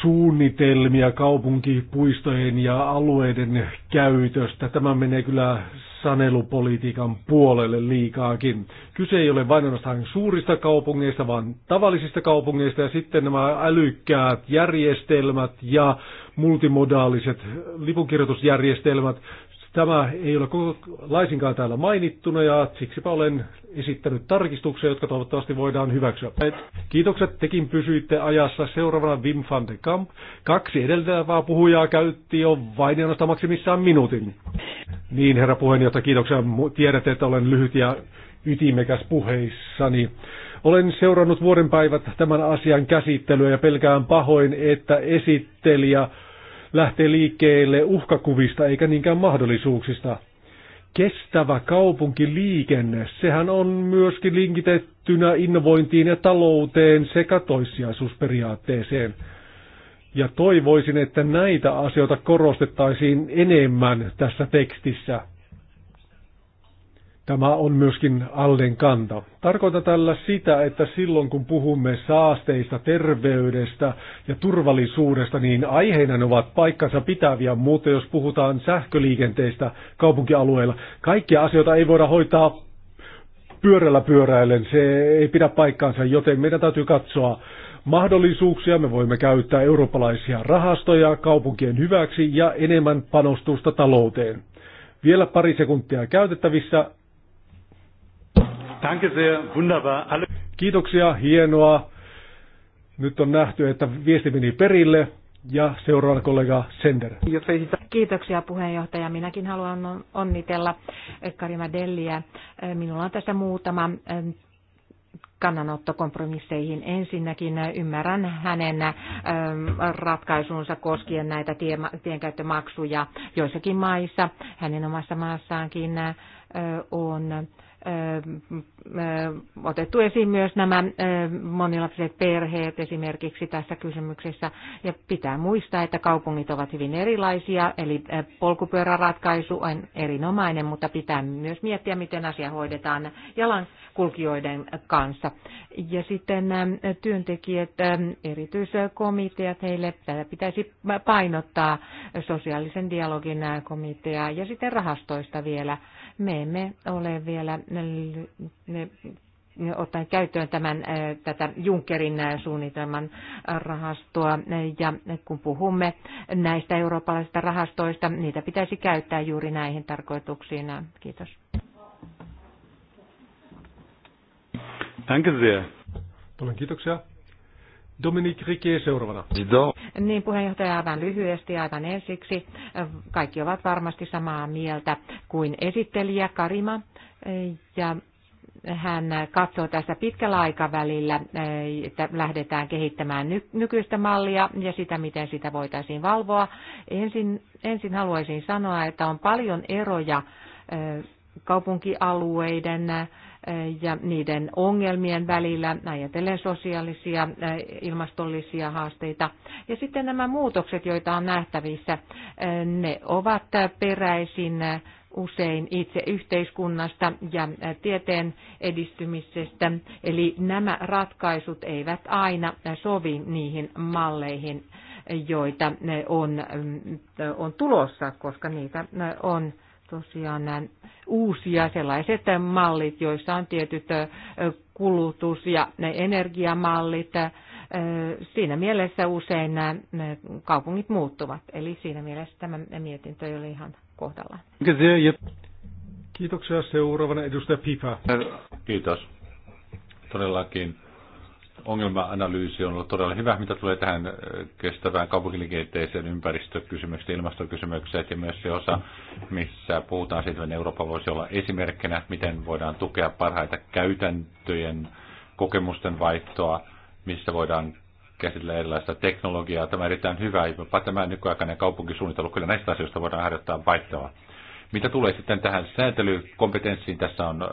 suunnitelmia kaupunkipuistojen ja alueiden käytöstä. Tämä menee kyllä sanelupolitiikan puolelle liikaakin. Kyse ei ole vain ainoastaan suurista kaupungeista, vaan tavallisista kaupungeista ja sitten nämä älykkäät järjestelmät ja multimodaaliset lipunkirjoitusjärjestelmät Tämä ei ole koko laisinkaan täällä mainittuna ja siksipä olen esittänyt tarkistuksia, jotka toivottavasti voidaan hyväksyä. Kiitokset, tekin pysyitte ajassa. Seuraavana Wim van de Kamp. Kaksi edeltävää puhujaa käytti jo vain ja maksimissaan minuutin. Niin, herra puheenjohtaja, kiitoksia. Tiedätte, että olen lyhyt ja ytimekäs puheissani. Olen seurannut vuoden päivät tämän asian käsittelyä ja pelkään pahoin, että esittelijä lähtee liikkeelle uhkakuvista eikä niinkään mahdollisuuksista. Kestävä kaupunkiliikenne, sehän on myöskin linkitettynä innovointiin ja talouteen sekä toissijaisuusperiaatteeseen. Ja toivoisin, että näitä asioita korostettaisiin enemmän tässä tekstissä. Tämä on myöskin Alden kanta. Tarkoitan tällä sitä, että silloin kun puhumme saasteista, terveydestä ja turvallisuudesta, niin aiheina ne ovat paikkansa pitäviä, mutta jos puhutaan sähköliikenteestä kaupunkialueilla, kaikkia asioita ei voida hoitaa pyörällä pyöräillen, se ei pidä paikkaansa, joten meidän täytyy katsoa mahdollisuuksia, me voimme käyttää eurooppalaisia rahastoja kaupunkien hyväksi ja enemmän panostusta talouteen. Vielä pari sekuntia käytettävissä. Danke sehr, wunderbar. Alle... Kiitoksia, hienoa. Nyt on nähty, että viesti meni perille. Ja seuraava kollega Sender. Kiitoksia puheenjohtaja. Minäkin haluan onnitella Karima Delliä. Minulla on tässä muutama kannanotto kompromisseihin. Ensinnäkin ymmärrän hänen ratkaisunsa koskien näitä tienkäyttömaksuja joissakin maissa. Hänen omassa maassaankin on otettu esiin myös nämä monilapset perheet esimerkiksi tässä kysymyksessä. Ja pitää muistaa, että kaupungit ovat hyvin erilaisia, eli polkupyöräratkaisu on erinomainen, mutta pitää myös miettiä, miten asia hoidetaan jalankulkijoiden kanssa. Ja sitten työntekijät, erityiskomiteat, heille pitäisi painottaa sosiaalisen dialogin komitea ja sitten rahastoista vielä me emme ole vielä ottaen käyttöön tämän, tätä Junckerin suunnitelman rahastoa. Ja kun puhumme näistä eurooppalaisista rahastoista, niitä pitäisi käyttää juuri näihin tarkoituksiin. Kiitos. Danke sehr. Paljon kiitoksia. Dominik Rike seuraavana. Niin, puheenjohtaja aivan lyhyesti aivan ensiksi. Kaikki ovat varmasti samaa mieltä kuin esittelijä Karima. Ja hän katsoo tässä pitkällä aikavälillä, että lähdetään kehittämään nykyistä mallia ja sitä, miten sitä voitaisiin valvoa. Ensin, ensin haluaisin sanoa, että on paljon eroja kaupunkialueiden ja niiden ongelmien välillä ajatellen sosiaalisia, ilmastollisia haasteita. Ja sitten nämä muutokset, joita on nähtävissä, ne ovat peräisin usein itse yhteiskunnasta ja tieteen edistymisestä. Eli nämä ratkaisut eivät aina sovi niihin malleihin, joita on, on tulossa, koska niitä on tosiaan nämä uusia sellaiset mallit, joissa on tietyt kulutus- ja ne energiamallit. Siinä mielessä usein nämä kaupungit muuttuvat, eli siinä mielessä tämä mietintö ei ole ihan kohdallaan. Kiitoksia. Seuraavana edustaja Pipa. Kiitos. Todellakin ongelmaanalyysi on ollut todella hyvä, mitä tulee tähän äh, kestävään kaupunkiliikenteeseen, ympäristökysymykset, ilmastokysymykset ja myös se osa, missä puhutaan siitä, että Eurooppa voisi olla esimerkkinä, miten voidaan tukea parhaita käytäntöjen, kokemusten vaihtoa, missä voidaan käsitellä erilaista teknologiaa. Tämä on erittäin hyvä, jopa tämä nykyaikainen kaupunkisuunnittelu, kyllä näistä asioista voidaan harjoittaa vaihtoa. Mitä tulee sitten tähän sääntelykompetenssiin, tässä on äh,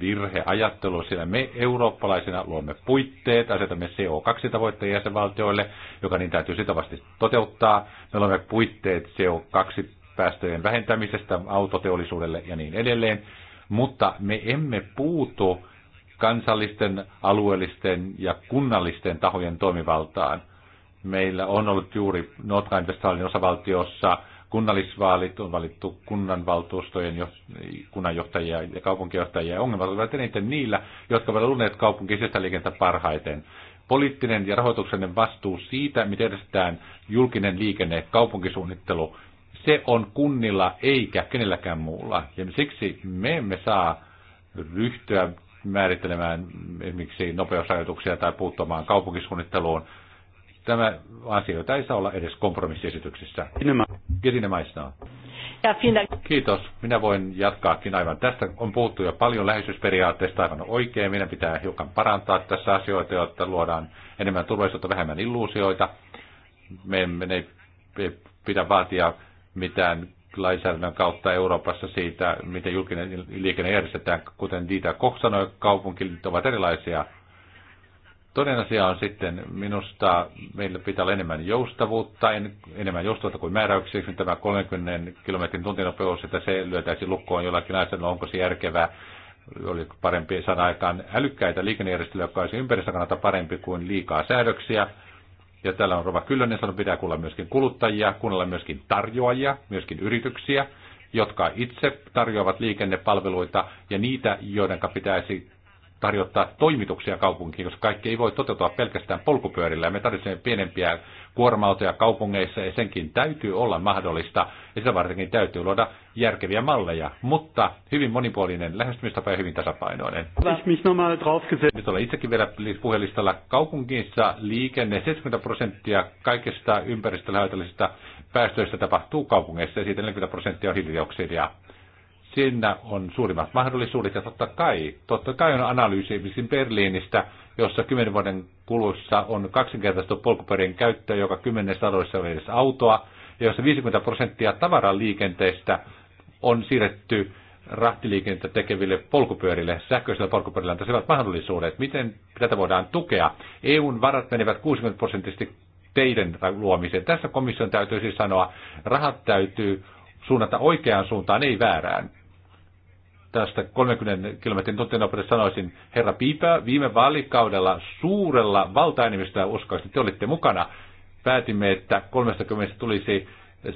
virheajattelu, sillä me eurooppalaisina luomme puitteet, asetamme CO2-tavoitteen jäsenvaltioille, joka niin täytyy vasti toteuttaa. Me luomme puitteet CO2-päästöjen vähentämisestä autoteollisuudelle ja niin edelleen, mutta me emme puutu kansallisten, alueellisten ja kunnallisten tahojen toimivaltaan. Meillä on ollut juuri Notkain-Vestalin osavaltiossa kunnallisvaalit, on valittu kunnanvaltuustojen kunnanjohtajia ja kaupunkijohtajia. Ja ongelmat ovat eniten niillä, jotka ovat luneet kaupunkisesta sisäliikennettä parhaiten. Poliittinen ja rahoituksellinen vastuu siitä, miten edistetään julkinen liikenne, kaupunkisuunnittelu, se on kunnilla eikä kenelläkään muulla. Ja siksi me emme saa ryhtyä määrittelemään esimerkiksi nopeusrajoituksia tai puuttumaan kaupunkisuunnitteluun Tämä asioita ei saa olla edes kompromissiesityksissä. Kirjinemaistaa. Kiitos. Minä voin jatkaakin aivan. Tästä on puhuttu jo paljon läheisyysperiaatteesta aivan oikein. Minä pitää hiukan parantaa tässä asioita, jotta luodaan enemmän turvallisuutta, vähemmän illuusioita. Me, emme ei, pidä vaatia mitään lainsäädännön kautta Euroopassa siitä, miten julkinen liikenne järjestetään. Kuten Diita Koch sanoi, kaupunkilit ovat erilaisia Toinen asia on sitten, minusta meillä pitää olla enemmän joustavuutta, en, enemmän joustavuutta kuin määräyksiä. kun tämä 30 kilometrin tuntinopeus, että se lyötäisi lukkoon jollakin asialla, onko se järkevää. Oli parempi saada aikaan älykkäitä liikennejärjestelyjä, jotka olisi ympäristön kannalta parempi kuin liikaa säädöksiä. Ja täällä on Rova Kyllönen sanonut, pitää kuulla myöskin kuluttajia, kuunnella myöskin tarjoajia, myöskin yrityksiä, jotka itse tarjoavat liikennepalveluita ja niitä, joiden pitäisi tarjottaa toimituksia kaupunkiin, koska kaikki ei voi toteutua pelkästään polkupyörillä. Me tarvitsemme pienempiä kuorma-autoja kaupungeissa ja senkin täytyy olla mahdollista ja sitä vartenkin täytyy luoda järkeviä malleja, mutta hyvin monipuolinen lähestymistapa ja hyvin tasapainoinen. Nyt olen itsekin vielä puhelistalla. Kaupunkiissa liikenne 70 prosenttia kaikista ympäristölle päästöistä tapahtuu kaupungeissa ja siitä 40 prosenttia on hiilidioksidia siinä on suurimmat mahdollisuudet. Ja totta kai, totta kai on analyysi esimerkiksi Berliinistä, jossa kymmenen vuoden kulussa on kaksinkertaista polkupyörien käyttöä, joka kymmenen sadoissa on edes autoa, ja jossa 50 prosenttia tavaraliikenteestä on siirretty rahtiliikennettä tekeville polkupyörille, sähköisillä polkupyörillä on tässä mahdollisuudet. Miten tätä voidaan tukea? EUn varat menevät 60 prosenttisesti teiden luomiseen. Tässä komission täytyy siis sanoa, rahat täytyy suunnata oikeaan suuntaan, ei väärään tästä 30 kilometrin tuntinopeudesta sanoisin, herra Piipää, viime vaalikaudella suurella valtaenemmistöllä uskoakseni te olitte mukana, päätimme, että 30 tulisi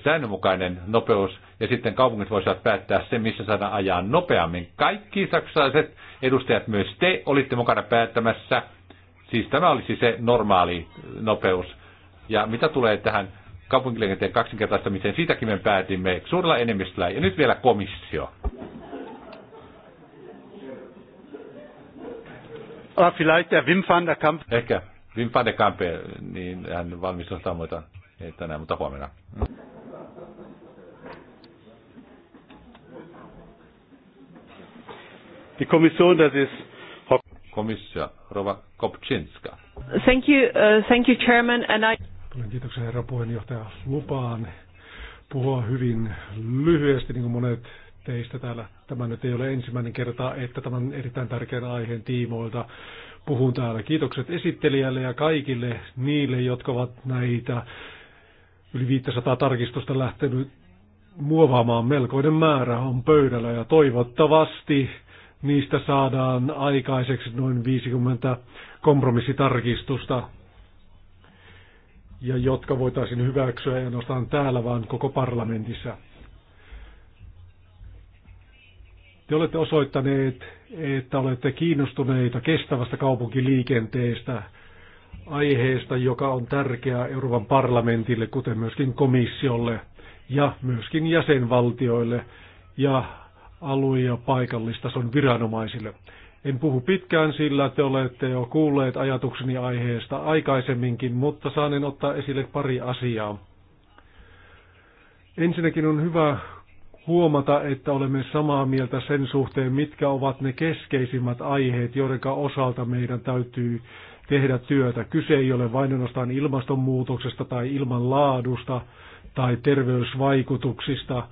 säännönmukainen nopeus ja sitten kaupungit voisivat päättää sen, missä saadaan ajaa nopeammin. Kaikki saksalaiset edustajat, myös te olitte mukana päättämässä. Siis tämä olisi se normaali nopeus. Ja mitä tulee tähän kaupunkiliikenteen kaksinkertaistamiseen, siitäkin me päätimme suurella enemmistöllä. Ja nyt vielä komissio. Ah, vielleicht der Wim van der Kamp. Ehkä Wim van der Kamp, niin hän valmistuu muita ei tänään, mutta huomenna. Die Kommission, das ist komissio Rova Kopczynska. Thank you, uh, thank you chairman, and I... Paljon kiitoksia herra puheenjohtaja. Lupaan puhua hyvin lyhyesti, niin kuin monet teistä täällä. Tämä nyt ei ole ensimmäinen kerta, että tämän erittäin tärkeän aiheen tiimoilta puhun täällä. Kiitokset esittelijälle ja kaikille niille, jotka ovat näitä yli 500 tarkistusta lähtenyt muovaamaan. Melkoinen määrä on pöydällä ja toivottavasti niistä saadaan aikaiseksi noin 50 kompromissitarkistusta, ja jotka voitaisiin hyväksyä ei ainoastaan täällä, vaan koko parlamentissa. Te olette osoittaneet, että olette kiinnostuneita kestävästä kaupunkiliikenteestä, aiheesta, joka on tärkeä Euroopan parlamentille, kuten myöskin komissiolle ja myöskin jäsenvaltioille ja alue- ja paikallistason viranomaisille. En puhu pitkään, sillä te olette jo kuulleet ajatukseni aiheesta aikaisemminkin, mutta saanen ottaa esille pari asiaa. Ensinnäkin on hyvä huomata, että olemme samaa mieltä sen suhteen, mitkä ovat ne keskeisimmät aiheet, joiden osalta meidän täytyy tehdä työtä. Kyse ei ole vain ainoastaan ilmastonmuutoksesta tai ilmanlaadusta tai terveysvaikutuksista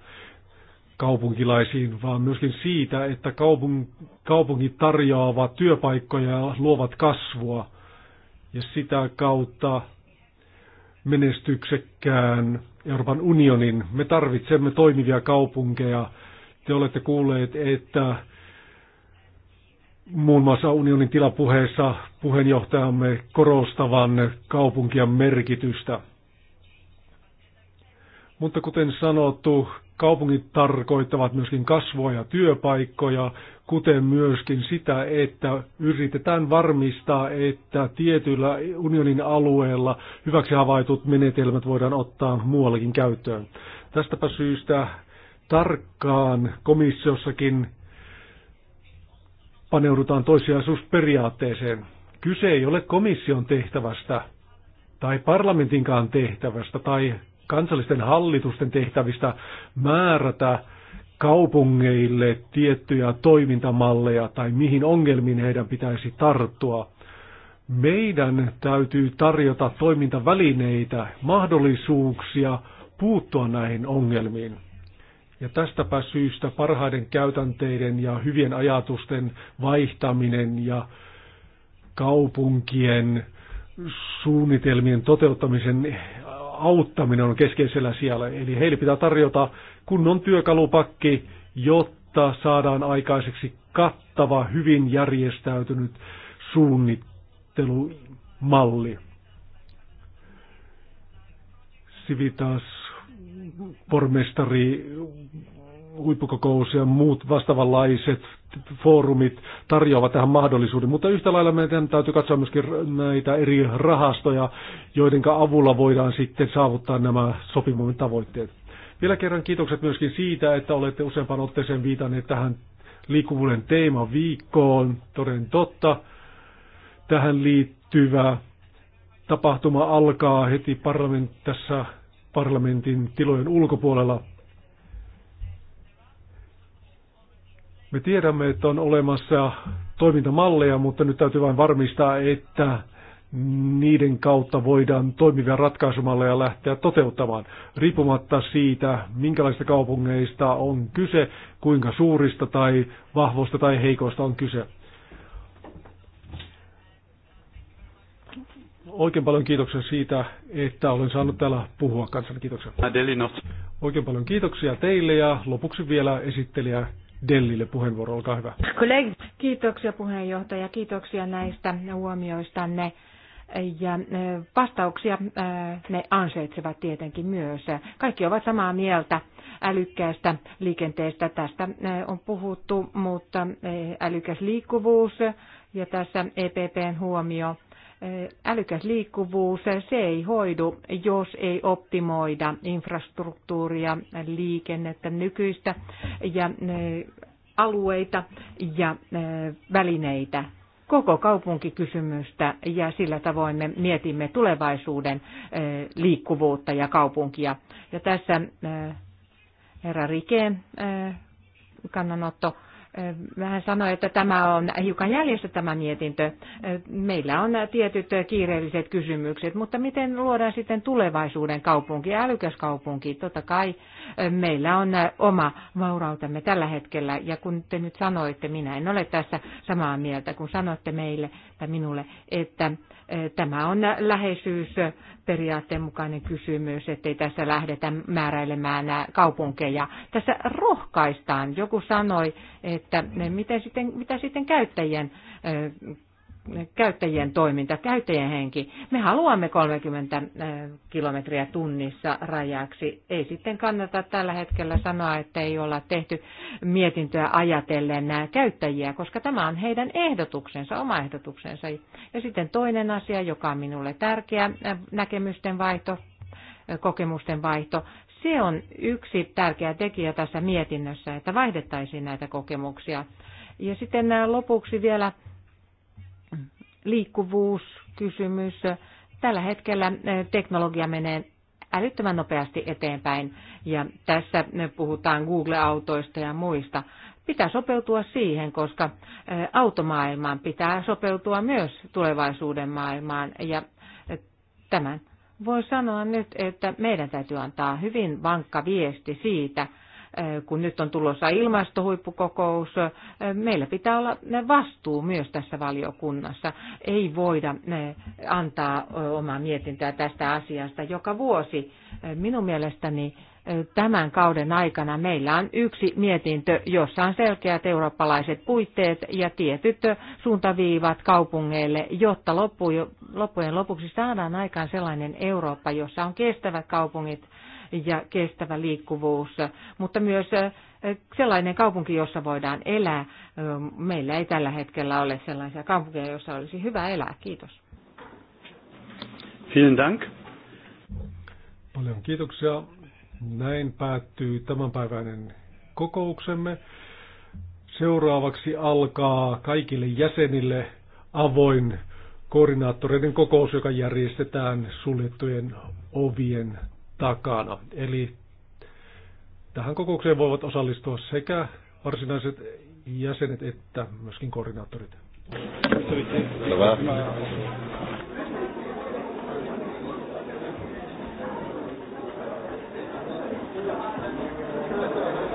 kaupunkilaisiin, vaan myöskin siitä, että kaupung- kaupungit tarjoavat työpaikkoja ja luovat kasvua ja sitä kautta menestyksekkään Euroopan unionin. Me tarvitsemme toimivia kaupunkeja. Te olette kuulleet, että muun muassa unionin tilapuheessa puheenjohtajamme korostavan kaupunkien merkitystä. Mutta kuten sanottu, kaupungit tarkoittavat myöskin kasvua ja työpaikkoja, kuten myöskin sitä, että yritetään varmistaa, että tietyillä unionin alueella hyväksi havaitut menetelmät voidaan ottaa muuallakin käyttöön. Tästäpä syystä tarkkaan komissiossakin paneudutaan toissijaisuusperiaatteeseen. Kyse ei ole komission tehtävästä tai parlamentinkaan tehtävästä tai kansallisten hallitusten tehtävistä määrätä kaupungeille tiettyjä toimintamalleja tai mihin ongelmiin heidän pitäisi tarttua. Meidän täytyy tarjota toimintavälineitä, mahdollisuuksia puuttua näihin ongelmiin. Ja tästäpä syystä parhaiden käytänteiden ja hyvien ajatusten vaihtaminen ja kaupunkien suunnitelmien toteuttamisen auttaminen on keskeisellä siellä. Eli heille pitää tarjota kunnon työkalupakki, jotta saadaan aikaiseksi kattava, hyvin järjestäytynyt suunnittelumalli. Sivitas pormestari huippukokous ja muut vastaavanlaiset foorumit tarjoavat tähän mahdollisuuden, mutta yhtä lailla meidän täytyy katsoa myöskin näitä eri rahastoja, joiden avulla voidaan sitten saavuttaa nämä sopimuksen tavoitteet. Vielä kerran kiitokset myöskin siitä, että olette useampaan otteeseen viitanneet tähän liikkuvuuden teemaviikkoon. Toden totta, tähän liittyvä tapahtuma alkaa heti parlament, tässä parlamentin tilojen ulkopuolella Me tiedämme, että on olemassa toimintamalleja, mutta nyt täytyy vain varmistaa, että niiden kautta voidaan toimivia ratkaisumalleja lähteä toteuttamaan, riippumatta siitä, minkälaista kaupungeista on kyse, kuinka suurista tai vahvoista tai heikoista on kyse. Oikein paljon kiitoksia siitä, että olen saanut täällä puhua kanssani. Kiitoksia. Oikein paljon kiitoksia teille ja lopuksi vielä esittelijä Dellille puheenvuoro, olkaa hyvä. Kiitoksia puheenjohtaja, kiitoksia näistä huomioistanne. Ja äh, vastauksia äh, ne ansaitsevat tietenkin myös. Kaikki ovat samaa mieltä älykkäästä liikenteestä. Tästä äh, on puhuttu, mutta älykäs liikkuvuus ja tässä EPPn huomio älykäs liikkuvuus, se ei hoidu, jos ei optimoida infrastruktuuria, liikennettä nykyistä ja alueita ja välineitä koko kaupunkikysymystä ja sillä tavoin me mietimme tulevaisuuden liikkuvuutta ja kaupunkia. Ja tässä herra Rike kannanotto vähän sanoin, että tämä on hiukan jäljessä tämä mietintö. Meillä on tietyt kiireelliset kysymykset, mutta miten luodaan sitten tulevaisuuden kaupunki, älykäs kaupunki? Totta kai eh, meillä on eh, oma vaurautamme tällä hetkellä, ja kun te nyt sanoitte, minä en ole tässä samaa mieltä, kun sanoitte meille tai minulle, että Tämä on läheisyysperiaatteen mukainen kysymys, ettei tässä lähdetä määräilemään kaupunkeja. Tässä rohkaistaan. Joku sanoi, että mitä sitten, mitä sitten käyttäjien käyttäjien toiminta, käyttäjien henki. Me haluamme 30 eh, kilometriä tunnissa rajaksi. Ei sitten kannata tällä hetkellä sanoa, että ei olla tehty mietintöä ajatellen nämä käyttäjiä, koska tämä on heidän ehdotuksensa, oma ehdotuksensa. Ja sitten toinen asia, joka on minulle tärkeä, eh, näkemysten vaihto, eh, kokemusten vaihto. Se on yksi tärkeä tekijä tässä mietinnössä, että vaihdettaisiin näitä kokemuksia. Ja sitten lopuksi vielä liikkuvuuskysymys. Tällä hetkellä eh, teknologia menee älyttömän nopeasti eteenpäin ja tässä eh, puhutaan Google-autoista ja muista. Pitää sopeutua siihen, koska eh, automaailmaan pitää sopeutua myös tulevaisuuden maailmaan ja tämän voi sanoa nyt, että meidän täytyy antaa hyvin vankka viesti siitä, Eh, kun nyt on tulossa ilmastohuippukokous, eh, meillä pitää olla eh, vastuu myös tässä valiokunnassa. Ei voida antaa omaa mietintää tästä asiasta joka vuosi. Minun mielestäni tämän kauden aikana meillä on yksi mietintö, jossa on selkeät eurooppalaiset puitteet ja tietyt suuntaviivat kaupungeille, jotta loppujen lopuksi saadaan aikaan sellainen Eurooppa, jossa on kestävät kaupungit, ja kestävä liikkuvuus, mutta myös sellainen kaupunki, jossa voidaan elää. Meillä ei tällä hetkellä ole sellaisia kaupunkeja, jossa olisi hyvä elää. Kiitos. Vielen Dank. Paljon kiitoksia. Näin päättyy tämänpäiväinen kokouksemme. Seuraavaksi alkaa kaikille jäsenille avoin koordinaattoreiden kokous, joka järjestetään suljettujen ovien takana. Eli tähän kokoukseen voivat osallistua sekä varsinaiset jäsenet että myöskin koordinaattorit.